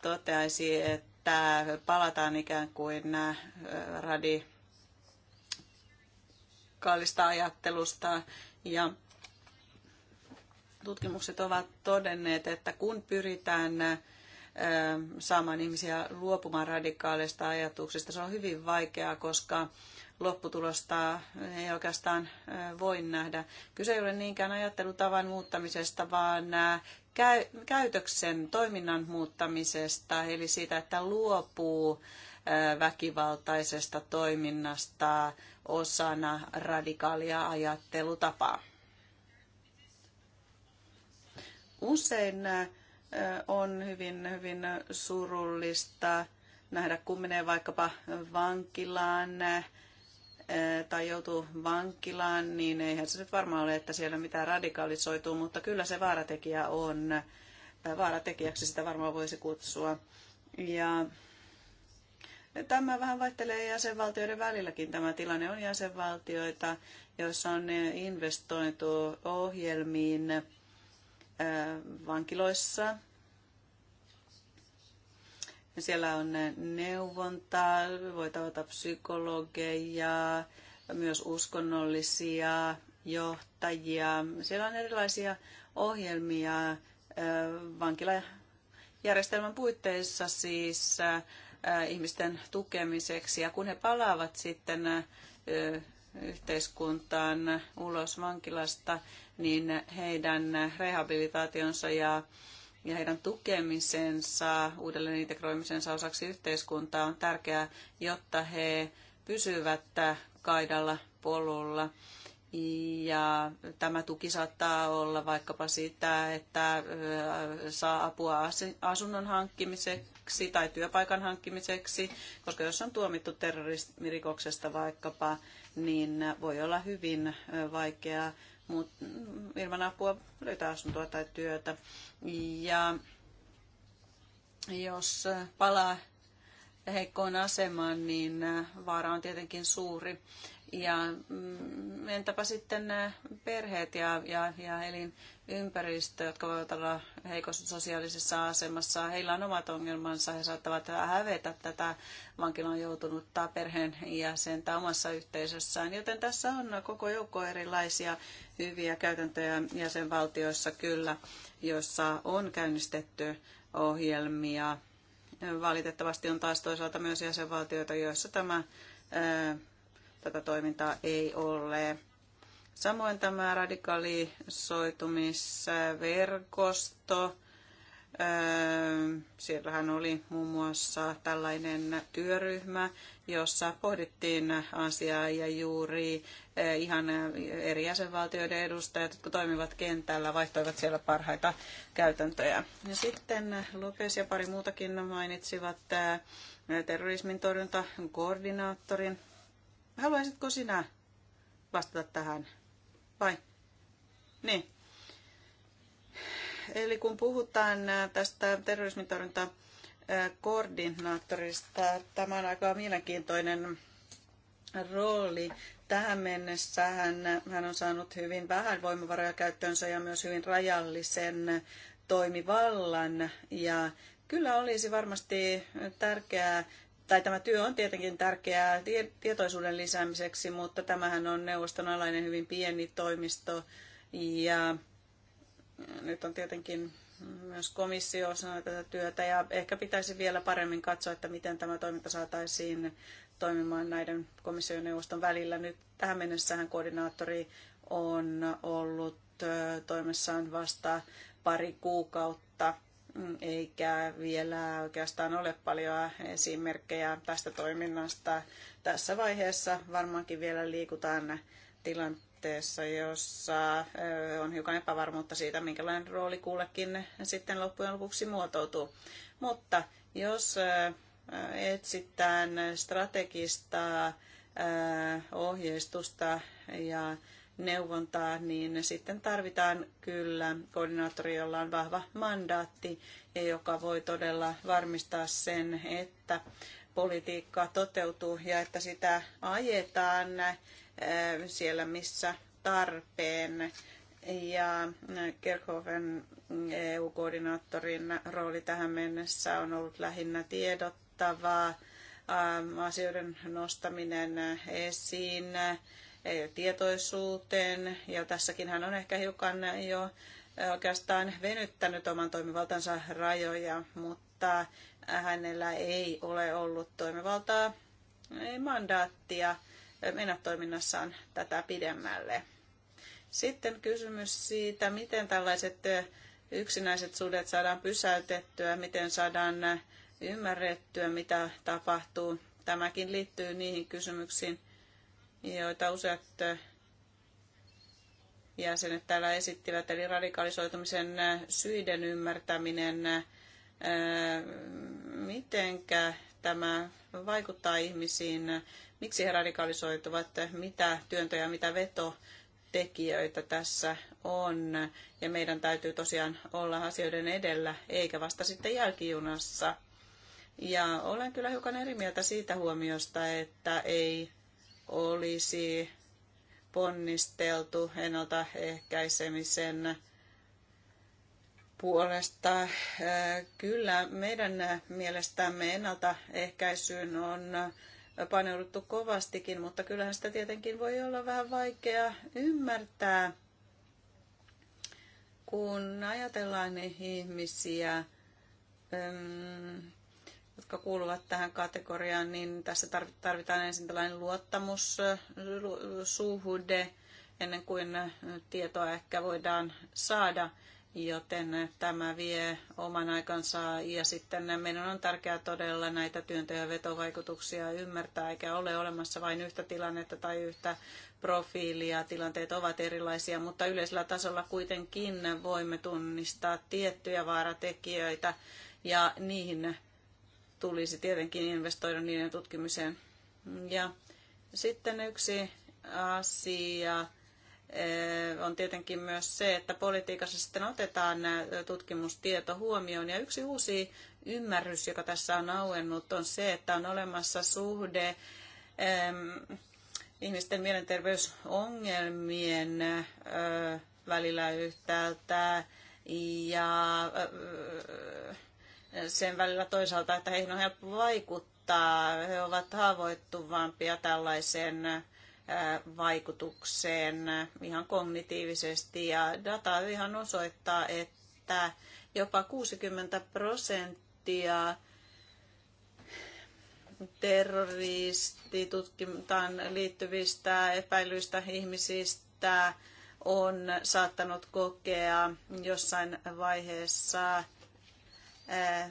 toteaisi, että palataan ikään kuin radikaalista ajattelusta ja tutkimukset ovat todenneet, että kun pyritään saamaan ihmisiä luopumaan radikaaleista ajatuksista. Se on hyvin vaikeaa, koska lopputulosta ei oikeastaan voi nähdä. Kyse ei ole niinkään ajattelutavan muuttamisesta, vaan käytöksen, toiminnan muuttamisesta, eli siitä, että luopuu väkivaltaisesta toiminnasta osana radikaalia ajattelutapaa. Usein on hyvin, hyvin surullista nähdä, kun menee vaikkapa vankilaan tai joutuu vankilaan, niin eihän se nyt varmaan ole, että siellä mitään radikalisoituu, mutta kyllä se vaaratekijä on. vaaratekijäksi sitä varmaan voisi kutsua. Ja tämä vähän vaihtelee jäsenvaltioiden välilläkin. Tämä tilanne on jäsenvaltioita, joissa on investoitu ohjelmiin, vankiloissa. Siellä on neuvontaa, voi tavata psykologeja, myös uskonnollisia johtajia. Siellä on erilaisia ohjelmia vankilajärjestelmän puitteissa siis ihmisten tukemiseksi. Ja kun he palaavat sitten yhteiskuntaan ulos vankilasta, niin heidän rehabilitaationsa ja ja heidän tukemisensa, uudelleen integroimisensa osaksi yhteiskuntaa on tärkeää, jotta he pysyvät kaidalla polulla. Ja tämä tuki saattaa olla vaikkapa sitä, että saa apua asunnon hankkimiseksi tai työpaikan hankkimiseksi, koska jos on tuomittu terrorismirikoksesta vaikkapa, niin voi olla hyvin vaikeaa mut mm, ilman apua löytää asuntoa tai työtä. Ja jos äh, palaa heikkoon asemaan, niin äh, vaara on tietenkin suuri. Ja mm, entäpä sitten äh, perheet ja, ja, ja elinympäristö, jotka voivat olla heikossa sosiaalisessa asemassa. Heillä on omat ongelmansa. He saattavat hävetä tätä vankilaan joutunutta perheen jäsentä omassa yhteisössään. Joten tässä on koko joukko erilaisia hyviä käytäntöjä jäsenvaltioissa kyllä, joissa on käynnistetty ohjelmia. Valitettavasti on taas toisaalta myös jäsenvaltioita, joissa tämä äh, tätä toimintaa ei ole. Samoin tämä radikalisoitumisverkosto, öö, siellähän oli muun muassa tällainen työryhmä, jossa pohdittiin asiaa ja juuri öö, ihan eri jäsenvaltioiden edustajat, jotka toimivat kentällä, vaihtoivat siellä parhaita käytäntöjä. Ja sitten Lopes ja pari muutakin mainitsivat öö, terrorismin koordinaattorin. Haluaisitko sinä vastata tähän? Vai? Niin. Eli kun puhutaan tästä terrorismitorjunta torjunta koordinaattorista, tämä on aika mielenkiintoinen rooli. Tähän mennessä hän, hän on saanut hyvin vähän voimavaroja käyttöönsä ja myös hyvin rajallisen toimivallan. Ja kyllä olisi varmasti tärkeää tai tämä työ on tietenkin tärkeää tietoisuuden lisäämiseksi, mutta tämähän on neuvoston alainen hyvin pieni toimisto ja nyt on tietenkin myös komissio osana tätä työtä ja ehkä pitäisi vielä paremmin katsoa, että miten tämä toiminta saataisiin toimimaan näiden komission ja neuvoston välillä. Nyt tähän mennessähän koordinaattori on ollut toimessaan vasta pari kuukautta eikä vielä oikeastaan ole paljon esimerkkejä tästä toiminnasta. Tässä vaiheessa varmaankin vielä liikutaan tilanteessa, jossa on hiukan epävarmuutta siitä, minkälainen rooli kullekin sitten loppujen lopuksi muotoutuu. Mutta jos etsitään strategista ohjeistusta ja neuvontaa, niin sitten tarvitaan kyllä koordinaattori, jolla on vahva mandaatti ja joka voi todella varmistaa sen, että politiikka toteutuu ja että sitä ajetaan eh, siellä, missä tarpeen. Ja eh, Kerkhoven eh, EU-koordinaattorin rooli tähän mennessä on ollut lähinnä tiedottavaa, asioiden nostaminen esiin, tietoisuuteen. Ja tässäkin hän on ehkä hiukan jo oikeastaan venyttänyt oman toimivaltansa rajoja, mutta hänellä ei ole ollut toimivaltaa, ei mandaattia mennä toiminnassaan tätä pidemmälle. Sitten kysymys siitä, miten tällaiset yksinäiset sudet saadaan pysäytettyä, miten saadaan ymmärrettyä, mitä tapahtuu. Tämäkin liittyy niihin kysymyksiin, joita useat jäsenet täällä esittivät, eli radikalisoitumisen syiden ymmärtäminen, mitenkä tämä vaikuttaa ihmisiin, miksi he radikalisoituvat, mitä työntöjä, mitä veto tekijöitä tässä on. Ja meidän täytyy tosiaan olla asioiden edellä, eikä vasta sitten jälkijunassa. Ja olen kyllä hiukan eri mieltä siitä huomiosta, että ei olisi ponnisteltu ennaltaehkäisemisen puolesta. Kyllä meidän mielestämme ennaltaehkäisyyn on paneuduttu kovastikin, mutta kyllähän sitä tietenkin voi olla vähän vaikea ymmärtää, kun ajatellaan ihmisiä, jotka kuuluvat tähän kategoriaan, niin tässä tarvitaan ensin tällainen luottamussuhde ennen kuin tietoa ehkä voidaan saada, joten tämä vie oman aikansa ja sitten meidän on tärkeää todella näitä työntö- ja vetovaikutuksia ymmärtää, eikä ole olemassa vain yhtä tilannetta tai yhtä profiilia, tilanteet ovat erilaisia, mutta yleisellä tasolla kuitenkin voimme tunnistaa tiettyjä vaaratekijöitä ja niihin tulisi tietenkin investoida niiden tutkimiseen. Ja sitten yksi asia eh, on tietenkin myös se, että politiikassa sitten otetaan tutkimustieto huomioon. Ja yksi uusi ymmärrys, joka tässä on auennut, on se, että on olemassa suhde ihmisten mielenterveysongelmien välillä yhtäältä ja sen välillä toisaalta, että heihin on helppo vaikuttaa. He ovat haavoittuvampia tällaiseen vaikutukseen ihan kognitiivisesti ja data ihan osoittaa, että jopa 60 prosenttia terroristitutkintaan liittyvistä epäilyistä ihmisistä on saattanut kokea jossain vaiheessa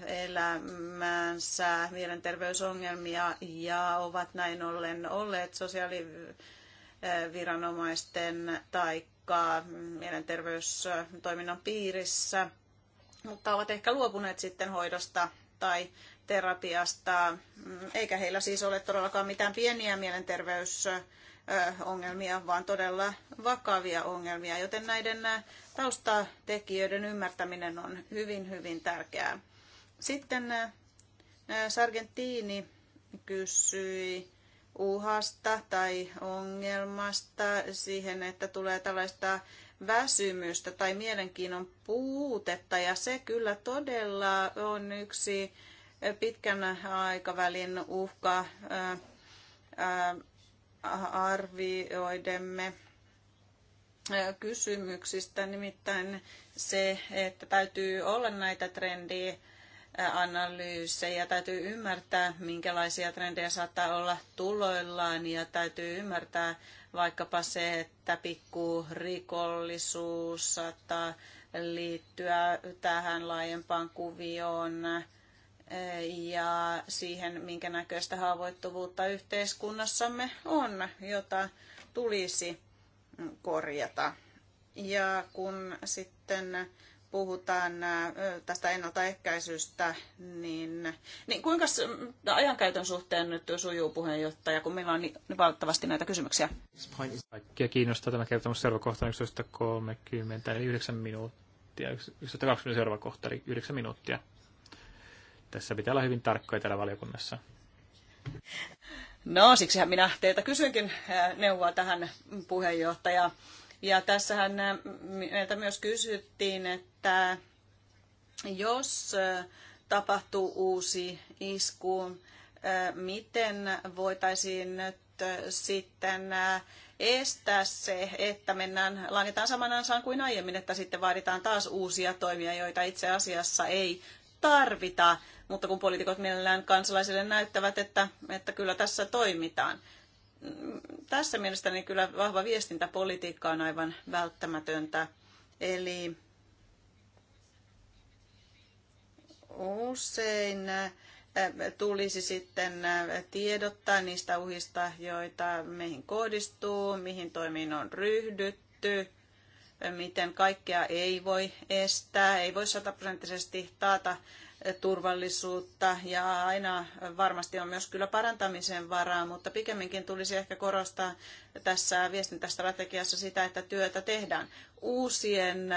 elämänsä mielenterveysongelmia ja ovat näin ollen olleet sosiaaliviranomaisten tai mielenterveystoiminnan piirissä, mutta ovat ehkä luopuneet sitten hoidosta tai terapiasta, mm, eikä heillä siis ole todellakaan mitään pieniä mielenterveysongelmia, vaan todella vakavia ongelmia, joten näiden taustatekijöiden ymmärtäminen on hyvin, hyvin tärkeää. Sitten äh, äh, Sargentini kysyi uhasta tai ongelmasta siihen, että tulee tällaista väsymystä tai mielenkiinnon puutetta. Ja se kyllä todella on yksi äh, pitkän aikavälin uhka arvioidemme kysymyksistä, nimittäin se, että täytyy olla näitä trendiä analyysejä. Täytyy ymmärtää, minkälaisia trendejä saattaa olla tuloillaan ja täytyy ymmärtää vaikkapa se, että rikollisuus saattaa liittyä tähän laajempaan kuvioon ja siihen, minkä näköistä haavoittuvuutta yhteiskunnassamme on, jota tulisi korjata. Ja kun sitten puhutaan tästä ennaltaehkäisystä, niin, niin kuinka ajankäytön suhteen nyt sujuu puheenjohtaja, kun meillä on niin valtavasti näitä kysymyksiä? Kaikkia kiinnostaa tämä kertomus seuraava kohta 11.30, minuuttia, 11.20 seuraava kohta, eli 9 minuuttia. Tässä pitää olla hyvin tarkkoja täällä valiokunnassa. No, siksihän minä teiltä kysynkin neuvoa tähän puheenjohtajaan. Ja tässähän meiltä myös kysyttiin, että jos tapahtuu uusi isku, miten voitaisiin nyt sitten estää se, että mennään, langetaan saman ansaan kuin aiemmin, että sitten vaaditaan taas uusia toimia, joita itse asiassa ei tarvita, mutta kun poliitikot mielellään kansalaisille näyttävät, että, että kyllä tässä toimitaan tässä mielestäni kyllä vahva viestintäpolitiikka on aivan välttämätöntä. Eli usein äh, tulisi sitten äh, tiedottaa niistä uhista, joita meihin kohdistuu, mihin toimiin on ryhdytty, miten kaikkea ei voi estää, ei voi sataprosenttisesti taata turvallisuutta ja aina varmasti on myös kyllä parantamisen varaa, mutta pikemminkin tulisi ehkä korostaa tässä viestintästrategiassa sitä, että työtä tehdään uusien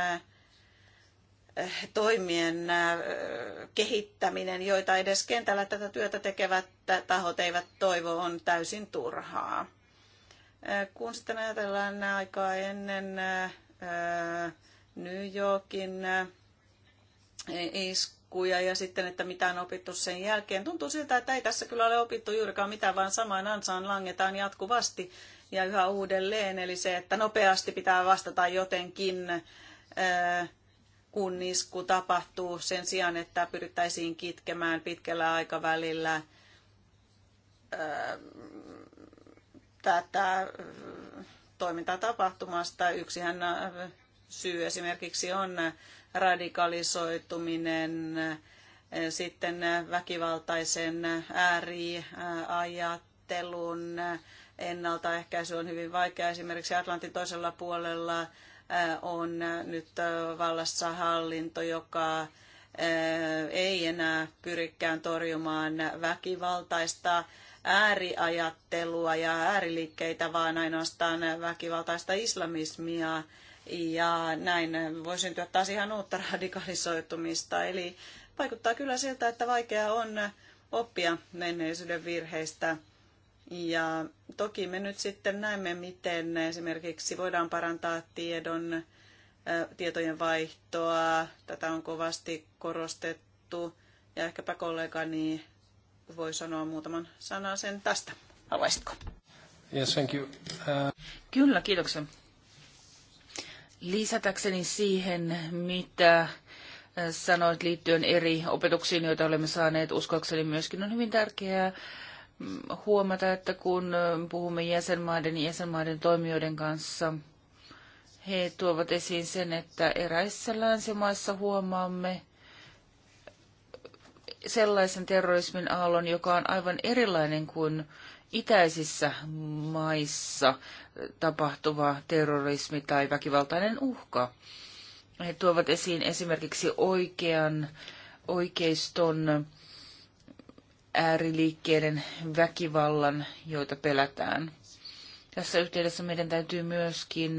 eh, toimien eh, kehittäminen, joita edes kentällä tätä työtä tekevät tahot eivät toivo, on täysin turhaa. Eh, kun sitten ajatellaan aikaa ennen New Yorkin isku, lukuja ja sitten, että mitä on opittu sen jälkeen. Tuntuu siltä, että ei tässä kyllä ole opittu juurikaan mitään, vaan samaan ansaan langetaan jatkuvasti ja yhä uudelleen. Eli se, että nopeasti pitää vastata jotenkin, kun isku tapahtuu sen sijaan, että pyrittäisiin kitkemään pitkällä aikavälillä tätä toimintatapahtumasta. Yksihän syy esimerkiksi on radikalisoituminen, sitten väkivaltaisen ääriajattelun ennaltaehkäisy on hyvin vaikea. Esimerkiksi Atlantin toisella puolella eh, on nyt vallassa hallinto, joka eh, ei enää pyrikään torjumaan väkivaltaista ääriajattelua ja ääriliikkeitä, vaan ainoastaan väkivaltaista islamismia. Ja näin voi syntyä taas ihan uutta radikalisoitumista. Eli vaikuttaa kyllä siltä, että vaikea on oppia menneisyyden virheistä. Ja toki me nyt sitten näemme, miten esimerkiksi voidaan parantaa tiedon, tietojen vaihtoa. Tätä on kovasti korostettu. Ja ehkäpä kollegani voi sanoa muutaman sanan sen tästä. Haluaisitko? Yes, thank you. Uh... Kyllä, kiitoksia lisätäkseni siihen, mitä äh, sanoit liittyen eri opetuksiin, joita olemme saaneet, uskoakseni myöskin on hyvin tärkeää mm, huomata, että kun äh, puhumme jäsenmaiden ja jäsenmaiden toimijoiden kanssa, he tuovat esiin sen, että eräissä länsimaissa huomaamme sellaisen terrorismin aallon, joka on aivan erilainen kuin itäisissä maissa tapahtuva terrorismi tai väkivaltainen uhka. He tuovat esiin esimerkiksi oikean oikeiston ääriliikkeiden väkivallan, joita pelätään. Tässä yhteydessä meidän täytyy myöskin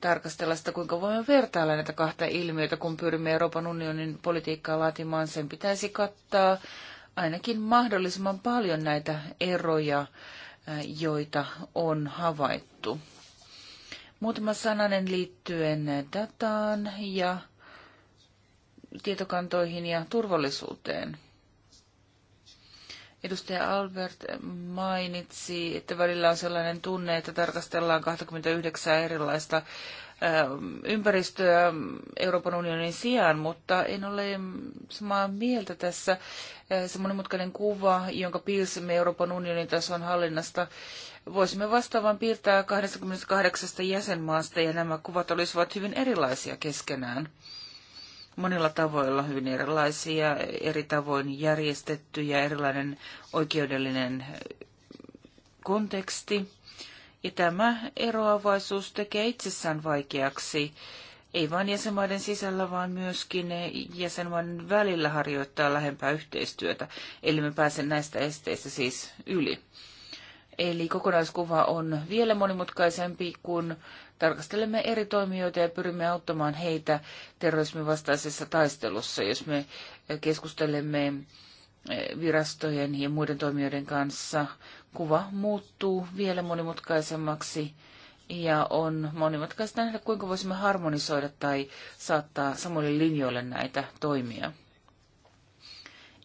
tarkastella sitä, kuinka voimme vertailla näitä kahta ilmiötä, kun pyrimme Euroopan unionin politiikkaa laatimaan. Sen pitäisi kattaa ainakin mahdollisimman paljon näitä eroja, joita on havaittu. Muutama sananen liittyen dataan ja tietokantoihin ja turvallisuuteen. Edustaja Albert mainitsi, että välillä on sellainen tunne, että tarkastellaan 29 erilaista ympäristöä Euroopan unionin sijaan, mutta en ole samaa mieltä tässä. Se monimutkainen kuva, jonka piirsimme Euroopan unionin tason hallinnasta, voisimme vastaavan piirtää 28 jäsenmaasta ja nämä kuvat olisivat hyvin erilaisia keskenään. Monilla tavoilla hyvin erilaisia, eri tavoin järjestettyjä, erilainen oikeudellinen konteksti ja tämä eroavaisuus tekee itsessään vaikeaksi, ei vain jäsenmaiden sisällä, vaan myöskin jäsenmaiden välillä harjoittaa lähempää yhteistyötä, eli me pääsen näistä esteistä siis yli. Eli kokonaiskuva on vielä monimutkaisempi, kun tarkastelemme eri toimijoita ja pyrimme auttamaan heitä terrorismin vastaisessa taistelussa. Jos me keskustelemme virastojen ja muiden toimijoiden kanssa kuva muuttuu vielä monimutkaisemmaksi ja on monimutkaista nähdä, kuinka voisimme harmonisoida tai saattaa samoille linjoille näitä toimia.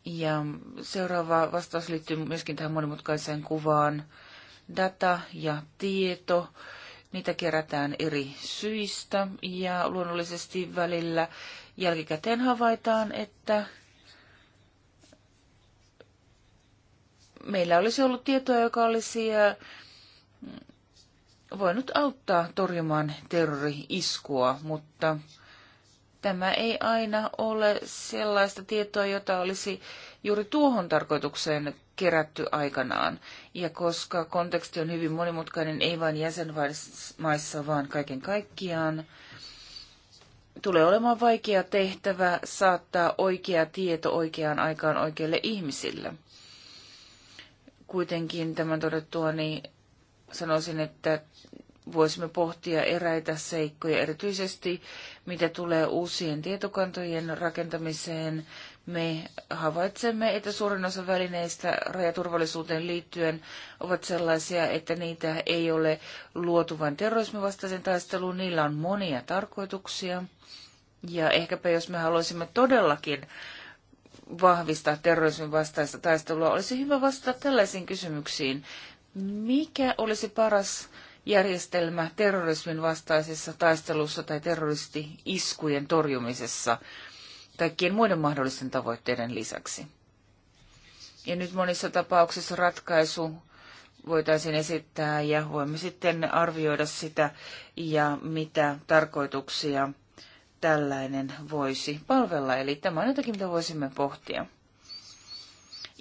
Ja seuraava vastaus liittyy myöskin tähän monimutkaiseen kuvaan. Data ja tieto, niitä kerätään eri syistä ja luonnollisesti välillä jälkikäteen havaitaan, että meillä olisi ollut tietoa, joka olisi voinut auttaa torjumaan terrori-iskua, mutta tämä ei aina ole sellaista tietoa, jota olisi juuri tuohon tarkoitukseen kerätty aikanaan. Ja koska konteksti on hyvin monimutkainen, ei vain jäsenmaissa, vaan kaiken kaikkiaan, tulee olemaan vaikea tehtävä saattaa oikea tieto oikeaan aikaan oikeille ihmisille. Kuitenkin tämän todettua niin sanoisin, että voisimme pohtia eräitä seikkoja, erityisesti mitä tulee uusien tietokantojen rakentamiseen. Me havaitsemme, että suurin osa välineistä rajaturvallisuuteen liittyen ovat sellaisia, että niitä ei ole luotu vain terrorismin taisteluun. Niillä on monia tarkoituksia. Ja ehkäpä jos me haluaisimme todellakin vahvistaa terrorismin vastaista taistelua. Olisi hyvä vastata tällaisiin kysymyksiin. Mikä olisi paras järjestelmä terrorismin vastaisessa taistelussa tai terroristi-iskujen torjumisessa kaikkien muiden mahdollisten tavoitteiden lisäksi? Ja nyt monissa tapauksissa ratkaisu voitaisiin esittää ja voimme sitten arvioida sitä ja mitä tarkoituksia – tällainen voisi palvella. Eli tämä on jotakin, mitä voisimme pohtia.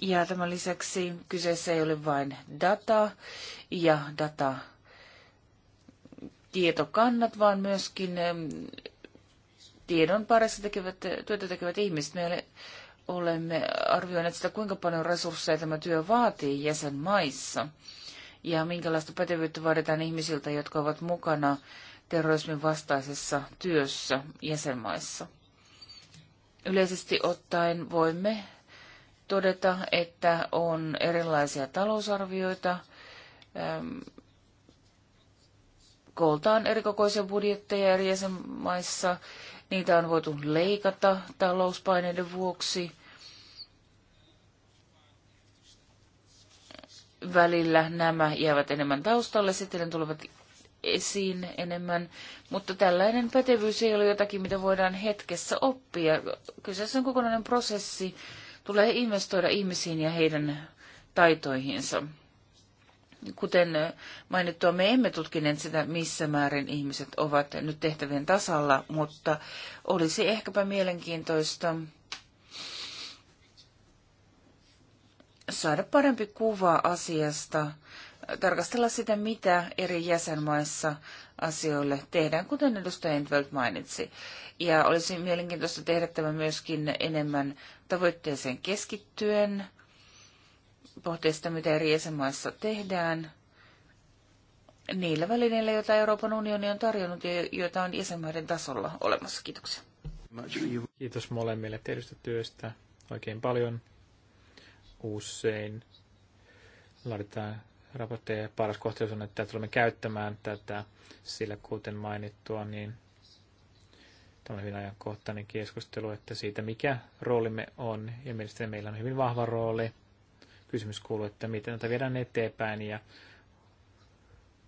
Ja tämän lisäksi kyseessä ei ole vain data ja data tietokannat, vaan myöskin tiedon parissa tekevät, työtä tekevät ihmiset. Meille olemme arvioineet sitä, kuinka paljon resursseja tämä työ vaatii jäsenmaissa ja minkälaista pätevyyttä vaaditaan ihmisiltä, jotka ovat mukana terrorismin vastaisessa työssä jäsenmaissa. Yleisesti ottaen voimme todeta, että on erilaisia talousarvioita, ehm, kooltaan erikokoisia budjetteja eri jäsenmaissa. Niitä on voitu leikata talouspaineiden vuoksi. Välillä nämä jäävät enemmän taustalle, sitten ne tulevat esiin enemmän, mutta tällainen pätevyys ei ole jotakin, mitä voidaan hetkessä oppia. Kyseessä on kokonainen prosessi, tulee investoida ihmisiin ja heidän taitoihinsa. Kuten mainittua, me emme tutkineet sitä, missä määrin ihmiset ovat nyt tehtävien tasalla, mutta olisi ehkäpä mielenkiintoista saada parempi kuva asiasta tarkastella sitä, mitä eri jäsenmaissa asioille tehdään, kuten edustaja Entveld mainitsi. Ja olisi mielenkiintoista tehdä tämä myöskin enemmän tavoitteeseen keskittyen, pohtia sitä, mitä eri jäsenmaissa tehdään, niillä välineillä, joita Euroopan unioni on tarjonnut ja joita on jäsenmaiden tasolla olemassa. Kiitoksia. Kiitos molemmille tehdystä työstä oikein paljon. Usein laaditaan raportteja ja paras kohteus on, että tulemme käyttämään tätä, sillä kuten mainittua, niin tämä on hyvin ajankohtainen keskustelu, että siitä mikä roolimme on, ja mielestäni meillä on hyvin vahva rooli. Kysymys kuuluu, että miten tätä viedään eteenpäin, ja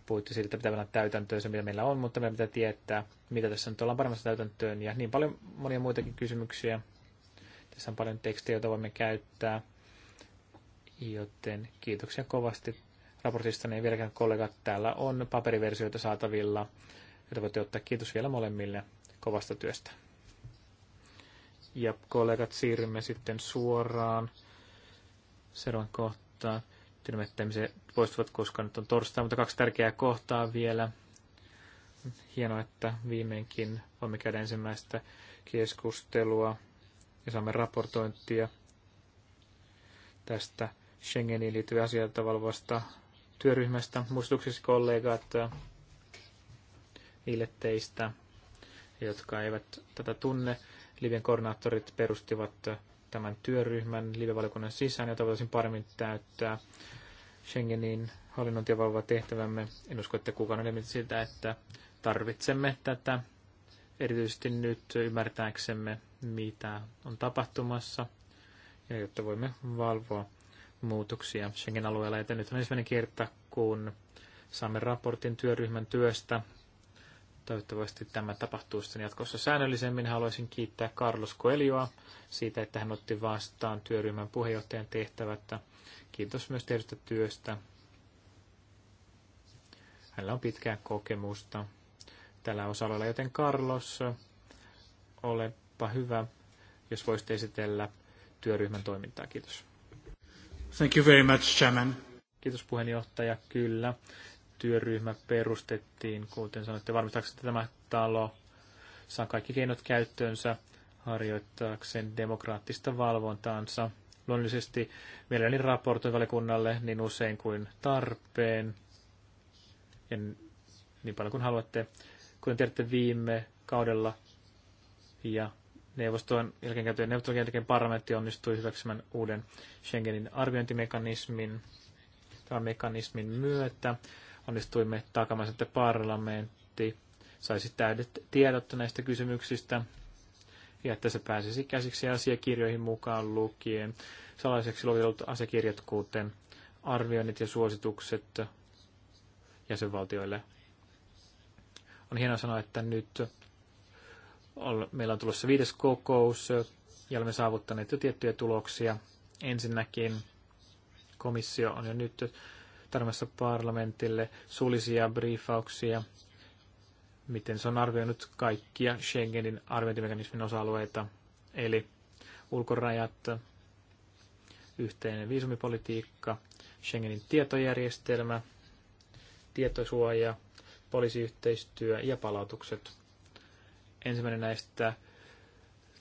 puhuttiin siitä, että pitää täytäntöön se, mitä meillä on, mutta meidän pitää tietää, mitä tässä nyt ollaan paremmassa täytäntöön, ja niin paljon monia muitakin kysymyksiä. Tässä on paljon tekstejä, joita voimme käyttää, joten kiitoksia kovasti raportista, niin vieläkään kollegat täällä on paperiversioita saatavilla, joita voitte ottaa kiitos vielä molemmille kovasta työstä. Ja kollegat, siirrymme sitten suoraan seuraavan kohtaan. Tiedämme, että se poistuvat, koska nyt on torstai, mutta kaksi tärkeää kohtaa vielä. Hienoa, että viimeinkin voimme käydä ensimmäistä keskustelua ja saamme raportointia tästä Schengeniin liittyviä asioita valvoista työryhmästä. Muistutuksessa kollegat niille teistä, jotka eivät tätä tunne. Liven koordinaattorit perustivat tämän työryhmän live valikunnan sisään, jota voitaisiin paremmin täyttää Schengenin hallinnointia tehtävämme. En usko, että kukaan on siltä, että tarvitsemme tätä erityisesti nyt ymmärtääksemme, mitä on tapahtumassa, ja jotta voimme valvoa muutoksia Schengen-alueella. Joten nyt on ensimmäinen kerta, kun saamme raportin työryhmän työstä. Toivottavasti tämä tapahtuu sitten jatkossa säännöllisemmin. Haluaisin kiittää Carlos Coelioa siitä, että hän otti vastaan työryhmän puheenjohtajan tehtävättä. Kiitos myös tehdystä työstä. Hänellä on pitkää kokemusta tällä osalla, joten Carlos, olepa hyvä, jos voisit esitellä työryhmän toimintaa. Kiitos. Thank you very much, Chairman. Kiitos puheenjohtaja. Kyllä, työryhmä perustettiin, kuten sanoitte, varmistaakseni että tämä talo saa kaikki keinot käyttöönsä harjoittaakseen demokraattista valvontaansa. Luonnollisesti mielelläni raportoin valikunnalle niin usein kuin tarpeen ja niin paljon kuin haluatte. Kuten tiedätte viime kaudella ja neuvostojen jälkeen neuvostojen parlamentti onnistui hyväksymään uuden Schengenin arviointimekanismin. Tämän mekanismin myötä onnistuimme takamaan, sitten parlamentti saisi täydet tiedot näistä kysymyksistä ja että se pääsisi käsiksi asiakirjoihin mukaan lukien salaiseksi luvitellut asiakirjat, kuten arvioinnit ja suositukset jäsenvaltioille. On hienoa sanoa, että nyt Meillä on tulossa viides kokous ja olemme saavuttaneet jo tiettyjä tuloksia. Ensinnäkin komissio on jo nyt tarvassa parlamentille suullisia briefauksia, miten se on arvioinut kaikkia Schengenin arviointimekanismin osa-alueita, eli ulkorajat, yhteinen viisumipolitiikka, Schengenin tietojärjestelmä, tietosuoja, poliisiyhteistyö ja palautukset. Ensimmäinen näistä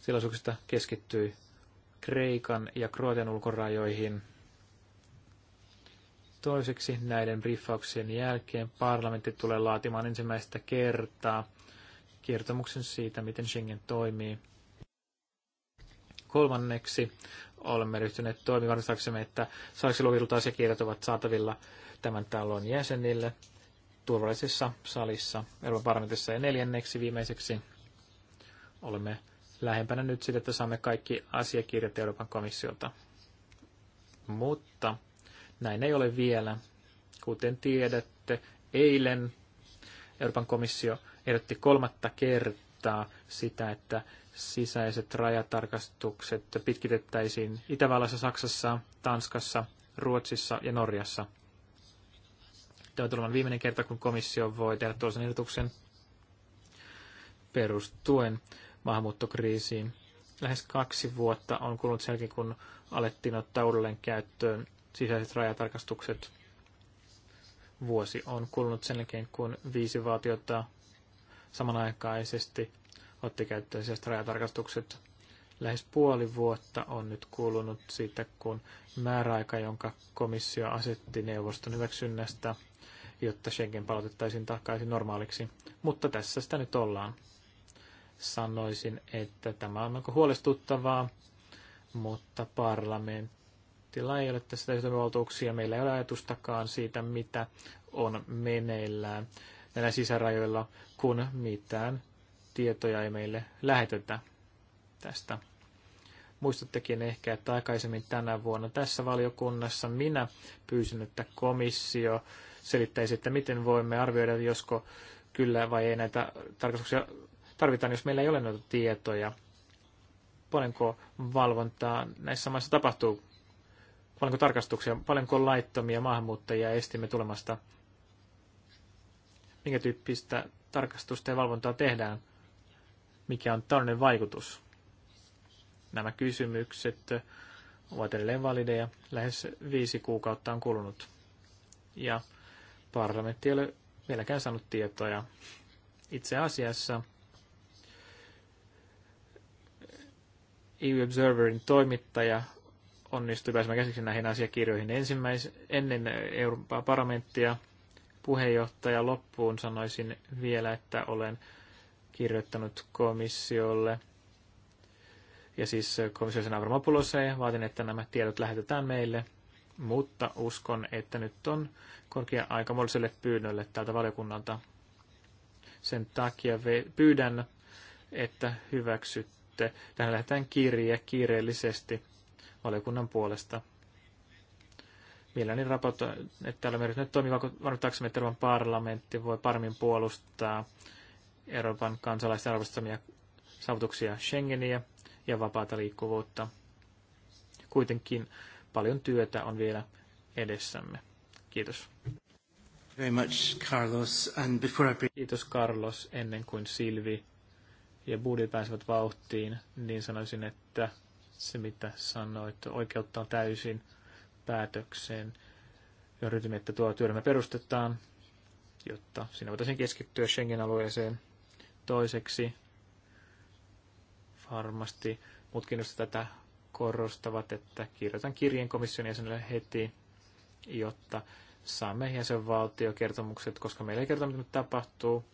tilaisuuksista keskittyi Kreikan ja Kroatian ulkorajoihin. Toiseksi näiden briefauksien jälkeen parlamentti tulee laatimaan ensimmäistä kertaa kertomuksen siitä, miten Schengen toimii. Kolmanneksi olemme ryhtyneet toimivarmistaaksemme, että saaksi luokitellut asiakirjat ovat saatavilla tämän talon jäsenille turvallisessa salissa Euroopan parlamentissa. Ja neljänneksi viimeiseksi olemme lähempänä nyt sitä, että saamme kaikki asiakirjat Euroopan komissiolta. Mutta näin ei ole vielä. Kuten tiedätte, eilen Euroopan komissio ehdotti kolmatta kertaa sitä, että sisäiset rajatarkastukset pitkitettäisiin Itävallassa, Saksassa, Tanskassa, Ruotsissa ja Norjassa. Tämä on viimeinen kerta, kun komissio voi tehdä tuollaisen ehdotuksen perustuen maahanmuuttokriisiin. Lähes kaksi vuotta on kulunut sen jälkeen, kun alettiin ottaa uudelleen käyttöön sisäiset rajatarkastukset. Vuosi on kulunut sen jälkeen, kun viisi valtiota samanaikaisesti otti käyttöön sisäiset rajatarkastukset. Lähes puoli vuotta on nyt kulunut siitä, kun määräaika, jonka komissio asetti neuvoston hyväksynnästä, jotta Schengen palautettaisiin takaisin normaaliksi. Mutta tässä sitä nyt ollaan sanoisin, että tämä on aika huolestuttavaa, mutta parlamentilla ei ole tässä täysivaltuuksia. Meillä ei ole ajatustakaan siitä, mitä on meneillään näillä sisärajoilla, kun mitään tietoja ei meille lähetetä tästä. Muistattekin ehkä, että aikaisemmin tänä vuonna tässä valiokunnassa minä pyysin, että komissio selittäisi, että miten voimme arvioida, josko kyllä vai ei näitä tarkastuksia tarvitaan, jos meillä ei ole noita tietoja? Paljonko valvontaa näissä maissa tapahtuu? Paljonko tarkastuksia? Paljonko laittomia maahanmuuttajia estimme tulemasta? Minkä tyyppistä tarkastusta ja valvontaa tehdään? Mikä on taloudellinen vaikutus? Nämä kysymykset ovat edelleen valideja. Lähes viisi kuukautta on kulunut. Ja parlamentti ei ole vieläkään saanut tietoja. Itse asiassa EU Observerin toimittaja onnistui pääsemään käsiksi näihin asiakirjoihin ensimmäis, ennen Euroopan parlamenttia. Puheenjohtaja loppuun sanoisin vielä, että olen kirjoittanut komissiolle ja siis komissiosen ja vaatin, että nämä tiedot lähetetään meille, mutta uskon, että nyt on korkea aika moniselle pyynnölle tältä valiokunnalta. Sen takia pyydän, että hyväksyt sitten tähän lähdetään kirje kiireellisesti valiokunnan puolesta. Mielelläni raportoi, että olemme ryhtyneet toimimaan varmittaaksemme, että Euroopan parlamentti voi paremmin puolustaa Euroopan kansalaisten arvostamia saavutuksia Schengeniä ja vapaata liikkuvuutta. Kuitenkin paljon työtä on vielä edessämme. Kiitos. Very much, Carlos. And before I... Kiitos Carlos ennen kuin Silvi ja Budi pääsevät vauhtiin, niin sanoisin, että se mitä sanoit oikeuttaa täysin päätökseen, ja ryhdymme, että tuo työryhmä perustetaan, jotta siinä voitaisiin keskittyä Schengen-alueeseen. Toiseksi varmasti muutkin tätä korostavat, että kirjoitan kirjeen komission jäsenelle heti, jotta saamme jäsenvaltiokertomukset, koska meillä ei kertoa, mitä tapahtuu,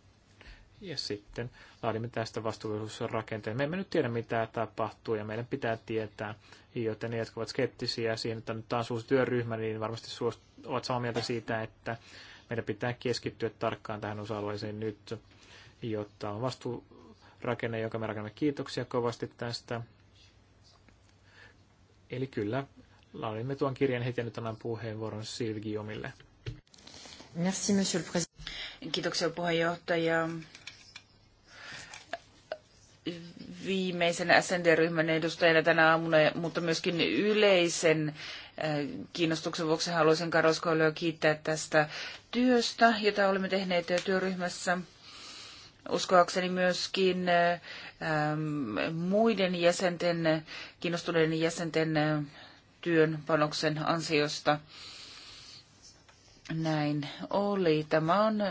ja sitten laadimme tästä vastuullisuusrakenteen. Me emme nyt tiedä, mitä tapahtuu, ja meidän pitää tietää, joten ne, jotka ovat skeptisiä siihen, että annetaan uusi työryhmä, niin varmasti ovat samaa mieltä siitä, että meidän pitää keskittyä tarkkaan tähän osa-alueeseen nyt, jotta on vastuurakenne, jonka me rakennamme. Kiitoksia kovasti tästä. Eli kyllä, laadimme tuon kirjan heti ja nyt annan puheenvuoron Silvigiomille. Merci, monsieur le président. Kiitoksia puheenjohtaja viimeisenä SND-ryhmän edustajana tänä aamuna, mutta myöskin yleisen äh, kiinnostuksen vuoksi haluaisin Carlos Coelhoa kiittää tästä työstä, jota olemme tehneet työryhmässä. Uskoakseni myöskin ähm, muiden jäsenten, kiinnostuneiden jäsenten äh, työn panoksen ansiosta näin oli. Tämä on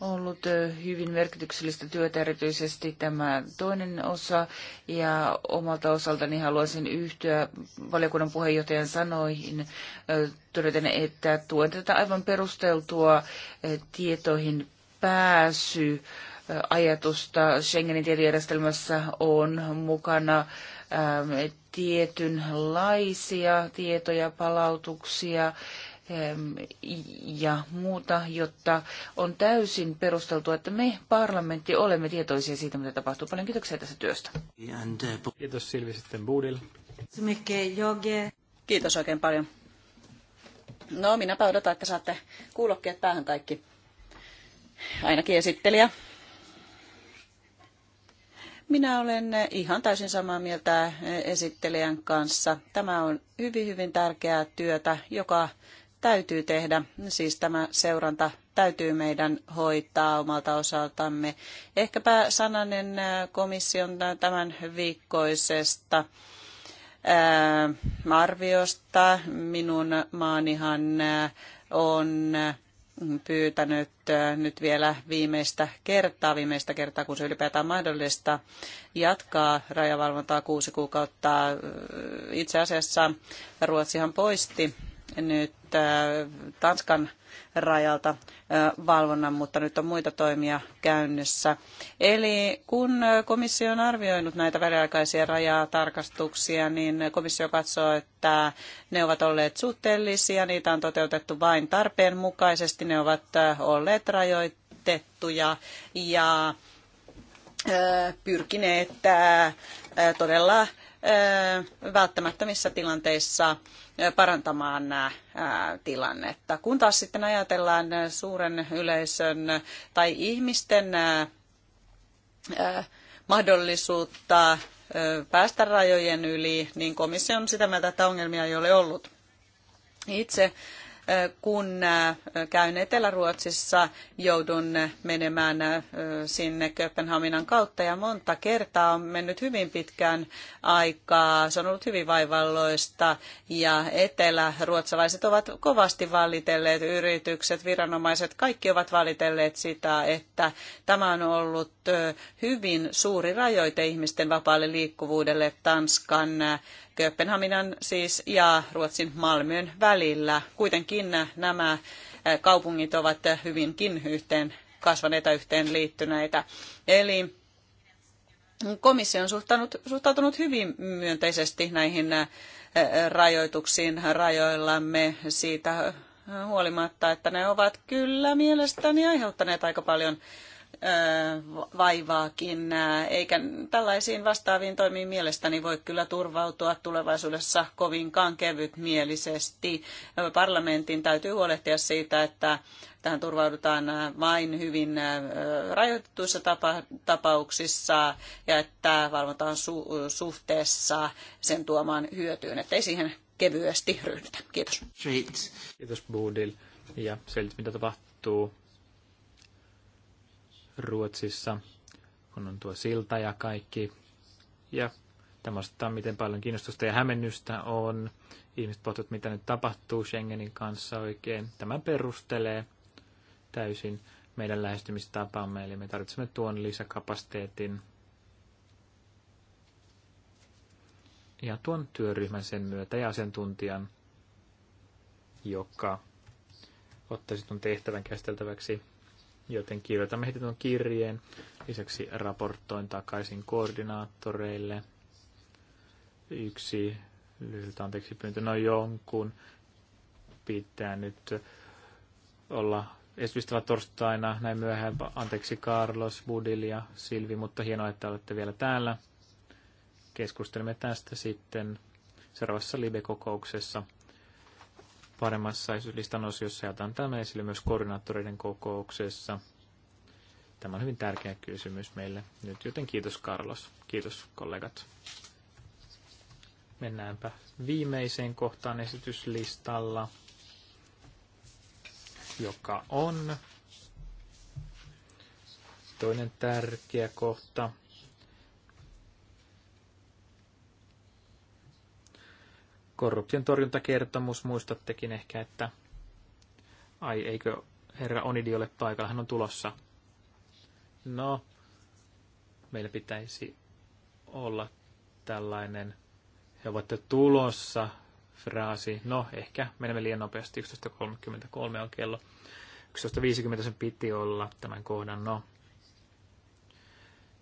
ollut hyvin merkityksellistä työtä, erityisesti tämä toinen osa. Ja omalta osaltani haluaisin yhtyä valiokunnan puheenjohtajan sanoihin, todeten, että tuen tätä aivan perusteltua tietoihin pääsy ajatusta. Schengenin tietojärjestelmässä on mukana tietynlaisia tietoja, palautuksia ja muuta, jotta on täysin perusteltua, että me parlamentti olemme tietoisia siitä, mitä tapahtuu. Paljon kiitoksia tästä työstä. Uh, Kiitos Silvi sitten Budil. Kiitos oikein paljon. No, minäpä odotan, että saatte kuulokkeet päähän kaikki. Ainakin esittelijä. Minä olen ihan täysin samaa mieltä esittelijän kanssa. Tämä on hyvin, hyvin tärkeää työtä, joka täytyy tehdä, siis tämä seuranta täytyy meidän hoitaa omalta osaltamme. Ehkäpä sananen äh, komission tämän viikkoisesta äh, arviosta. Minun maanihan äh, on pyytänyt nyt vielä viimeistä kertaa, viimeistä kertaa kun se ylipäätään mahdollista, jatkaa rajavalvontaa kuusi kuukautta. Itse asiassa Ruotsihan poisti nyt äh, Tanskan rajalta äh, valvonnan, mutta nyt on muita toimia käynnissä. Eli kun äh, komissio on arvioinut näitä väliaikaisia rajatarkastuksia, niin komissio katsoo, että ne ovat olleet suhteellisia, niitä on toteutettu vain tarpeen mukaisesti, ne ovat olleet rajoitettuja ja pyrkineet todella välttämättömissä tilanteissa parantamaan nämä tilannetta. Kun taas sitten ajatellaan suuren yleisön tai ihmisten mahdollisuutta päästä rajojen yli, niin komissio on sitä mieltä, että ongelmia ei ole ollut. Itse kun käyn Etelä-Ruotsissa, joudun menemään sinne Kööpenhaminan kautta ja monta kertaa on mennyt hyvin pitkään aikaa. Se on ollut hyvin vaivalloista ja etelä-ruotsalaiset ovat kovasti valitelleet, yritykset, viranomaiset, kaikki ovat valitelleet sitä, että tämä on ollut hyvin suuri rajoite ihmisten vapaalle liikkuvuudelle Tanskan Kööpenhaminan siis ja Ruotsin Malmön välillä. Kuitenkin Kuitenkin nämä kaupungit ovat hyvinkin yhteen kasvaneita yhteen liittyneitä. Eli komissio on suhtautunut, suhtautunut hyvin myönteisesti näihin rajoituksiin rajoillamme siitä huolimatta, että ne ovat kyllä mielestäni aiheuttaneet aika paljon vaivaakin, eikä tällaisiin vastaaviin toimiin mielestäni voi kyllä turvautua tulevaisuudessa kovinkaan kevytmielisesti. Parlamentin täytyy huolehtia siitä, että tähän turvaudutaan vain hyvin rajoitetuissa tapa- tapauksissa ja että valvotaan su- suhteessa sen tuomaan hyötyyn, ettei siihen kevyesti ryhdytä. Kiitos. Kiitos Budil ja selit, mitä tapahtuu Ruotsissa, kun on tuo silta ja kaikki. Ja tämä osoittaa, miten paljon kiinnostusta ja hämmennystä on. Ihmiset pohtivat, mitä nyt tapahtuu Schengenin kanssa oikein. Tämä perustelee täysin meidän lähestymistapamme, eli me tarvitsemme tuon lisäkapasiteetin ja tuon työryhmän sen myötä ja asiantuntijan, joka ottaisi tuon tehtävän käsiteltäväksi joten kirjoitamme heti tuon kirjeen. Lisäksi raportoin takaisin koordinaattoreille. Yksi lyhyt anteeksi pyyntö, no jonkun pitää nyt olla esitystävä torstaina näin myöhään. Anteeksi Carlos, Budil ja Silvi, mutta hienoa, että olette vielä täällä. Keskustelemme tästä sitten seuraavassa live-kokouksessa paremmassa esityslistan osiossa ja otan tämän esille myös koordinaattoreiden kokouksessa. Tämä on hyvin tärkeä kysymys meille nyt, joten kiitos Carlos. Kiitos kollegat. Mennäänpä viimeiseen kohtaan esityslistalla, joka on toinen tärkeä kohta, korruption torjuntakertomus. Muistattekin ehkä, että ai eikö herra Onidi ole paikalla, hän on tulossa. No, meillä pitäisi olla tällainen, he ovat tulossa, fraasi. No, ehkä menemme liian nopeasti, 11.33 on kello. 11.50 sen piti olla tämän kohdan, no.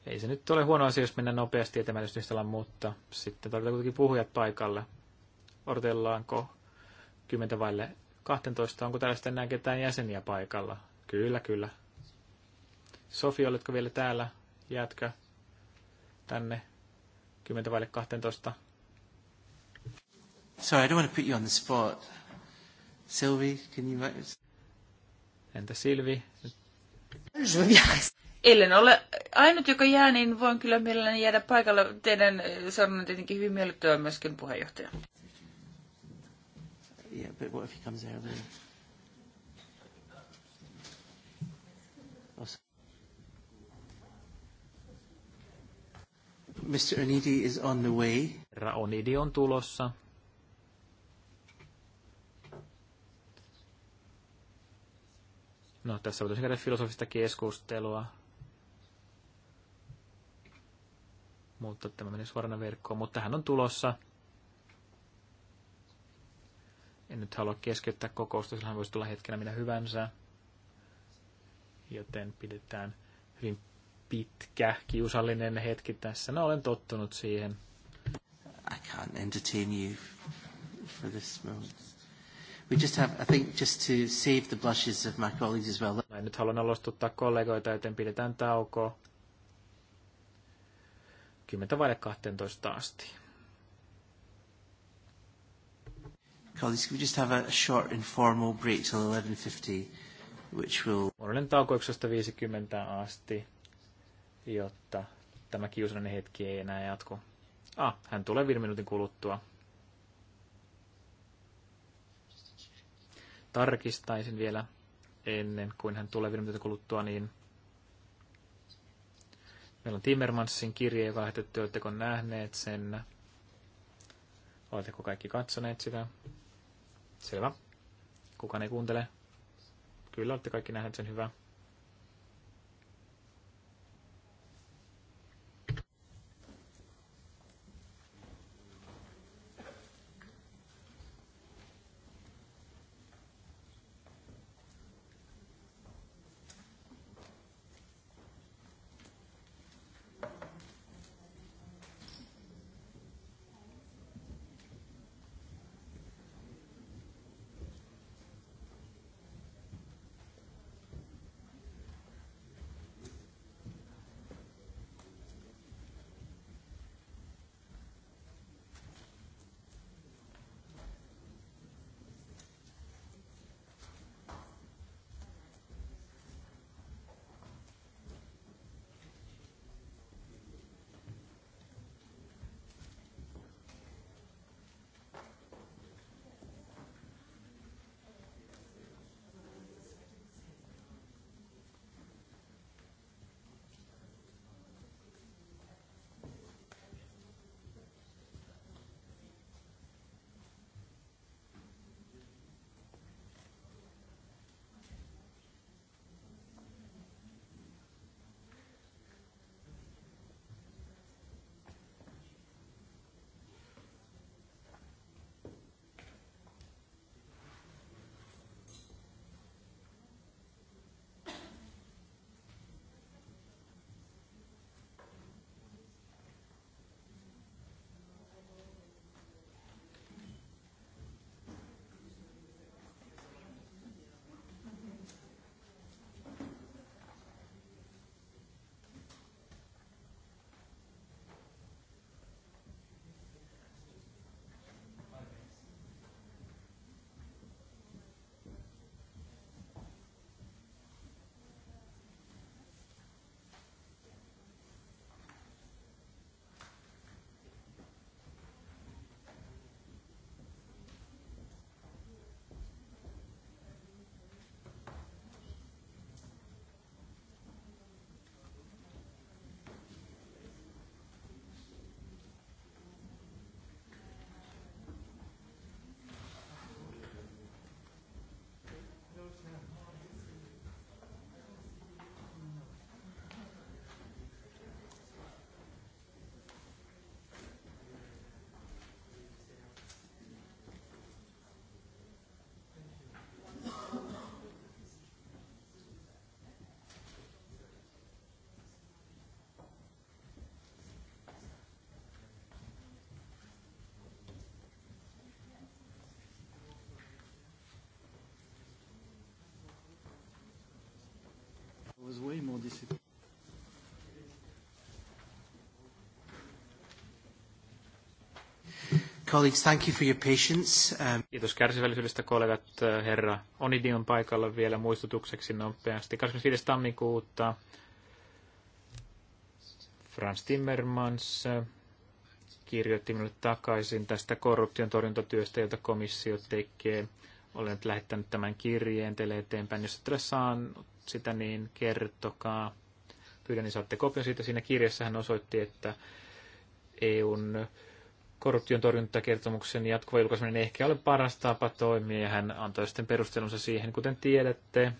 Ei se nyt ole huono asia, jos mennään nopeasti eteenpäin, mutta sitten tarvitaan kuitenkin puhujat paikalle odotellaanko 10 vaille 12, onko tällaista enää ketään jäseniä paikalla? Kyllä, kyllä. Sofi, oletko vielä täällä? Jäätkö tänne 10 vaille 12? Sorry, I don't want to put you on the spot. Sylvie, can you... Entä Silvi? Ellen ole ainut, joka jää, niin voin kyllä mielelläni jäädä paikalla. Teidän sanon tietenkin hyvin miellyttävä myöskin puheenjohtaja. Yeah, but what if he comes out of Oh, Mr. Onidi is on the way. Herra Onidi on tulossa. No, tässä voitaisiin käydä filosofista keskustelua. Mutta tämä meni suorana verkkoon. Mutta hän on tulossa. En nyt halua keskeyttää kokousta, sillä hän voisi tulla hetkenä minä hyvänsä. Joten pidetään hyvin pitkä, kiusallinen hetki tässä. No, olen tottunut siihen. I can't entertain you for this moment. We just have, I think, just to save the blushes of my colleagues as well. Mä en nyt halua alostuttaa kollegoita, joten pidetään tauko. 10 vaille 12 asti. Colleagues, can we just have a short informal break till 11.50, which will... Muodollinen tauko 11.50 asti, jotta tämä kiusallinen hetki ei enää jatku. Ah, hän tulee viiden minuutin kuluttua. Tarkistaisin vielä ennen kuin hän tulee viiden minuutin kuluttua, niin meillä on Timmermansin kirje, joka on lähetetty, oletteko nähneet sen? Oletteko kaikki katsoneet sitä? Selvä. Kuka ne kuuntelee? Kyllä, olette kaikki nähneet sen hyvää. Colleagues, thank you for your patience. Um, Kiitos kärsivällisyydestä kollegat. Äh, herra Onidi on paikalla vielä muistutukseksi nopeasti. 25. tammikuuta Franz Timmermans äh, kirjoitti minulle takaisin tästä korruption torjuntatyöstä, jota komissio tekee olen lähettänyt tämän kirjeen teille eteenpäin. Jos et ole saanut sitä, niin kertokaa. Pyydän, niin saatte kopion siitä. Siinä kirjassa hän osoitti, että EUn korruption torjuntakertomuksen jatkuva julkaiseminen ei ehkä ole paras tapa toimia, ja hän antoi sitten perustelunsa siihen, kuten tiedätte,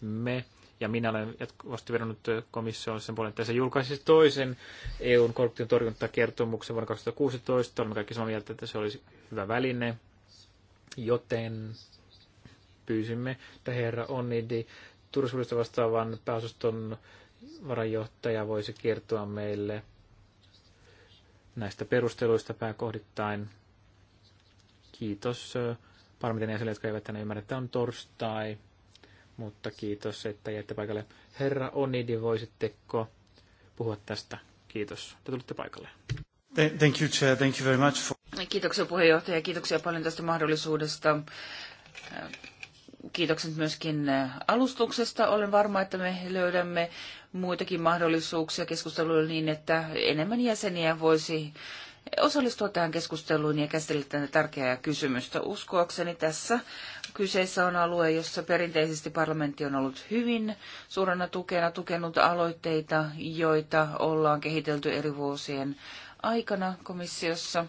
me ja minä olen jatkuvasti vedonnut komissioon sen puolen, että se julkaisisi toisen EUn korruption torjuntakertomuksen vuonna 2016. Olemme kaikki samaa mieltä, että se olisi hyvä väline Joten pyysimme, että herra niin turvallisuudesta vastaavan pääosaston varajohtaja voisi kertoa meille näistä perusteluista pääkohdittain. Kiitos äh, parmiten jäsenille, jotka eivät tänne ymmärrä, että on torstai. Mutta kiitos, että jäitte paikalle. Herra Onidi, voisitteko puhua tästä? Kiitos, että tulitte paikalle. Thank you, Chair. Thank you very much for Kiitoksia puheenjohtaja, kiitoksia paljon tästä mahdollisuudesta. Kiitokset myöskin äh, alustuksesta. Olen varma, että me löydämme muitakin mahdollisuuksia keskustelulle niin, että enemmän jäseniä voisi osallistua tähän keskusteluun ja käsitellä tätä tärkeää kysymystä. Uskoakseni tässä kyseessä on alue, jossa perinteisesti parlamentti on ollut hyvin suurena tukena tukenut aloitteita, joita ollaan kehitelty eri vuosien aikana komissiossa.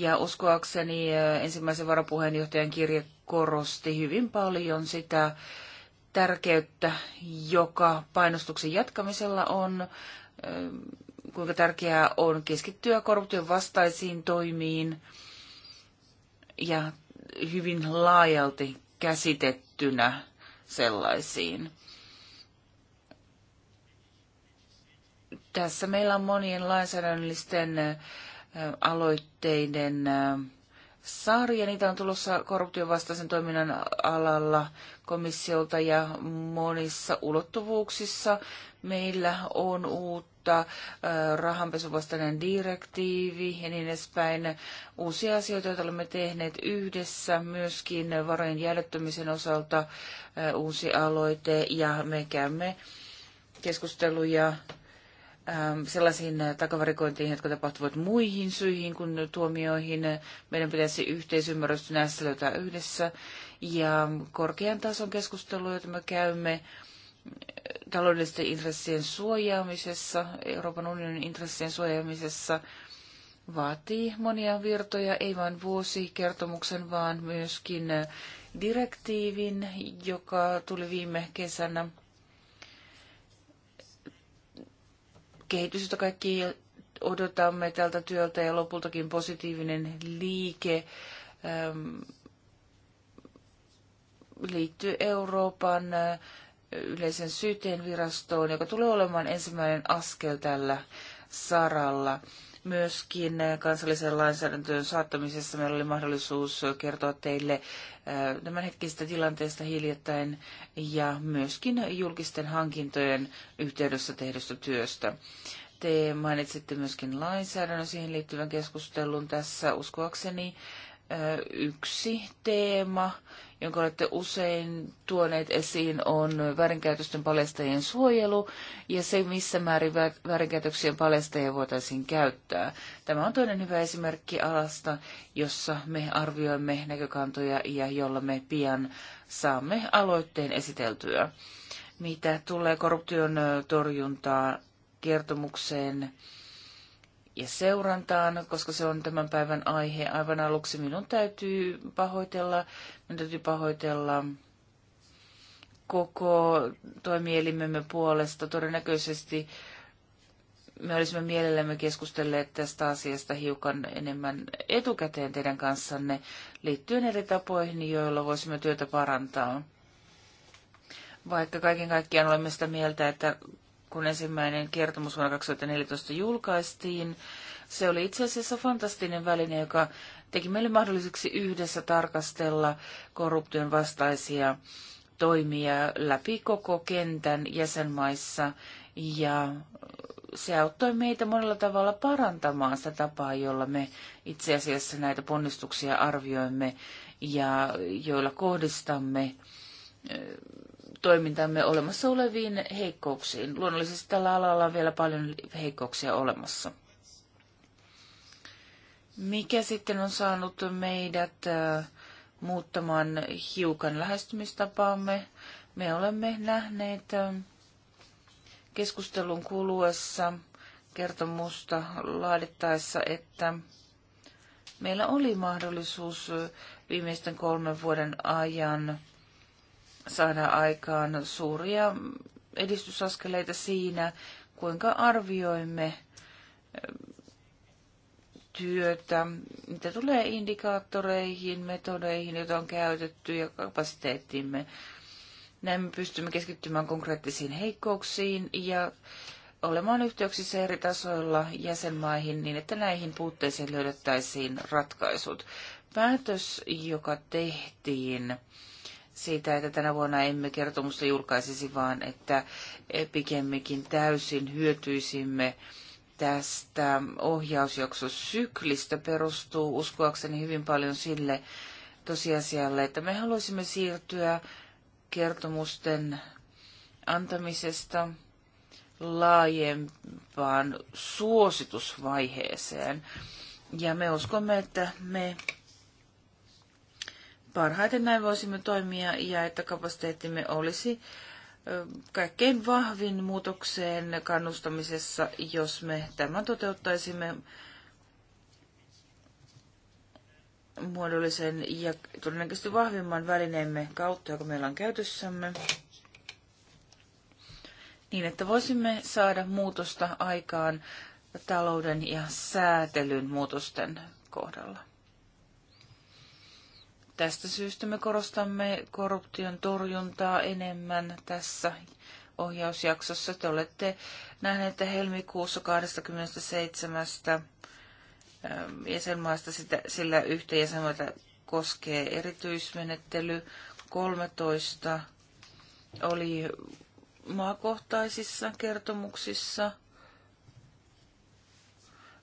Ja uskoakseni eh, ensimmäisen varapuheenjohtajan kirje korosti hyvin paljon sitä tärkeyttä, joka painostuksen jatkamisella on, eh, kuinka tärkeää on keskittyä korruption vastaisiin toimiin ja hyvin laajalti käsitettynä sellaisiin. Tässä meillä on monien lainsäädännöllisten eh, aloitteiden sarja. Niitä on tulossa korruptiovastaisen toiminnan alalla komissiolta ja monissa ulottuvuuksissa. Meillä on uutta rahanpesuvastainen direktiivi ja niin edespäin. Uusia asioita, joita olemme tehneet yhdessä, myöskin varojen jäädyttämisen osalta uusi aloite ja me käymme keskusteluja Ähm, sellaisiin äh, takavarikointiin, jotka tapahtuvat muihin syihin kuin tuomioihin. Meidän pitäisi yhteisymmärrys näissä löytää yhdessä. Ja korkean tason keskusteluja, jota me käymme äh, taloudellisten intressien suojaamisessa, Euroopan unionin intressien suojaamisessa, vaatii monia virtoja, ei vain vuosikertomuksen, vaan myöskin äh, direktiivin, joka tuli viime kesänä kehitys, jota kaikki odotamme tältä työltä ja lopultakin positiivinen liike ähm, liittyy Euroopan äh, yleisen syyteen virastoon, joka tulee olemaan ensimmäinen askel tällä saralla myöskin eh, kansallisen lainsäädäntöön saattamisessa meillä oli mahdollisuus kertoa teille eh, tämänhetkisestä tilanteesta hiljattain ja myöskin julkisten hankintojen yhteydessä tehdystä työstä. Te mainitsitte myöskin lainsäädännön siihen liittyvän keskustelun tässä uskoakseni eh, yksi teema, jonka olette usein tuoneet esiin, on väärinkäytösten paljastajien suojelu ja se, missä määrin väärinkäytöksien paljastajia voitaisiin käyttää. Tämä on toinen hyvä esimerkki alasta, jossa me arvioimme näkökantoja ja jolla me pian saamme aloitteen esiteltyä. Mitä tulee korruption torjuntaan kertomukseen, ja seurantaan, koska se on tämän päivän aihe. Aivan aluksi minun täytyy pahoitella, minun täytyy pahoitella koko toimielimemme puolesta. Todennäköisesti me olisimme mielellämme keskustelleet tästä asiasta hiukan enemmän etukäteen teidän kanssanne liittyen eri tapoihin, joilla voisimme työtä parantaa. Vaikka kaiken kaikkiaan olemme sitä mieltä, että kun ensimmäinen kertomus vuonna 2014 julkaistiin. Se oli itse asiassa fantastinen väline, joka teki meille mahdolliseksi yhdessä tarkastella korruption vastaisia toimia läpi koko kentän jäsenmaissa ja se auttoi meitä monella tavalla parantamaan sitä tapaa, jolla me itse asiassa näitä ponnistuksia arvioimme ja joilla kohdistamme toimintamme olemassa oleviin heikkouksiin. Luonnollisesti tällä alalla on vielä paljon heikkouksia olemassa. Mikä sitten on saanut meidät äh, muuttamaan hiukan lähestymistapaamme? Me olemme nähneet äh, keskustelun kuluessa kertomusta laadittaessa, että meillä oli mahdollisuus äh, viimeisten kolmen vuoden ajan saada aikaan suuria edistysaskeleita siinä, kuinka arvioimme eh, työtä, mitä tulee indikaattoreihin, metodeihin, joita on käytetty ja kapasiteettimme. Näin me pystymme keskittymään konkreettisiin heikkouksiin ja olemaan yhteyksissä eri tasoilla jäsenmaihin niin, että näihin puutteisiin löydettäisiin ratkaisut. Päätös, joka tehtiin siitä, että tänä vuonna emme kertomusta julkaisisi, vaan että pikemminkin täysin hyötyisimme tästä ohjausjaksosyklistä perustuu uskoakseni hyvin paljon sille tosiasialle, että me haluaisimme siirtyä kertomusten antamisesta laajempaan suositusvaiheeseen. Ja me uskomme, että me parhaiten näin voisimme toimia ja että kapasiteettimme olisi kaikkein vahvin muutokseen kannustamisessa, jos me tämän toteuttaisimme muodollisen ja todennäköisesti vahvimman välineemme kautta, joka meillä on käytössämme, niin että voisimme saada muutosta aikaan talouden ja säätelyn muutosten kohdalla. Tästä syystä me korostamme korruption torjuntaa enemmän tässä ohjausjaksossa. Te olette nähneet, että helmikuussa 27 ähm, jäsenmaasta sitä, sillä yhtä jäsenmaata koskee erityismenettely. 13 oli maakohtaisissa kertomuksissa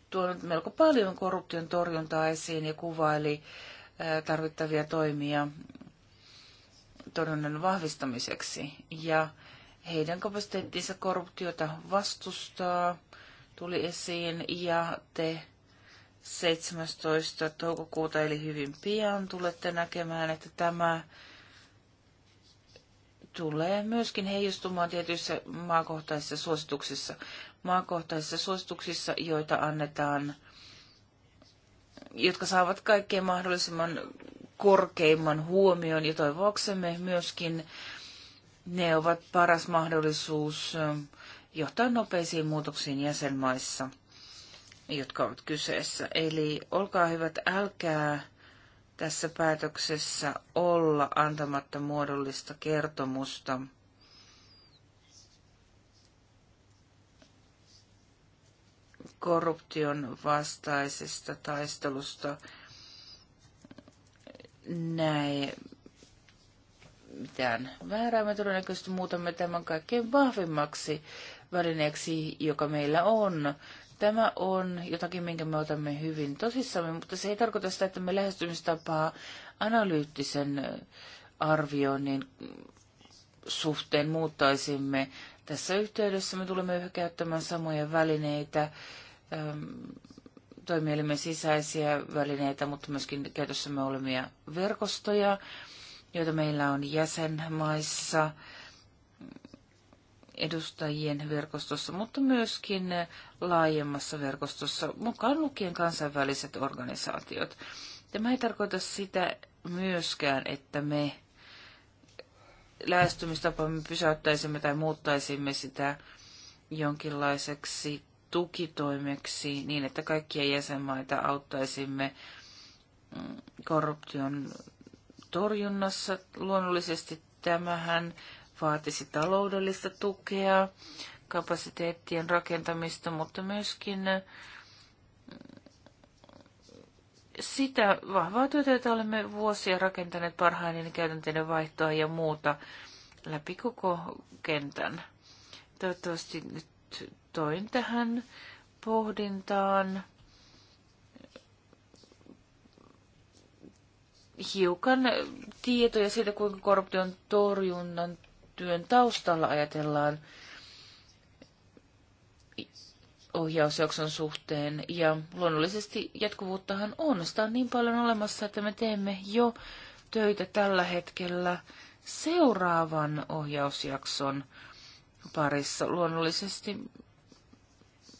tuonut melko paljon korruption torjuntaa esiin ja kuvaili äh, tarvittavia toimia torjunnan vahvistamiseksi. Ja heidän kapasiteettinsa korruptiota vastustaa tuli esiin ja te 17. toukokuuta eli hyvin pian tulette näkemään, että tämä tulee myöskin heijastumaan tietyissä maakohtaisissa suosituksissa. Maakohtaisissa suosituksissa, joita annetaan jotka saavat kaikkein mahdollisimman korkeimman huomion ja toivoaksemme myöskin ne ovat paras mahdollisuus johtaa nopeisiin muutoksiin jäsenmaissa, jotka ovat kyseessä. Eli olkaa hyvät, älkää tässä päätöksessä olla antamatta muodollista kertomusta – korruption vastaisesta taistelusta näe mitään väärää. Me todennäköisesti muutamme tämän kaikkein vahvimmaksi välineeksi, joka meillä on. Tämä on jotakin, minkä me otamme hyvin tosissamme, mutta se ei tarkoita sitä, että me lähestymistapaa analyyttisen arvioinnin suhteen muuttaisimme. Tässä yhteydessä me tulemme yhä käyttämään samoja välineitä toimielimme sisäisiä välineitä, mutta myöskin käytössämme olemia verkostoja, joita meillä on jäsenmaissa, edustajien verkostossa, mutta myöskin laajemmassa verkostossa, mukaan lukien kansainväliset organisaatiot. Tämä ei tarkoita sitä myöskään, että me lähestymistapamme pysäyttäisimme tai muuttaisimme sitä jonkinlaiseksi tukitoimeksi niin, että kaikkia jäsenmaita auttaisimme mm, korruption torjunnassa. Luonnollisesti tämähän vaatisi taloudellista tukea, kapasiteettien rakentamista, mutta myöskin mm, sitä vahvaa työtä, jota olemme vuosia rakentaneet parhaiden käytänteiden vaihtoa ja muuta läpi koko kentän. Toivottavasti nyt toin tähän pohdintaan hiukan tietoja siitä, kuinka korruption torjunnan työn taustalla ajatellaan ohjausjakson suhteen. Ja luonnollisesti jatkuvuuttahan on. Sitä on niin paljon olemassa, että me teemme jo töitä tällä hetkellä seuraavan ohjausjakson parissa. Luonnollisesti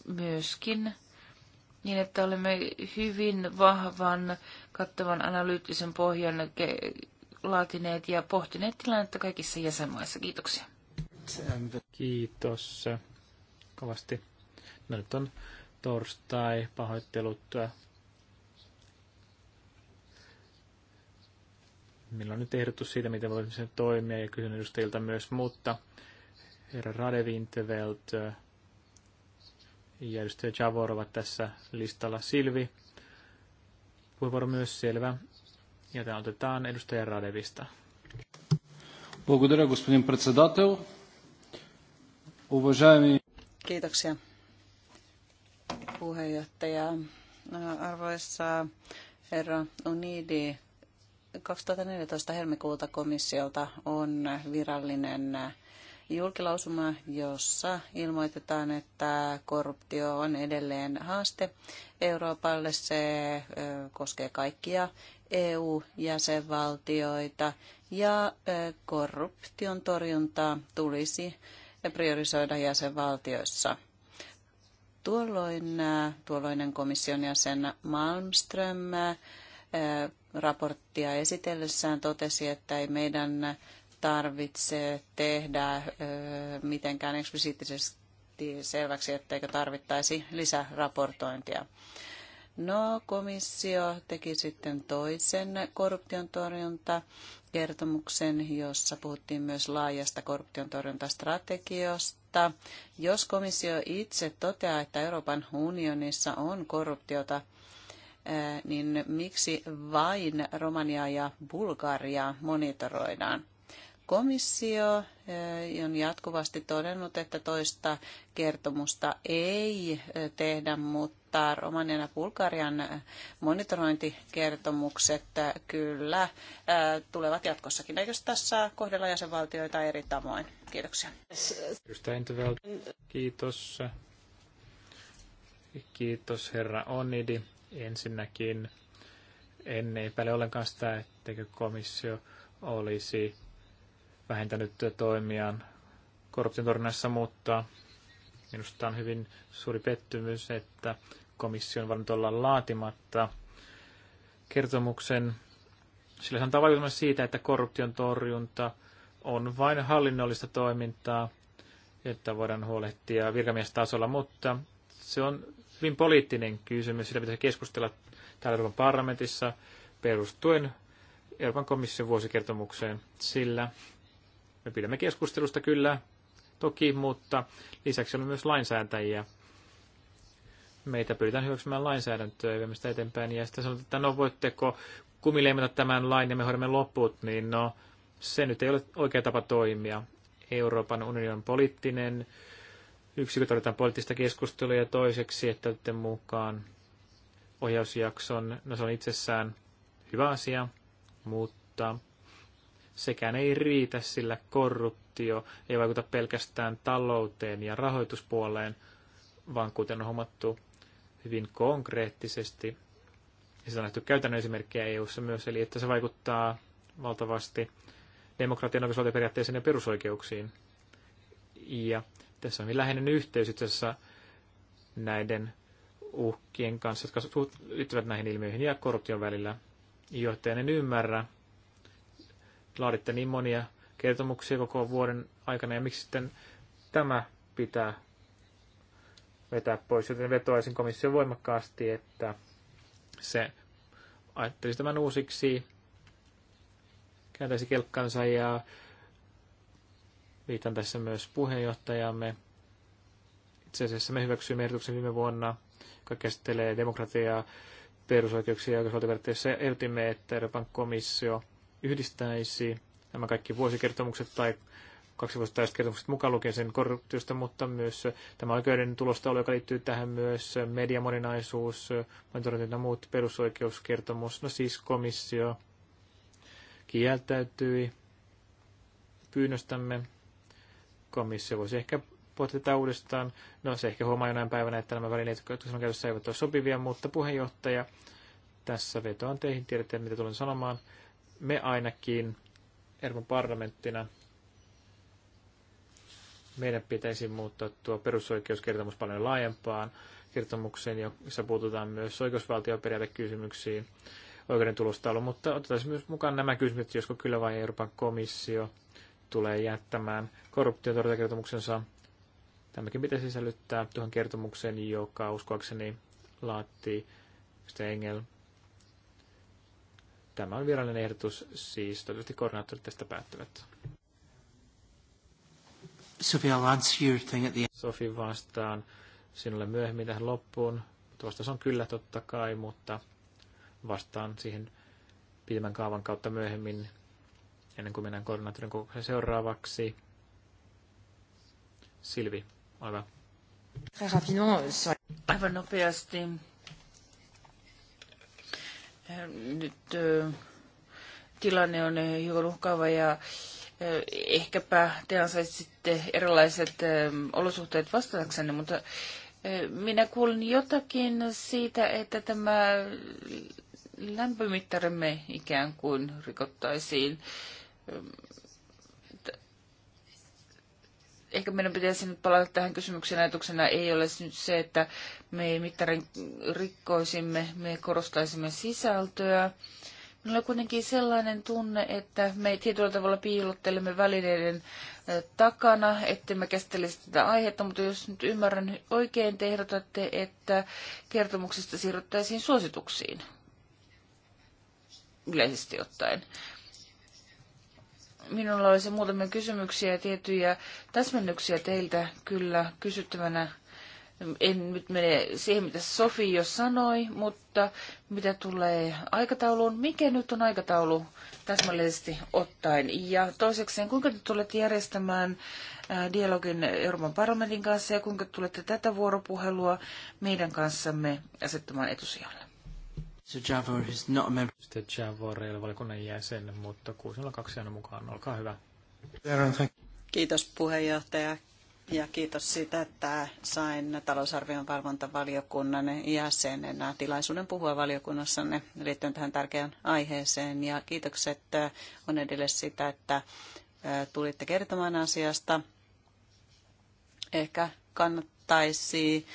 myöskin niin, että olemme hyvin vahvan, kattavan analyyttisen pohjan laatineet ja pohtineet tilannetta kaikissa jäsenmaissa. Kiitoksia. Kiitos kovasti. No nyt on torstai, pahoittelut. Meillä on nyt ehdotus siitä, miten voisimme toimia ja kysyn edustajilta myös, mutta herra Radevintevelt ja edustaja Javor ovat tässä listalla. Silvi, puheenvuoro myös selvä. Ja tämä otetaan edustaja Radevista. Kiitoksia, puheenjohtaja. Arvoisa herra Unidi, 2014 helmikuuta komissiolta on virallinen julkilausuma, jossa ilmoitetaan, että korruptio on edelleen haaste Euroopalle. Se koskee kaikkia EU-jäsenvaltioita ja korruption torjuntaa tulisi priorisoida jäsenvaltioissa. Tuolloin, tuolloinen komission jäsen Malmström raporttia esitellessään totesi, että ei meidän tarvitse tehdä mitenkään eksplisiittisesti selväksi, etteikö tarvittaisi lisäraportointia. No, komissio teki sitten toisen korruption kertomuksen, jossa puhuttiin myös laajasta korruption torjuntastrategiosta. Jos komissio itse toteaa, että Euroopan unionissa on korruptiota, niin miksi vain Romania ja Bulgaria monitoroidaan? Komissio eh, on jatkuvasti todennut, että toista kertomusta ei eh, tehdä, mutta Romanian ja Bulgarian eh, monitorointikertomukset kyllä tulevat jatkossakin. Eikö tässä kohdella jäsenvaltioita eri tavoin? Kiitoksia. Kiitos. Kiitos herra Onidi. Ensinnäkin en epäile ollenkaan sitä, etteikö komissio olisi vähentänyt toimiaan korruption mutta minusta on hyvin suuri pettymys, että komissio on valinnut olla laatimatta kertomuksen. Sillä se antaa siitä, että korruption torjunta on vain hallinnollista toimintaa, että voidaan huolehtia virkamiestasolla, mutta se on hyvin poliittinen kysymys. Sitä pitäisi keskustella täällä Euroopan parlamentissa perustuen Euroopan komission vuosikertomukseen, sillä me pidämme keskustelusta kyllä, toki, mutta lisäksi on myös lainsäätäjiä. Meitä pyritään hyväksymään lainsäädäntöä ja viemistä eteenpäin. Ja sitten sanotaan, että no voitteko kumileimata tämän lain ja me hoidamme loput, niin no se nyt ei ole oikea tapa toimia. Euroopan unionin poliittinen yksikö tarvitaan poliittista keskustelua ja toiseksi, että otatte mukaan ohjausjakson, no se on itsessään hyvä asia, mutta sekään ei riitä, sillä korruptio ei vaikuta pelkästään talouteen ja rahoituspuoleen, vaan kuten on huomattu hyvin konkreettisesti, ja se on nähty käytännön esimerkkejä EU-ssa myös, eli että se vaikuttaa valtavasti demokratian oikeusvaltioperiaatteeseen ja perusoikeuksiin. Ja tässä on läheinen yhteys itse asiassa näiden uhkien kanssa, jotka liittyvät näihin ilmiöihin ja korruption välillä, joten en ymmärrä, laaditte niin monia kertomuksia koko vuoden aikana ja miksi sitten tämä pitää vetää pois, joten vetoaisin komission voimakkaasti, että se ajattelisi tämän uusiksi, kääntäisi kelkkansa ja viitan tässä myös puheenjohtajamme. Itse asiassa me hyväksyimme ehdotuksen viime vuonna, joka käsittelee demokratiaa, perusoikeuksia ja oikeusvaltioperiaatteessa ehdotimme, että Euroopan komissio yhdistäisi nämä kaikki vuosikertomukset tai kaksivuotiaiset kertomukset mukaan lukien sen korruptiosta, mutta myös tämä oikeuden tulosta joka liittyy tähän myös mediamoninaisuus, monitorointi ja muut perusoikeuskertomus. No siis komissio kieltäytyi pyynnöstämme. Komissio voisi ehkä pohtia tätä uudestaan. No se ehkä huomaa jonain päivänä, että nämä välineet, jotka on käytössä, eivät ole sopivia, mutta puheenjohtaja tässä vetoan teihin, tiedätte mitä tulen sanomaan me ainakin Euroopan parlamenttina meidän pitäisi muuttaa tuo perusoikeuskertomus paljon laajempaan kertomukseen, jossa puututaan myös oikeusvaltioperiaatekysymyksiin oikeuden tulostaulu, mutta otetaan myös mukaan nämä kysymykset, josko kyllä vain Euroopan komissio tulee jättämään korruptiotorjuntakertomuksensa. Tämäkin pitäisi sisällyttää tuohon kertomukseen, joka uskoakseni laatti Engel Tämä on virallinen ehdotus, siis toivottavasti koordinaattorit tästä päättävät. Sophie, I'll answer your thing at the end. Sophie vastaan sinulle myöhemmin tähän loppuun. se on kyllä totta kai, mutta vastaan siihen pidemmän kaavan kautta myöhemmin, ennen kuin mennään koordinaattorin kokoukseen seuraavaksi. Silvi, ole hyvä. Aivan nopeasti nyt tilanne on hiukan uhkaava ja ehkäpä te ansaitsitte erilaiset olosuhteet vastataksenne, mutta minä kuulin jotakin siitä, että tämä lämpömittarimme ikään kuin rikottaisiin ehkä meidän pitäisi nyt palata tähän kysymykseen. Ajatuksena ei ole nyt se, että me mittarin rikkoisimme, me korostaisimme sisältöä. Minulla on kuitenkin sellainen tunne, että me tietyllä tavalla piilottelemme välineiden takana, että me käsittelisi tätä aihetta, mutta jos nyt ymmärrän oikein, te ehdotatte, että kertomuksesta siirryttäisiin suosituksiin yleisesti ottaen. Minulla olisi muutamia kysymyksiä ja tiettyjä täsmennyksiä teiltä kyllä kysyttävänä. En nyt mene siihen, mitä Sofi jo sanoi, mutta mitä tulee aikatauluun, mikä nyt on aikataulu täsmällisesti ottaen? Ja toisekseen, kuinka te tulette järjestämään äh, dialogin Euroopan parlamentin kanssa ja kuinka tulette tätä vuoropuhelua meidän kanssamme asettamaan etusijalle? Mr. Javor is not a member. Mr. Javor ei ole valikunnan jäsen, mutta 602 on mukaan. Olkaa hyvä. Kiitos puheenjohtaja ja kiitos siitä, että sain talousarvion valvontavaliokunnan jäsenenä tilaisuuden puhua valiokunnassanne liittyen tähän tärkeään aiheeseen. Ja kiitokset äh, on edelle sitä, että äh, tulitte kertomaan asiasta. Ehkä kannattaa kannattaisi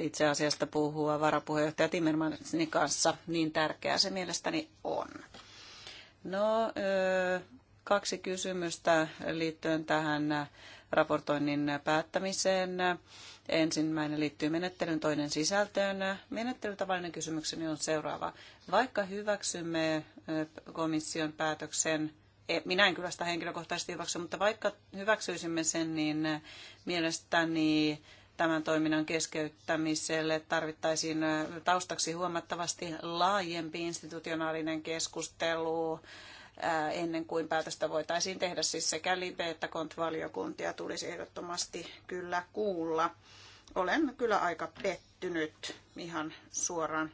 itse asiasta puhua varapuheenjohtaja Timmermansin kanssa, niin tärkeää se mielestäni on. No, kaksi kysymystä liittyen tähän raportoinnin päättämiseen. Ensimmäinen liittyy menettelyn toinen sisältöön. Menettelytavallinen kysymykseni on seuraava. Vaikka hyväksymme komission päätöksen, e, minä en kyllä sitä henkilökohtaisesti hyväksy, mutta vaikka hyväksyisimme sen, niin mielestäni tämän toiminnan keskeyttämiselle tarvittaisiin taustaksi huomattavasti laajempi institutionaalinen keskustelu ennen kuin päätöstä voitaisiin tehdä. Siis sekä LIBE että KONT-valiokuntia tulisi ehdottomasti kyllä kuulla. Olen kyllä aika pettynyt ihan suoraan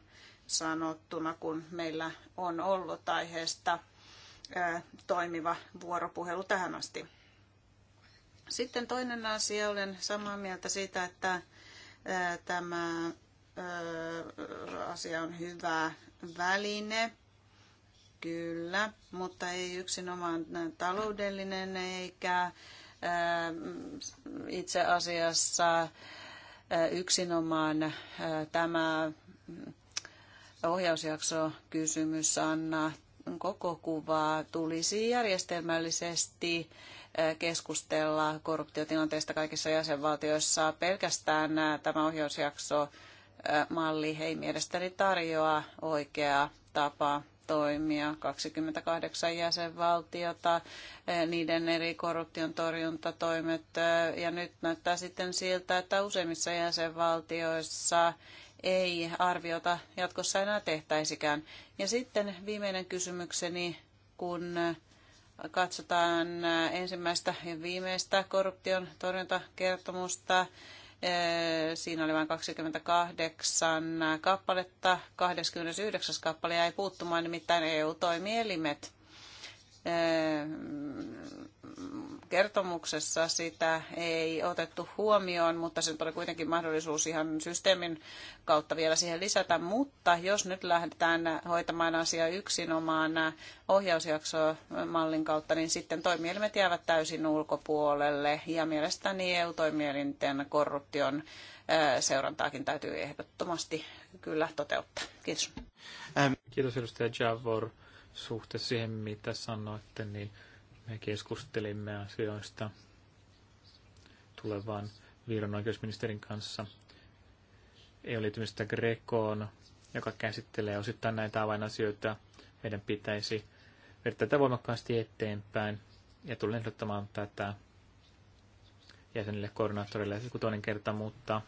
sanottuna, kun meillä on ollut aiheesta toimiva vuoropuhelu tähän asti. Sitten toinen asia, olen samaa mieltä siitä, että tämä asia on hyvä väline. Kyllä, mutta ei yksinomaan taloudellinen eikä itse asiassa yksinomaan tämä ohjausjakso kysymys Anna koko kuvaa tulisi järjestelmällisesti keskustella korruptiotilanteesta kaikissa jäsenvaltioissa. Pelkästään tämä ohjausjakso malli ei mielestäni tarjoa oikeaa tapaa toimia. 28 jäsenvaltiota, niiden eri korruption torjuntatoimet. Ja nyt näyttää sitten siltä, että useimmissa jäsenvaltioissa ei arviota jatkossa enää tehtäisikään. Ja sitten viimeinen kysymykseni, kun katsotaan äh, ensimmäistä ja viimeistä korruption torjuntakertomusta, äh, Siinä oli vain 28 kappaletta, 29. kappale jäi puuttumaan, nimittäin EU-toimielimet äh, kertomuksessa sitä ei otettu huomioon, mutta se oli kuitenkin mahdollisuus ihan systeemin kautta vielä siihen lisätä. Mutta jos nyt lähdetään hoitamaan asiaa yksinomaan ohjausjaksomallin kautta, niin sitten toimielimet jäävät täysin ulkopuolelle ja mielestäni EU-toimielinten korruption seurantaakin täytyy ehdottomasti kyllä toteuttaa. Kiitos. Kiitos edustaja Javor suhteessa siihen, mitä sanoitte, niin me keskustelimme asioista tulevan Viron oikeusministerin kanssa ole liittymistä Grekoon, joka käsittelee osittain näitä avainasioita. Meidän pitäisi viedä tätä voimakkaasti eteenpäin ja tulen ehdottamaan tätä jäsenille koordinaattorille joku siis toinen kerta, mutta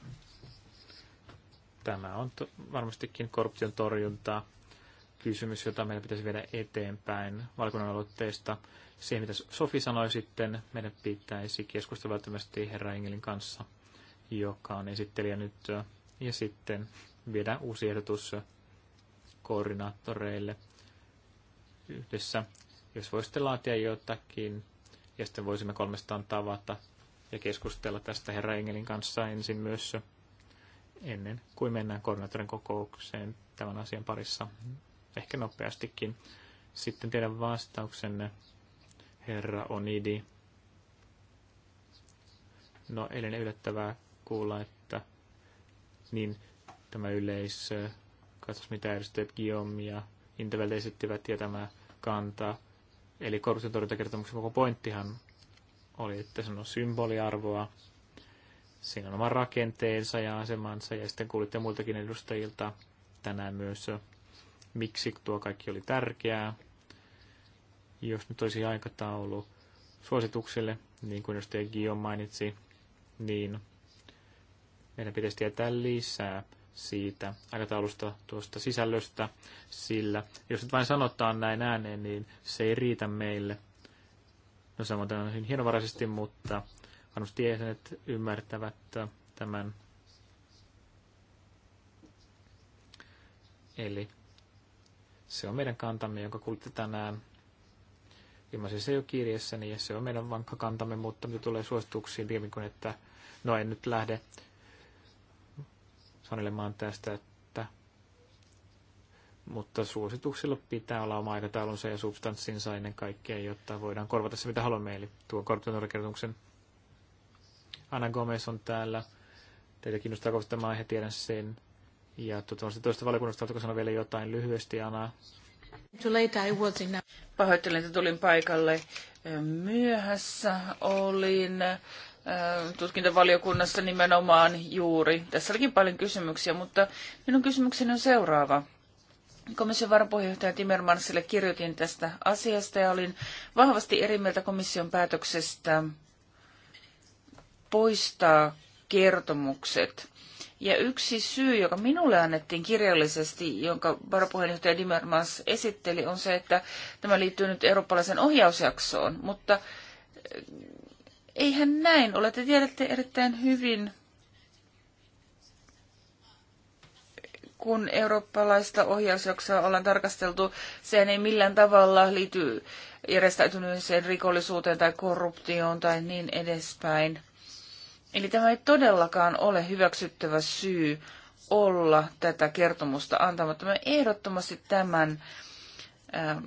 tämä on varmastikin korruption torjuntaa kysymys, jota meidän pitäisi viedä eteenpäin valkunnan aloitteesta siihen, mitä Sofi sanoi sitten, meidän pitäisi keskustella välttämättä herra Engelin kanssa, joka on esittelijä nyt, ja sitten viedään uusi ehdotus koordinaattoreille yhdessä. Jos voisitte laatia jotakin, ja sitten voisimme kolmestaan tavata ja keskustella tästä herra Engelin kanssa ensin myös ennen kuin mennään koordinaattorin kokoukseen tämän asian parissa, ehkä nopeastikin. Sitten teidän vastauksenne herra Onidi. No, eilen yllättävää kuulla, että niin tämä yleisö katsos mitä edustajat Guillaume ja Intervelt esittivät ja tämä kanta. Eli korruption torjuntakertomuksen koko pointtihan oli, että se on symboliarvoa. Siinä on oma rakenteensa ja asemansa ja sitten kuulitte muiltakin edustajilta tänään myös, miksi tuo kaikki oli tärkeää jos nyt olisi aikataulu suosituksille, niin kuin edustaja Gio mainitsi, niin meidän pitäisi tietää lisää siitä aikataulusta tuosta sisällöstä, sillä jos nyt vain sanotaan näin ääneen, niin se ei riitä meille. No samoin tämä on hienovaraisesti, mutta varmasti jäsenet ymmärtävät tämän. Eli se on meidän kantamme, jonka kuulitte tänään ilmaisessa se jo kirjassa, niin se on meidän vankka kantamme, mutta mitä tulee suosituksiin pikemmin kuin, että no en nyt lähde sanelemaan tästä, että mutta suosituksilla pitää olla oma aikataulunsa ja substanssinsa ennen kaikkea, jotta voidaan korvata se, mitä haluamme, eli tuo korruptiokertomuksen. Anna Gomez on täällä. Teitä kiinnostaa kovasti tämä aihe, tiedän sen. Ja tuota, toista valiokunnasta, oletko sanoa vielä jotain lyhyesti, Anna? Pahoittelen, että tulin paikalle myöhässä. Olin äh, tutkintavaliokunnassa nimenomaan juuri. Tässä olikin paljon kysymyksiä, mutta minun kysymykseni on seuraava. Komission varapuheenjohtaja Timmermansille kirjoitin tästä asiasta ja olin vahvasti eri mieltä komission päätöksestä poistaa kertomukset. Ja yksi syy, joka minulle annettiin kirjallisesti, jonka varapuheenjohtaja Dimermans esitteli, on se, että tämä liittyy nyt eurooppalaisen ohjausjaksoon. Mutta eh, eihän näin ole. Te tiedätte erittäin hyvin, kun eurooppalaista ohjausjaksoa ollaan tarkasteltu, sehän ei millään tavalla liity järjestäytyneeseen rikollisuuteen tai korruptioon tai niin edespäin. Eli tämä ei todellakaan ole hyväksyttävä syy olla tätä kertomusta antamatta. Me ehdottomasti tämän ähm,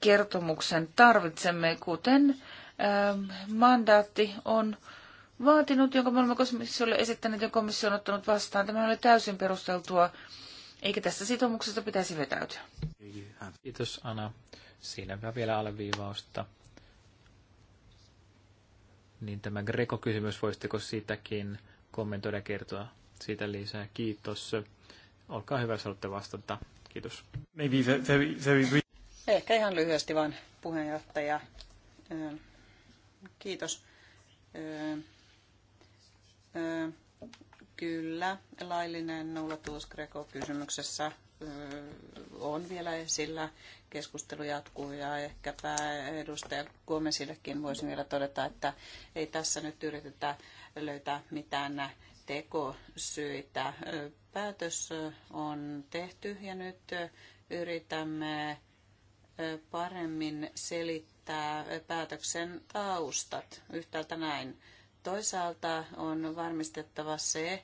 kertomuksen tarvitsemme, kuten ähm, mandaatti on vaatinut, jonka me olemme komissiolle esittäneet ja komissio on ottanut vastaan. Tämä oli täysin perusteltua, eikä tästä sitoumuksesta pitäisi vetäytyä. Kiitos Anna Siinäpä vielä alleviivausta niin tämä Greco-kysymys, voisitteko sitäkin kommentoida ja kertoa siitä lisää? Kiitos. Olkaa hyvä, jos haluatte vastata. Kiitos. Maybe very, very brief. Ehkä ihan lyhyesti vaan puheenjohtaja. Kiitos. Kyllä, laillinen tuus Greco kysymyksessä on vielä esillä. Keskustelu jatkuu ja ehkäpä edustaja Kuomesillekin voisin vielä todeta, että ei tässä nyt yritetä löytää mitään tekosyitä. Päätös on tehty ja nyt yritämme paremmin selittää päätöksen taustat yhtäältä näin. Toisaalta on varmistettava se,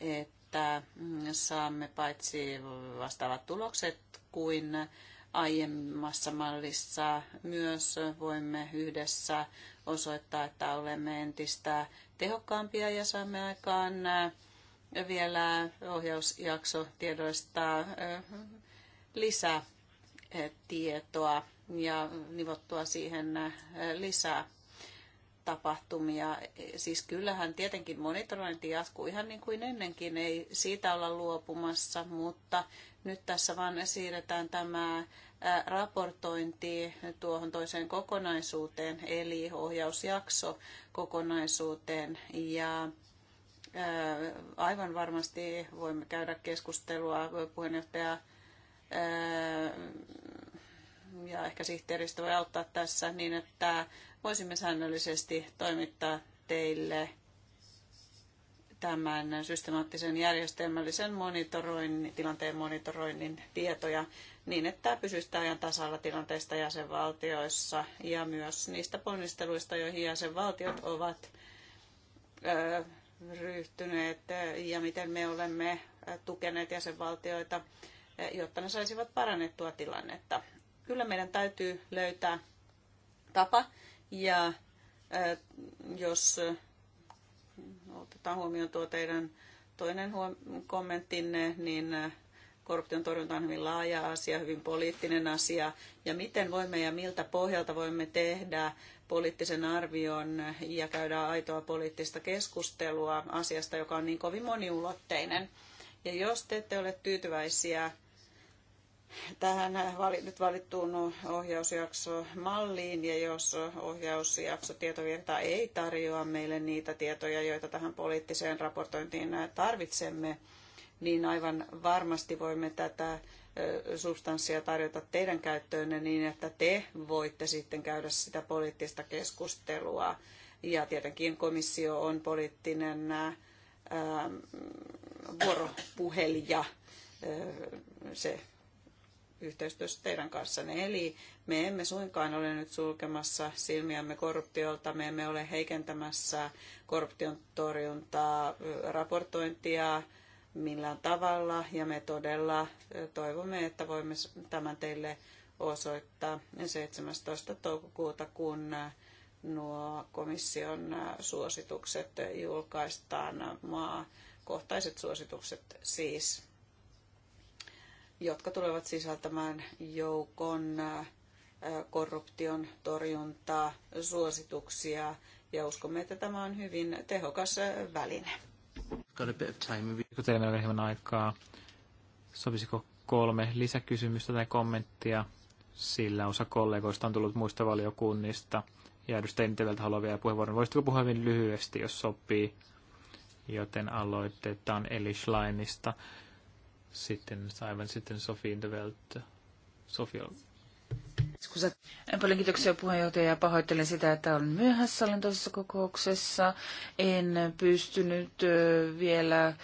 että että mm, saamme paitsi vastaavat tulokset kuin aiemmassa mallissa myös voimme yhdessä osoittaa, että olemme entistä tehokkaampia ja saamme aikaan äh, vielä ohjausjakso tiedoista äh, lisätietoa ja nivottua siihen äh, lisää tapahtumia. Siis kyllähän tietenkin monitorointi jatkuu ihan niin kuin ennenkin, ei siitä olla luopumassa, mutta nyt tässä vaan siirretään tämä raportointi tuohon toiseen kokonaisuuteen, eli ohjausjakso kokonaisuuteen. Ja aivan varmasti voimme käydä keskustelua puheenjohtaja ja ehkä sihteeristö voi auttaa tässä niin, että voisimme säännöllisesti toimittaa teille tämän systemaattisen järjestelmällisen monitoroinnin, tilanteen monitoroinnin tietoja niin, että pysyisitte ajan tasalla tilanteesta jäsenvaltioissa ja myös niistä ponnisteluista, joihin jäsenvaltiot ovat ö, ryhtyneet ja miten me olemme tukeneet jäsenvaltioita, jotta ne saisivat parannettua tilannetta. Kyllä meidän täytyy löytää tapa, ja jos otetaan huomioon tuo teidän toinen kommenttinne, niin korruption torjunta on hyvin laaja asia, hyvin poliittinen asia. Ja miten voimme ja miltä pohjalta voimme tehdä poliittisen arvion ja käydä aitoa poliittista keskustelua asiasta, joka on niin kovin moniulotteinen. Ja jos te ette ole tyytyväisiä tähän nyt valittuun ohjausjaksomalliin ja jos ohjausjakso tietovirta ei tarjoa meille niitä tietoja, joita tähän poliittiseen raportointiin tarvitsemme, niin aivan varmasti voimme tätä substanssia tarjota teidän käyttöönne niin, että te voitte sitten käydä sitä poliittista keskustelua. Ja tietenkin komissio on poliittinen ää, vuoropuhelija. Se yhteistyössä teidän kanssanne. Eli me emme suinkaan ole nyt sulkemassa silmiämme korruptiolta, me emme ole heikentämässä korruption torjuntaa, raportointia millään tavalla, ja me todella toivomme, että voimme tämän teille osoittaa 17. toukokuuta, kun nuo komission suositukset julkaistaan, maakohtaiset suositukset siis jotka tulevat sisältämään joukon äh, korruption torjuntaa, suosituksia ja uskomme, että tämä on hyvin tehokas äh, väline. Kun teillä on hieman aikaa, sopisiko kolme lisäkysymystä tai kommenttia, sillä osa kollegoista on tullut muista valiokunnista ja edustaja Inteveltä haluaa vielä puheenvuoron. Voisitko puhua hyvin lyhyesti, jos sopii? Joten aloitetaan Eli Schleinista sitten aivan sitten Sofiin Indevelt. Sofia. Paljon kiitoksia puheenjohtaja ja pahoittelen sitä, että olen myöhässä, olen toisessa kokouksessa. En pystynyt vielä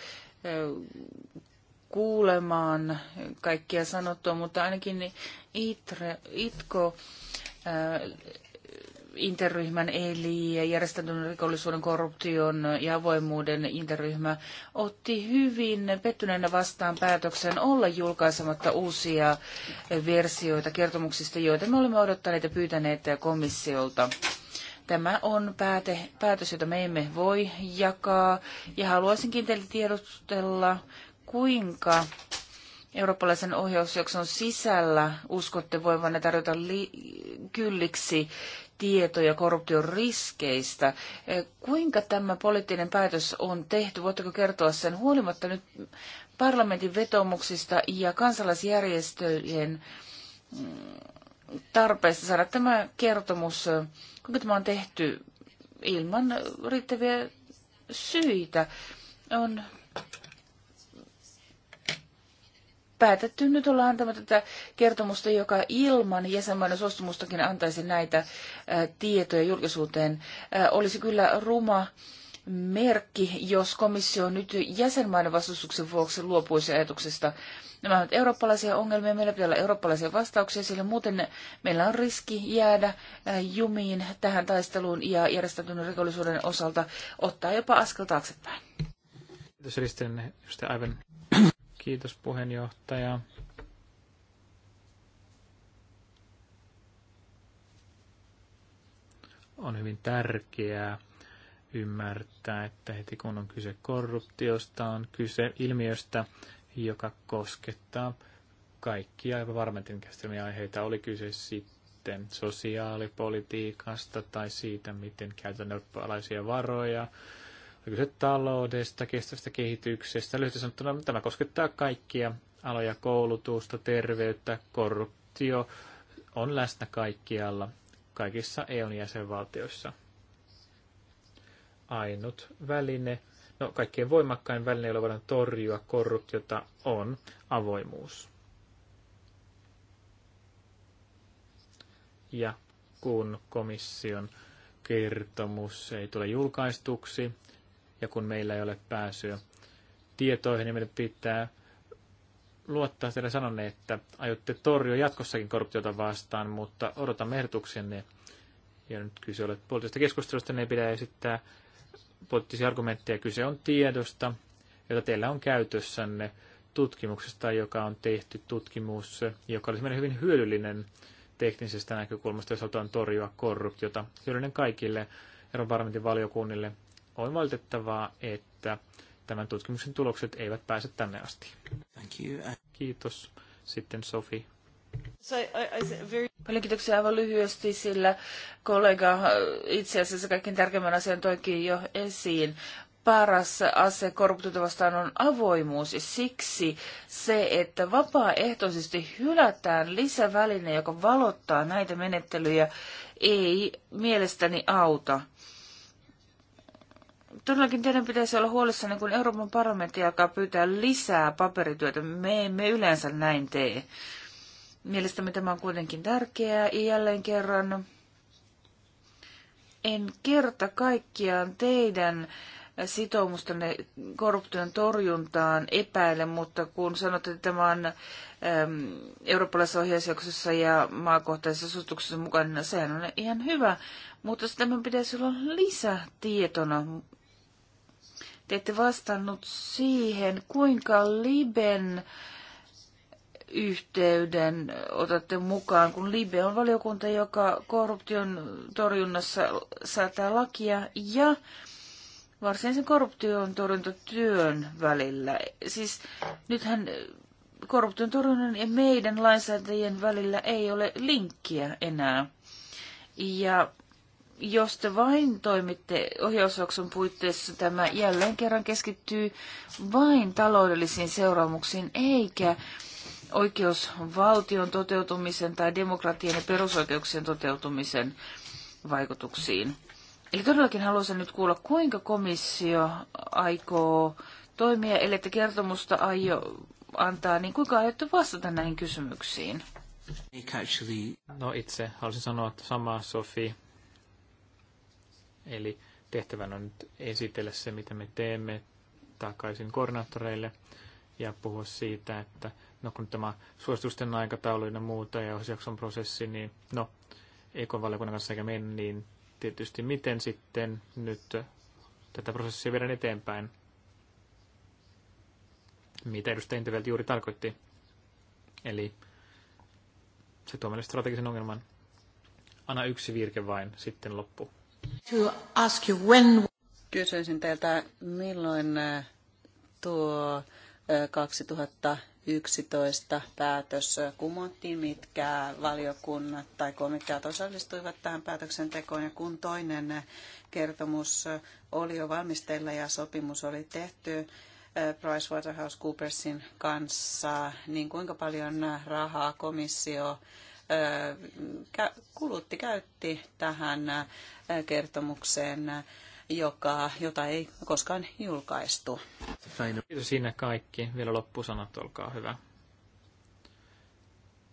kuulemaan kaikkia sanottua, mutta ainakin Itre, Itko interryhmän eli järjestäytyneen rikollisuuden, korruption ja avoimuuden interryhmä otti hyvin pettyneenä vastaan päätöksen olla julkaisematta uusia versioita kertomuksista, joita me olemme odottaneet ja pyytäneet komissiolta. Tämä on pääte, päätös, jota me emme voi jakaa ja haluaisinkin teille tiedustella, kuinka eurooppalaisen ohjausjakson sisällä uskotte voivanne tarjota kylliksi tietoja korruption riskeistä. Eh, kuinka tämä poliittinen päätös on tehty? Voitteko kertoa sen huolimatta nyt parlamentin vetomuksista ja kansalaisjärjestöjen mm, tarpeesta saada tämä kertomus, eh, kuinka tämä on tehty ilman riittäviä syitä? On päätetty nyt olla antamatta tätä kertomusta, joka ilman jäsenmaiden suostumustakin antaisi näitä tietoja julkisuuteen. Olisi kyllä ruma merkki, jos komissio nyt jäsenmaiden vastustuksen vuoksi luopuisi ajatuksesta. Nämä ovat eurooppalaisia ongelmia, meillä pitää olla eurooppalaisia vastauksia, sillä muuten meillä on riski jäädä jumiin tähän taisteluun ja järjestäytyneen rikollisuuden osalta ottaa jopa askel taaksepäin. Kiitos Risten, aivan. Kiitos puheenjohtaja. On hyvin tärkeää ymmärtää, että heti kun on kyse korruptiosta, on kyse ilmiöstä, joka koskettaa kaikkia aivan varmentin käsitelmiä aiheita. Oli kyse sitten sosiaalipolitiikasta tai siitä, miten käytetään eurooppalaisia varoja kyse taloudesta, kestävästä kehityksestä. Lyhyesti sanottuna tämä koskettaa kaikkia aloja, koulutusta, terveyttä, korruptio on läsnä kaikkialla, kaikissa EUn jäsenvaltioissa. Ainut väline, no kaikkein voimakkain väline, jolla voidaan torjua korruptiota, on avoimuus. Ja kun komission kertomus ei tule julkaistuksi, ja kun meillä ei ole pääsyä tietoihin, niin meidän pitää luottaa teidän sanonne, että aiotte torjua jatkossakin korruptiota vastaan, mutta odotamme ehdotuksenne. Ja nyt kyse on poliittisesta keskustelusta, ne niin ei pidä esittää poliittisia argumentteja. Kyse on tiedosta, jota teillä on käytössänne tutkimuksesta, joka on tehty tutkimus, joka olisi meidän hyvin hyödyllinen teknisestä näkökulmasta, jos halutaan torjua korruptiota. Hyödyllinen kaikille Euroopan parlamentin valiokunnille, on valitettavaa, että tämän tutkimuksen tulokset eivät pääse tänne asti. Kiitos. Sitten Sofi. Paljon kiitoksia aivan lyhyesti, sillä kollega itse asiassa kaikkein tärkeimmän asian toikin jo esiin paras ase korruptiota vastaan on avoimuus ja siksi se, että vapaaehtoisesti hylätään lisäväline, joka valottaa näitä menettelyjä, ei mielestäni auta. Todellakin teidän pitäisi olla huolissa, niin kun Euroopan parlamentti alkaa pyytää lisää paperityötä. Me emme yleensä näin tee. Mielestäni tämä on kuitenkin tärkeää. Ja jälleen kerran en kerta kaikkiaan teidän sitoumustanne korruption torjuntaan epäile, mutta kun sanotte, että tämä on äm, eurooppalaisessa ohjausjaksossa ja maakohtaisessa suosituksessa mukana, niin sehän on ihan hyvä, mutta tämän pitäisi olla lisätietona te ette vastannut siihen, kuinka Liben yhteyden otatte mukaan, kun Libe on valiokunta, joka korruption torjunnassa säätää lakia ja varsinaisen korruption torjuntatyön välillä. Siis nythän korruption torjunnan ja meidän lainsäätäjien välillä ei ole linkkiä enää. Ja jos te vain toimitte ohjausjakson puitteissa, tämä jälleen kerran keskittyy vain taloudellisiin seuraamuksiin, eikä oikeusvaltion toteutumisen tai demokratian ja perusoikeuksien toteutumisen vaikutuksiin. Eli todellakin haluaisin nyt kuulla, kuinka komissio aikoo toimia, eli te kertomusta aio antaa, niin kuinka aiotte vastata näihin kysymyksiin? No itse halusin sanoa että sama Sofi. Eli tehtävänä on nyt esitellä se, mitä me teemme takaisin koordinaattoreille ja puhua siitä, että no kun tämä suositusten aikataulu ja muuta ja ohjausjakson prosessi, niin no EK-valiokunnan kanssa eikä mennä, niin tietysti miten sitten nyt tätä prosessia viedään eteenpäin, mitä edustaja Intervelt juuri tarkoitti. Eli se tuo meille strategisen ongelman. Anna yksi virke vain, sitten loppu. To ask you when... Kysyisin teiltä, milloin tuo 2011 päätös kumottiin, mitkä valiokunnat tai komiteat osallistuivat tähän päätöksentekoon ja kun toinen kertomus oli jo valmisteilla ja sopimus oli tehty, PricewaterhouseCoopersin kanssa, niin kuinka paljon rahaa komissio kulutti, käytti tähän kertomukseen, joka, jota ei koskaan julkaistu. Kiitos siinä kaikki. Vielä loppusanat, olkaa hyvä.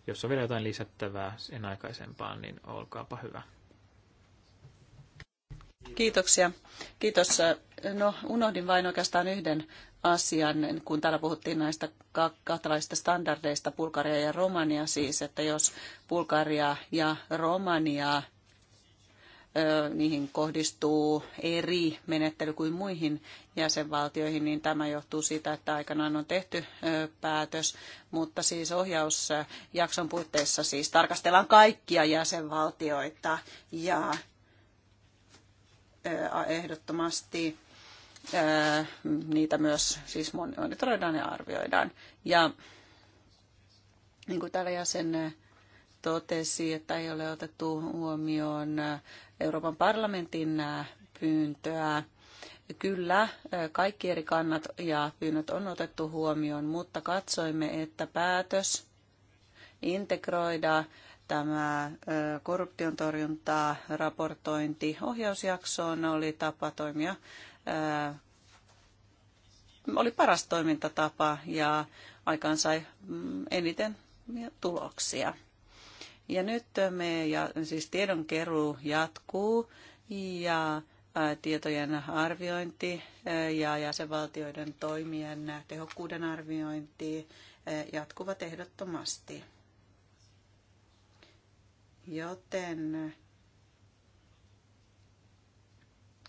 Jos on vielä jotain lisättävää sen aikaisempaan, niin olkaapa hyvä. Kiitoksia. Kiitos. No, unohdin vain oikeastaan yhden asian, kun täällä puhuttiin näistä kahtalaisista standardeista, Bulgaria ja Romania siis, että jos Bulgaria ja Romania niihin kohdistuu eri menettely kuin muihin jäsenvaltioihin, niin tämä johtuu siitä, että aikanaan on tehty päätös, mutta siis ohjausjakson puitteissa siis tarkastellaan kaikkia jäsenvaltioita ja ehdottomasti niitä myös siis monitoroidaan ja arvioidaan. Ja niin kuin täällä jäsen totesi, että ei ole otettu huomioon Euroopan parlamentin pyyntöä. Kyllä, kaikki eri kannat ja pyynnöt on otettu huomioon, mutta katsoimme, että päätös integroida tämä korruption torjuntaa, raportointi, ohjausjaksoon oli tapa toimia, oli paras toimintatapa ja aikaan sai mm, eniten tuloksia. Ja nyt me, ja, siis tiedonkeruu jatkuu ja tietojen arviointi ja jäsenvaltioiden toimien tehokkuuden arviointi jatkuvat ehdottomasti. Joten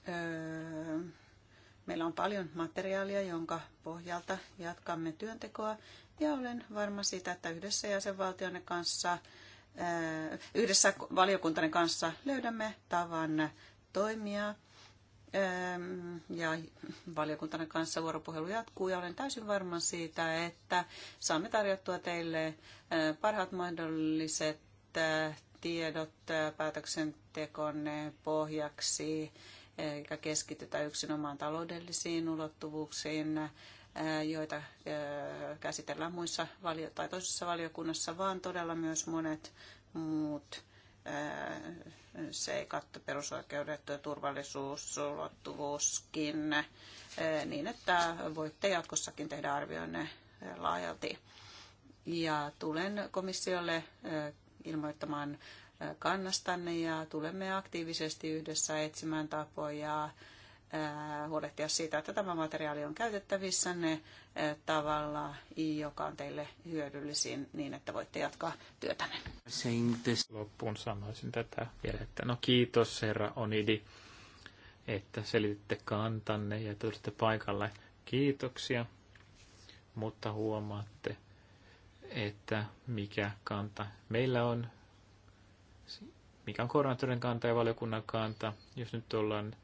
öö, meillä on paljon materiaalia, jonka pohjalta jatkamme työntekoa ja olen varma siitä, että yhdessä jäsenvaltioiden kanssa, öö, yhdessä valiokuntainen kanssa löydämme tavan toimia ja valiokuntana kanssa vuoropuhelu jatkuu ja olen täysin varma siitä, että saamme tarjottua teille parhaat mahdolliset tiedot päätöksentekonne pohjaksi, eikä keskitytä yksinomaan taloudellisiin ulottuvuuksiin, joita käsitellään muissa valio- tai toisessa valiokunnassa, vaan todella myös monet muut seikat, perusoikeudet, turvallisuus, ulottuvuuskin, niin että voitte jatkossakin tehdä arvioinne laajalti. Ja tulen komissiolle ilmoittamaan kannastanne ja tulemme aktiivisesti yhdessä etsimään tapoja huolehtia siitä, että tämä materiaali on käytettävissänne tavalla, joka on teille hyödyllisin niin, että voitte jatkaa työtänne. Loppuun sanoisin tätä vielä, että no kiitos herra Onidi, että selititte kantanne ja tulitte paikalle. Kiitoksia, mutta huomaatte, että mikä kanta meillä on, mikä on koordinaattorin kanta ja valiokunnan kanta. Jos nyt ollaan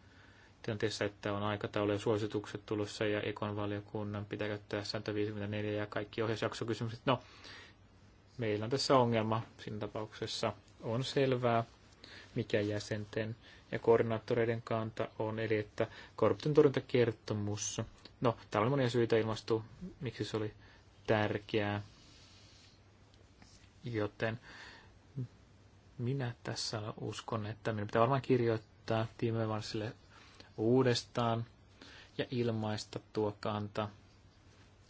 tilanteessa, että on aikataulu ja suositukset tulossa ja ekon valiokunnan pitää käyttää 154 ja kaikki ohjausjaksokysymykset. No, meillä on tässä ongelma siinä tapauksessa. On selvää, mikä jäsenten ja koordinaattoreiden kanta on, eli että korruption torjuntakertomus. No, täällä oli monia syitä ilmastu, miksi se oli tärkeää. Joten minä tässä uskon, että minun pitää varmaan kirjoittaa Timmermansille uudestaan ja ilmaista tuo kanta.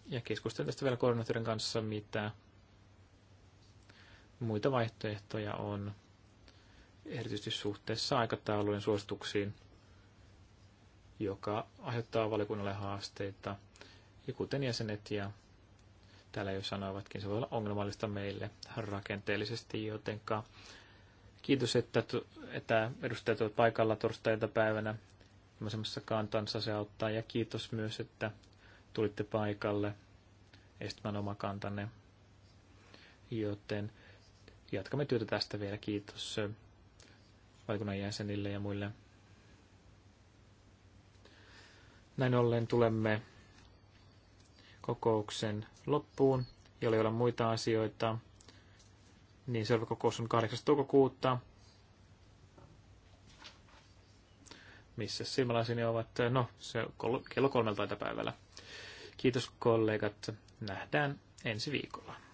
Ja keskustella tästä vielä koordinaattorin kanssa, mitä muita vaihtoehtoja on, erityisesti suhteessa aikataulujen suosituksiin, joka aiheuttaa valikunnalle haasteita, ja kuten jäsenet ja täällä jo sanoivatkin, se voi olla ongelmallista meille rakenteellisesti, jotenka kiitos, että, että edustajat ovat paikalla torstaita päivänä tämmöisessä kantansa se auttaa ja kiitos myös, että tulitte paikalle estämään oma kantanne, joten jatkamme työtä tästä vielä. Kiitos valiokunnan jäsenille ja muille. Näin ollen tulemme kokouksen loppuun, jolla ei ole muita asioita. Niin seuraava kokous on 8. toukokuuta. Missä silmälasini ovat? No, se kello kolmelta päivällä. Kiitos kollegat. Nähdään ensi viikolla.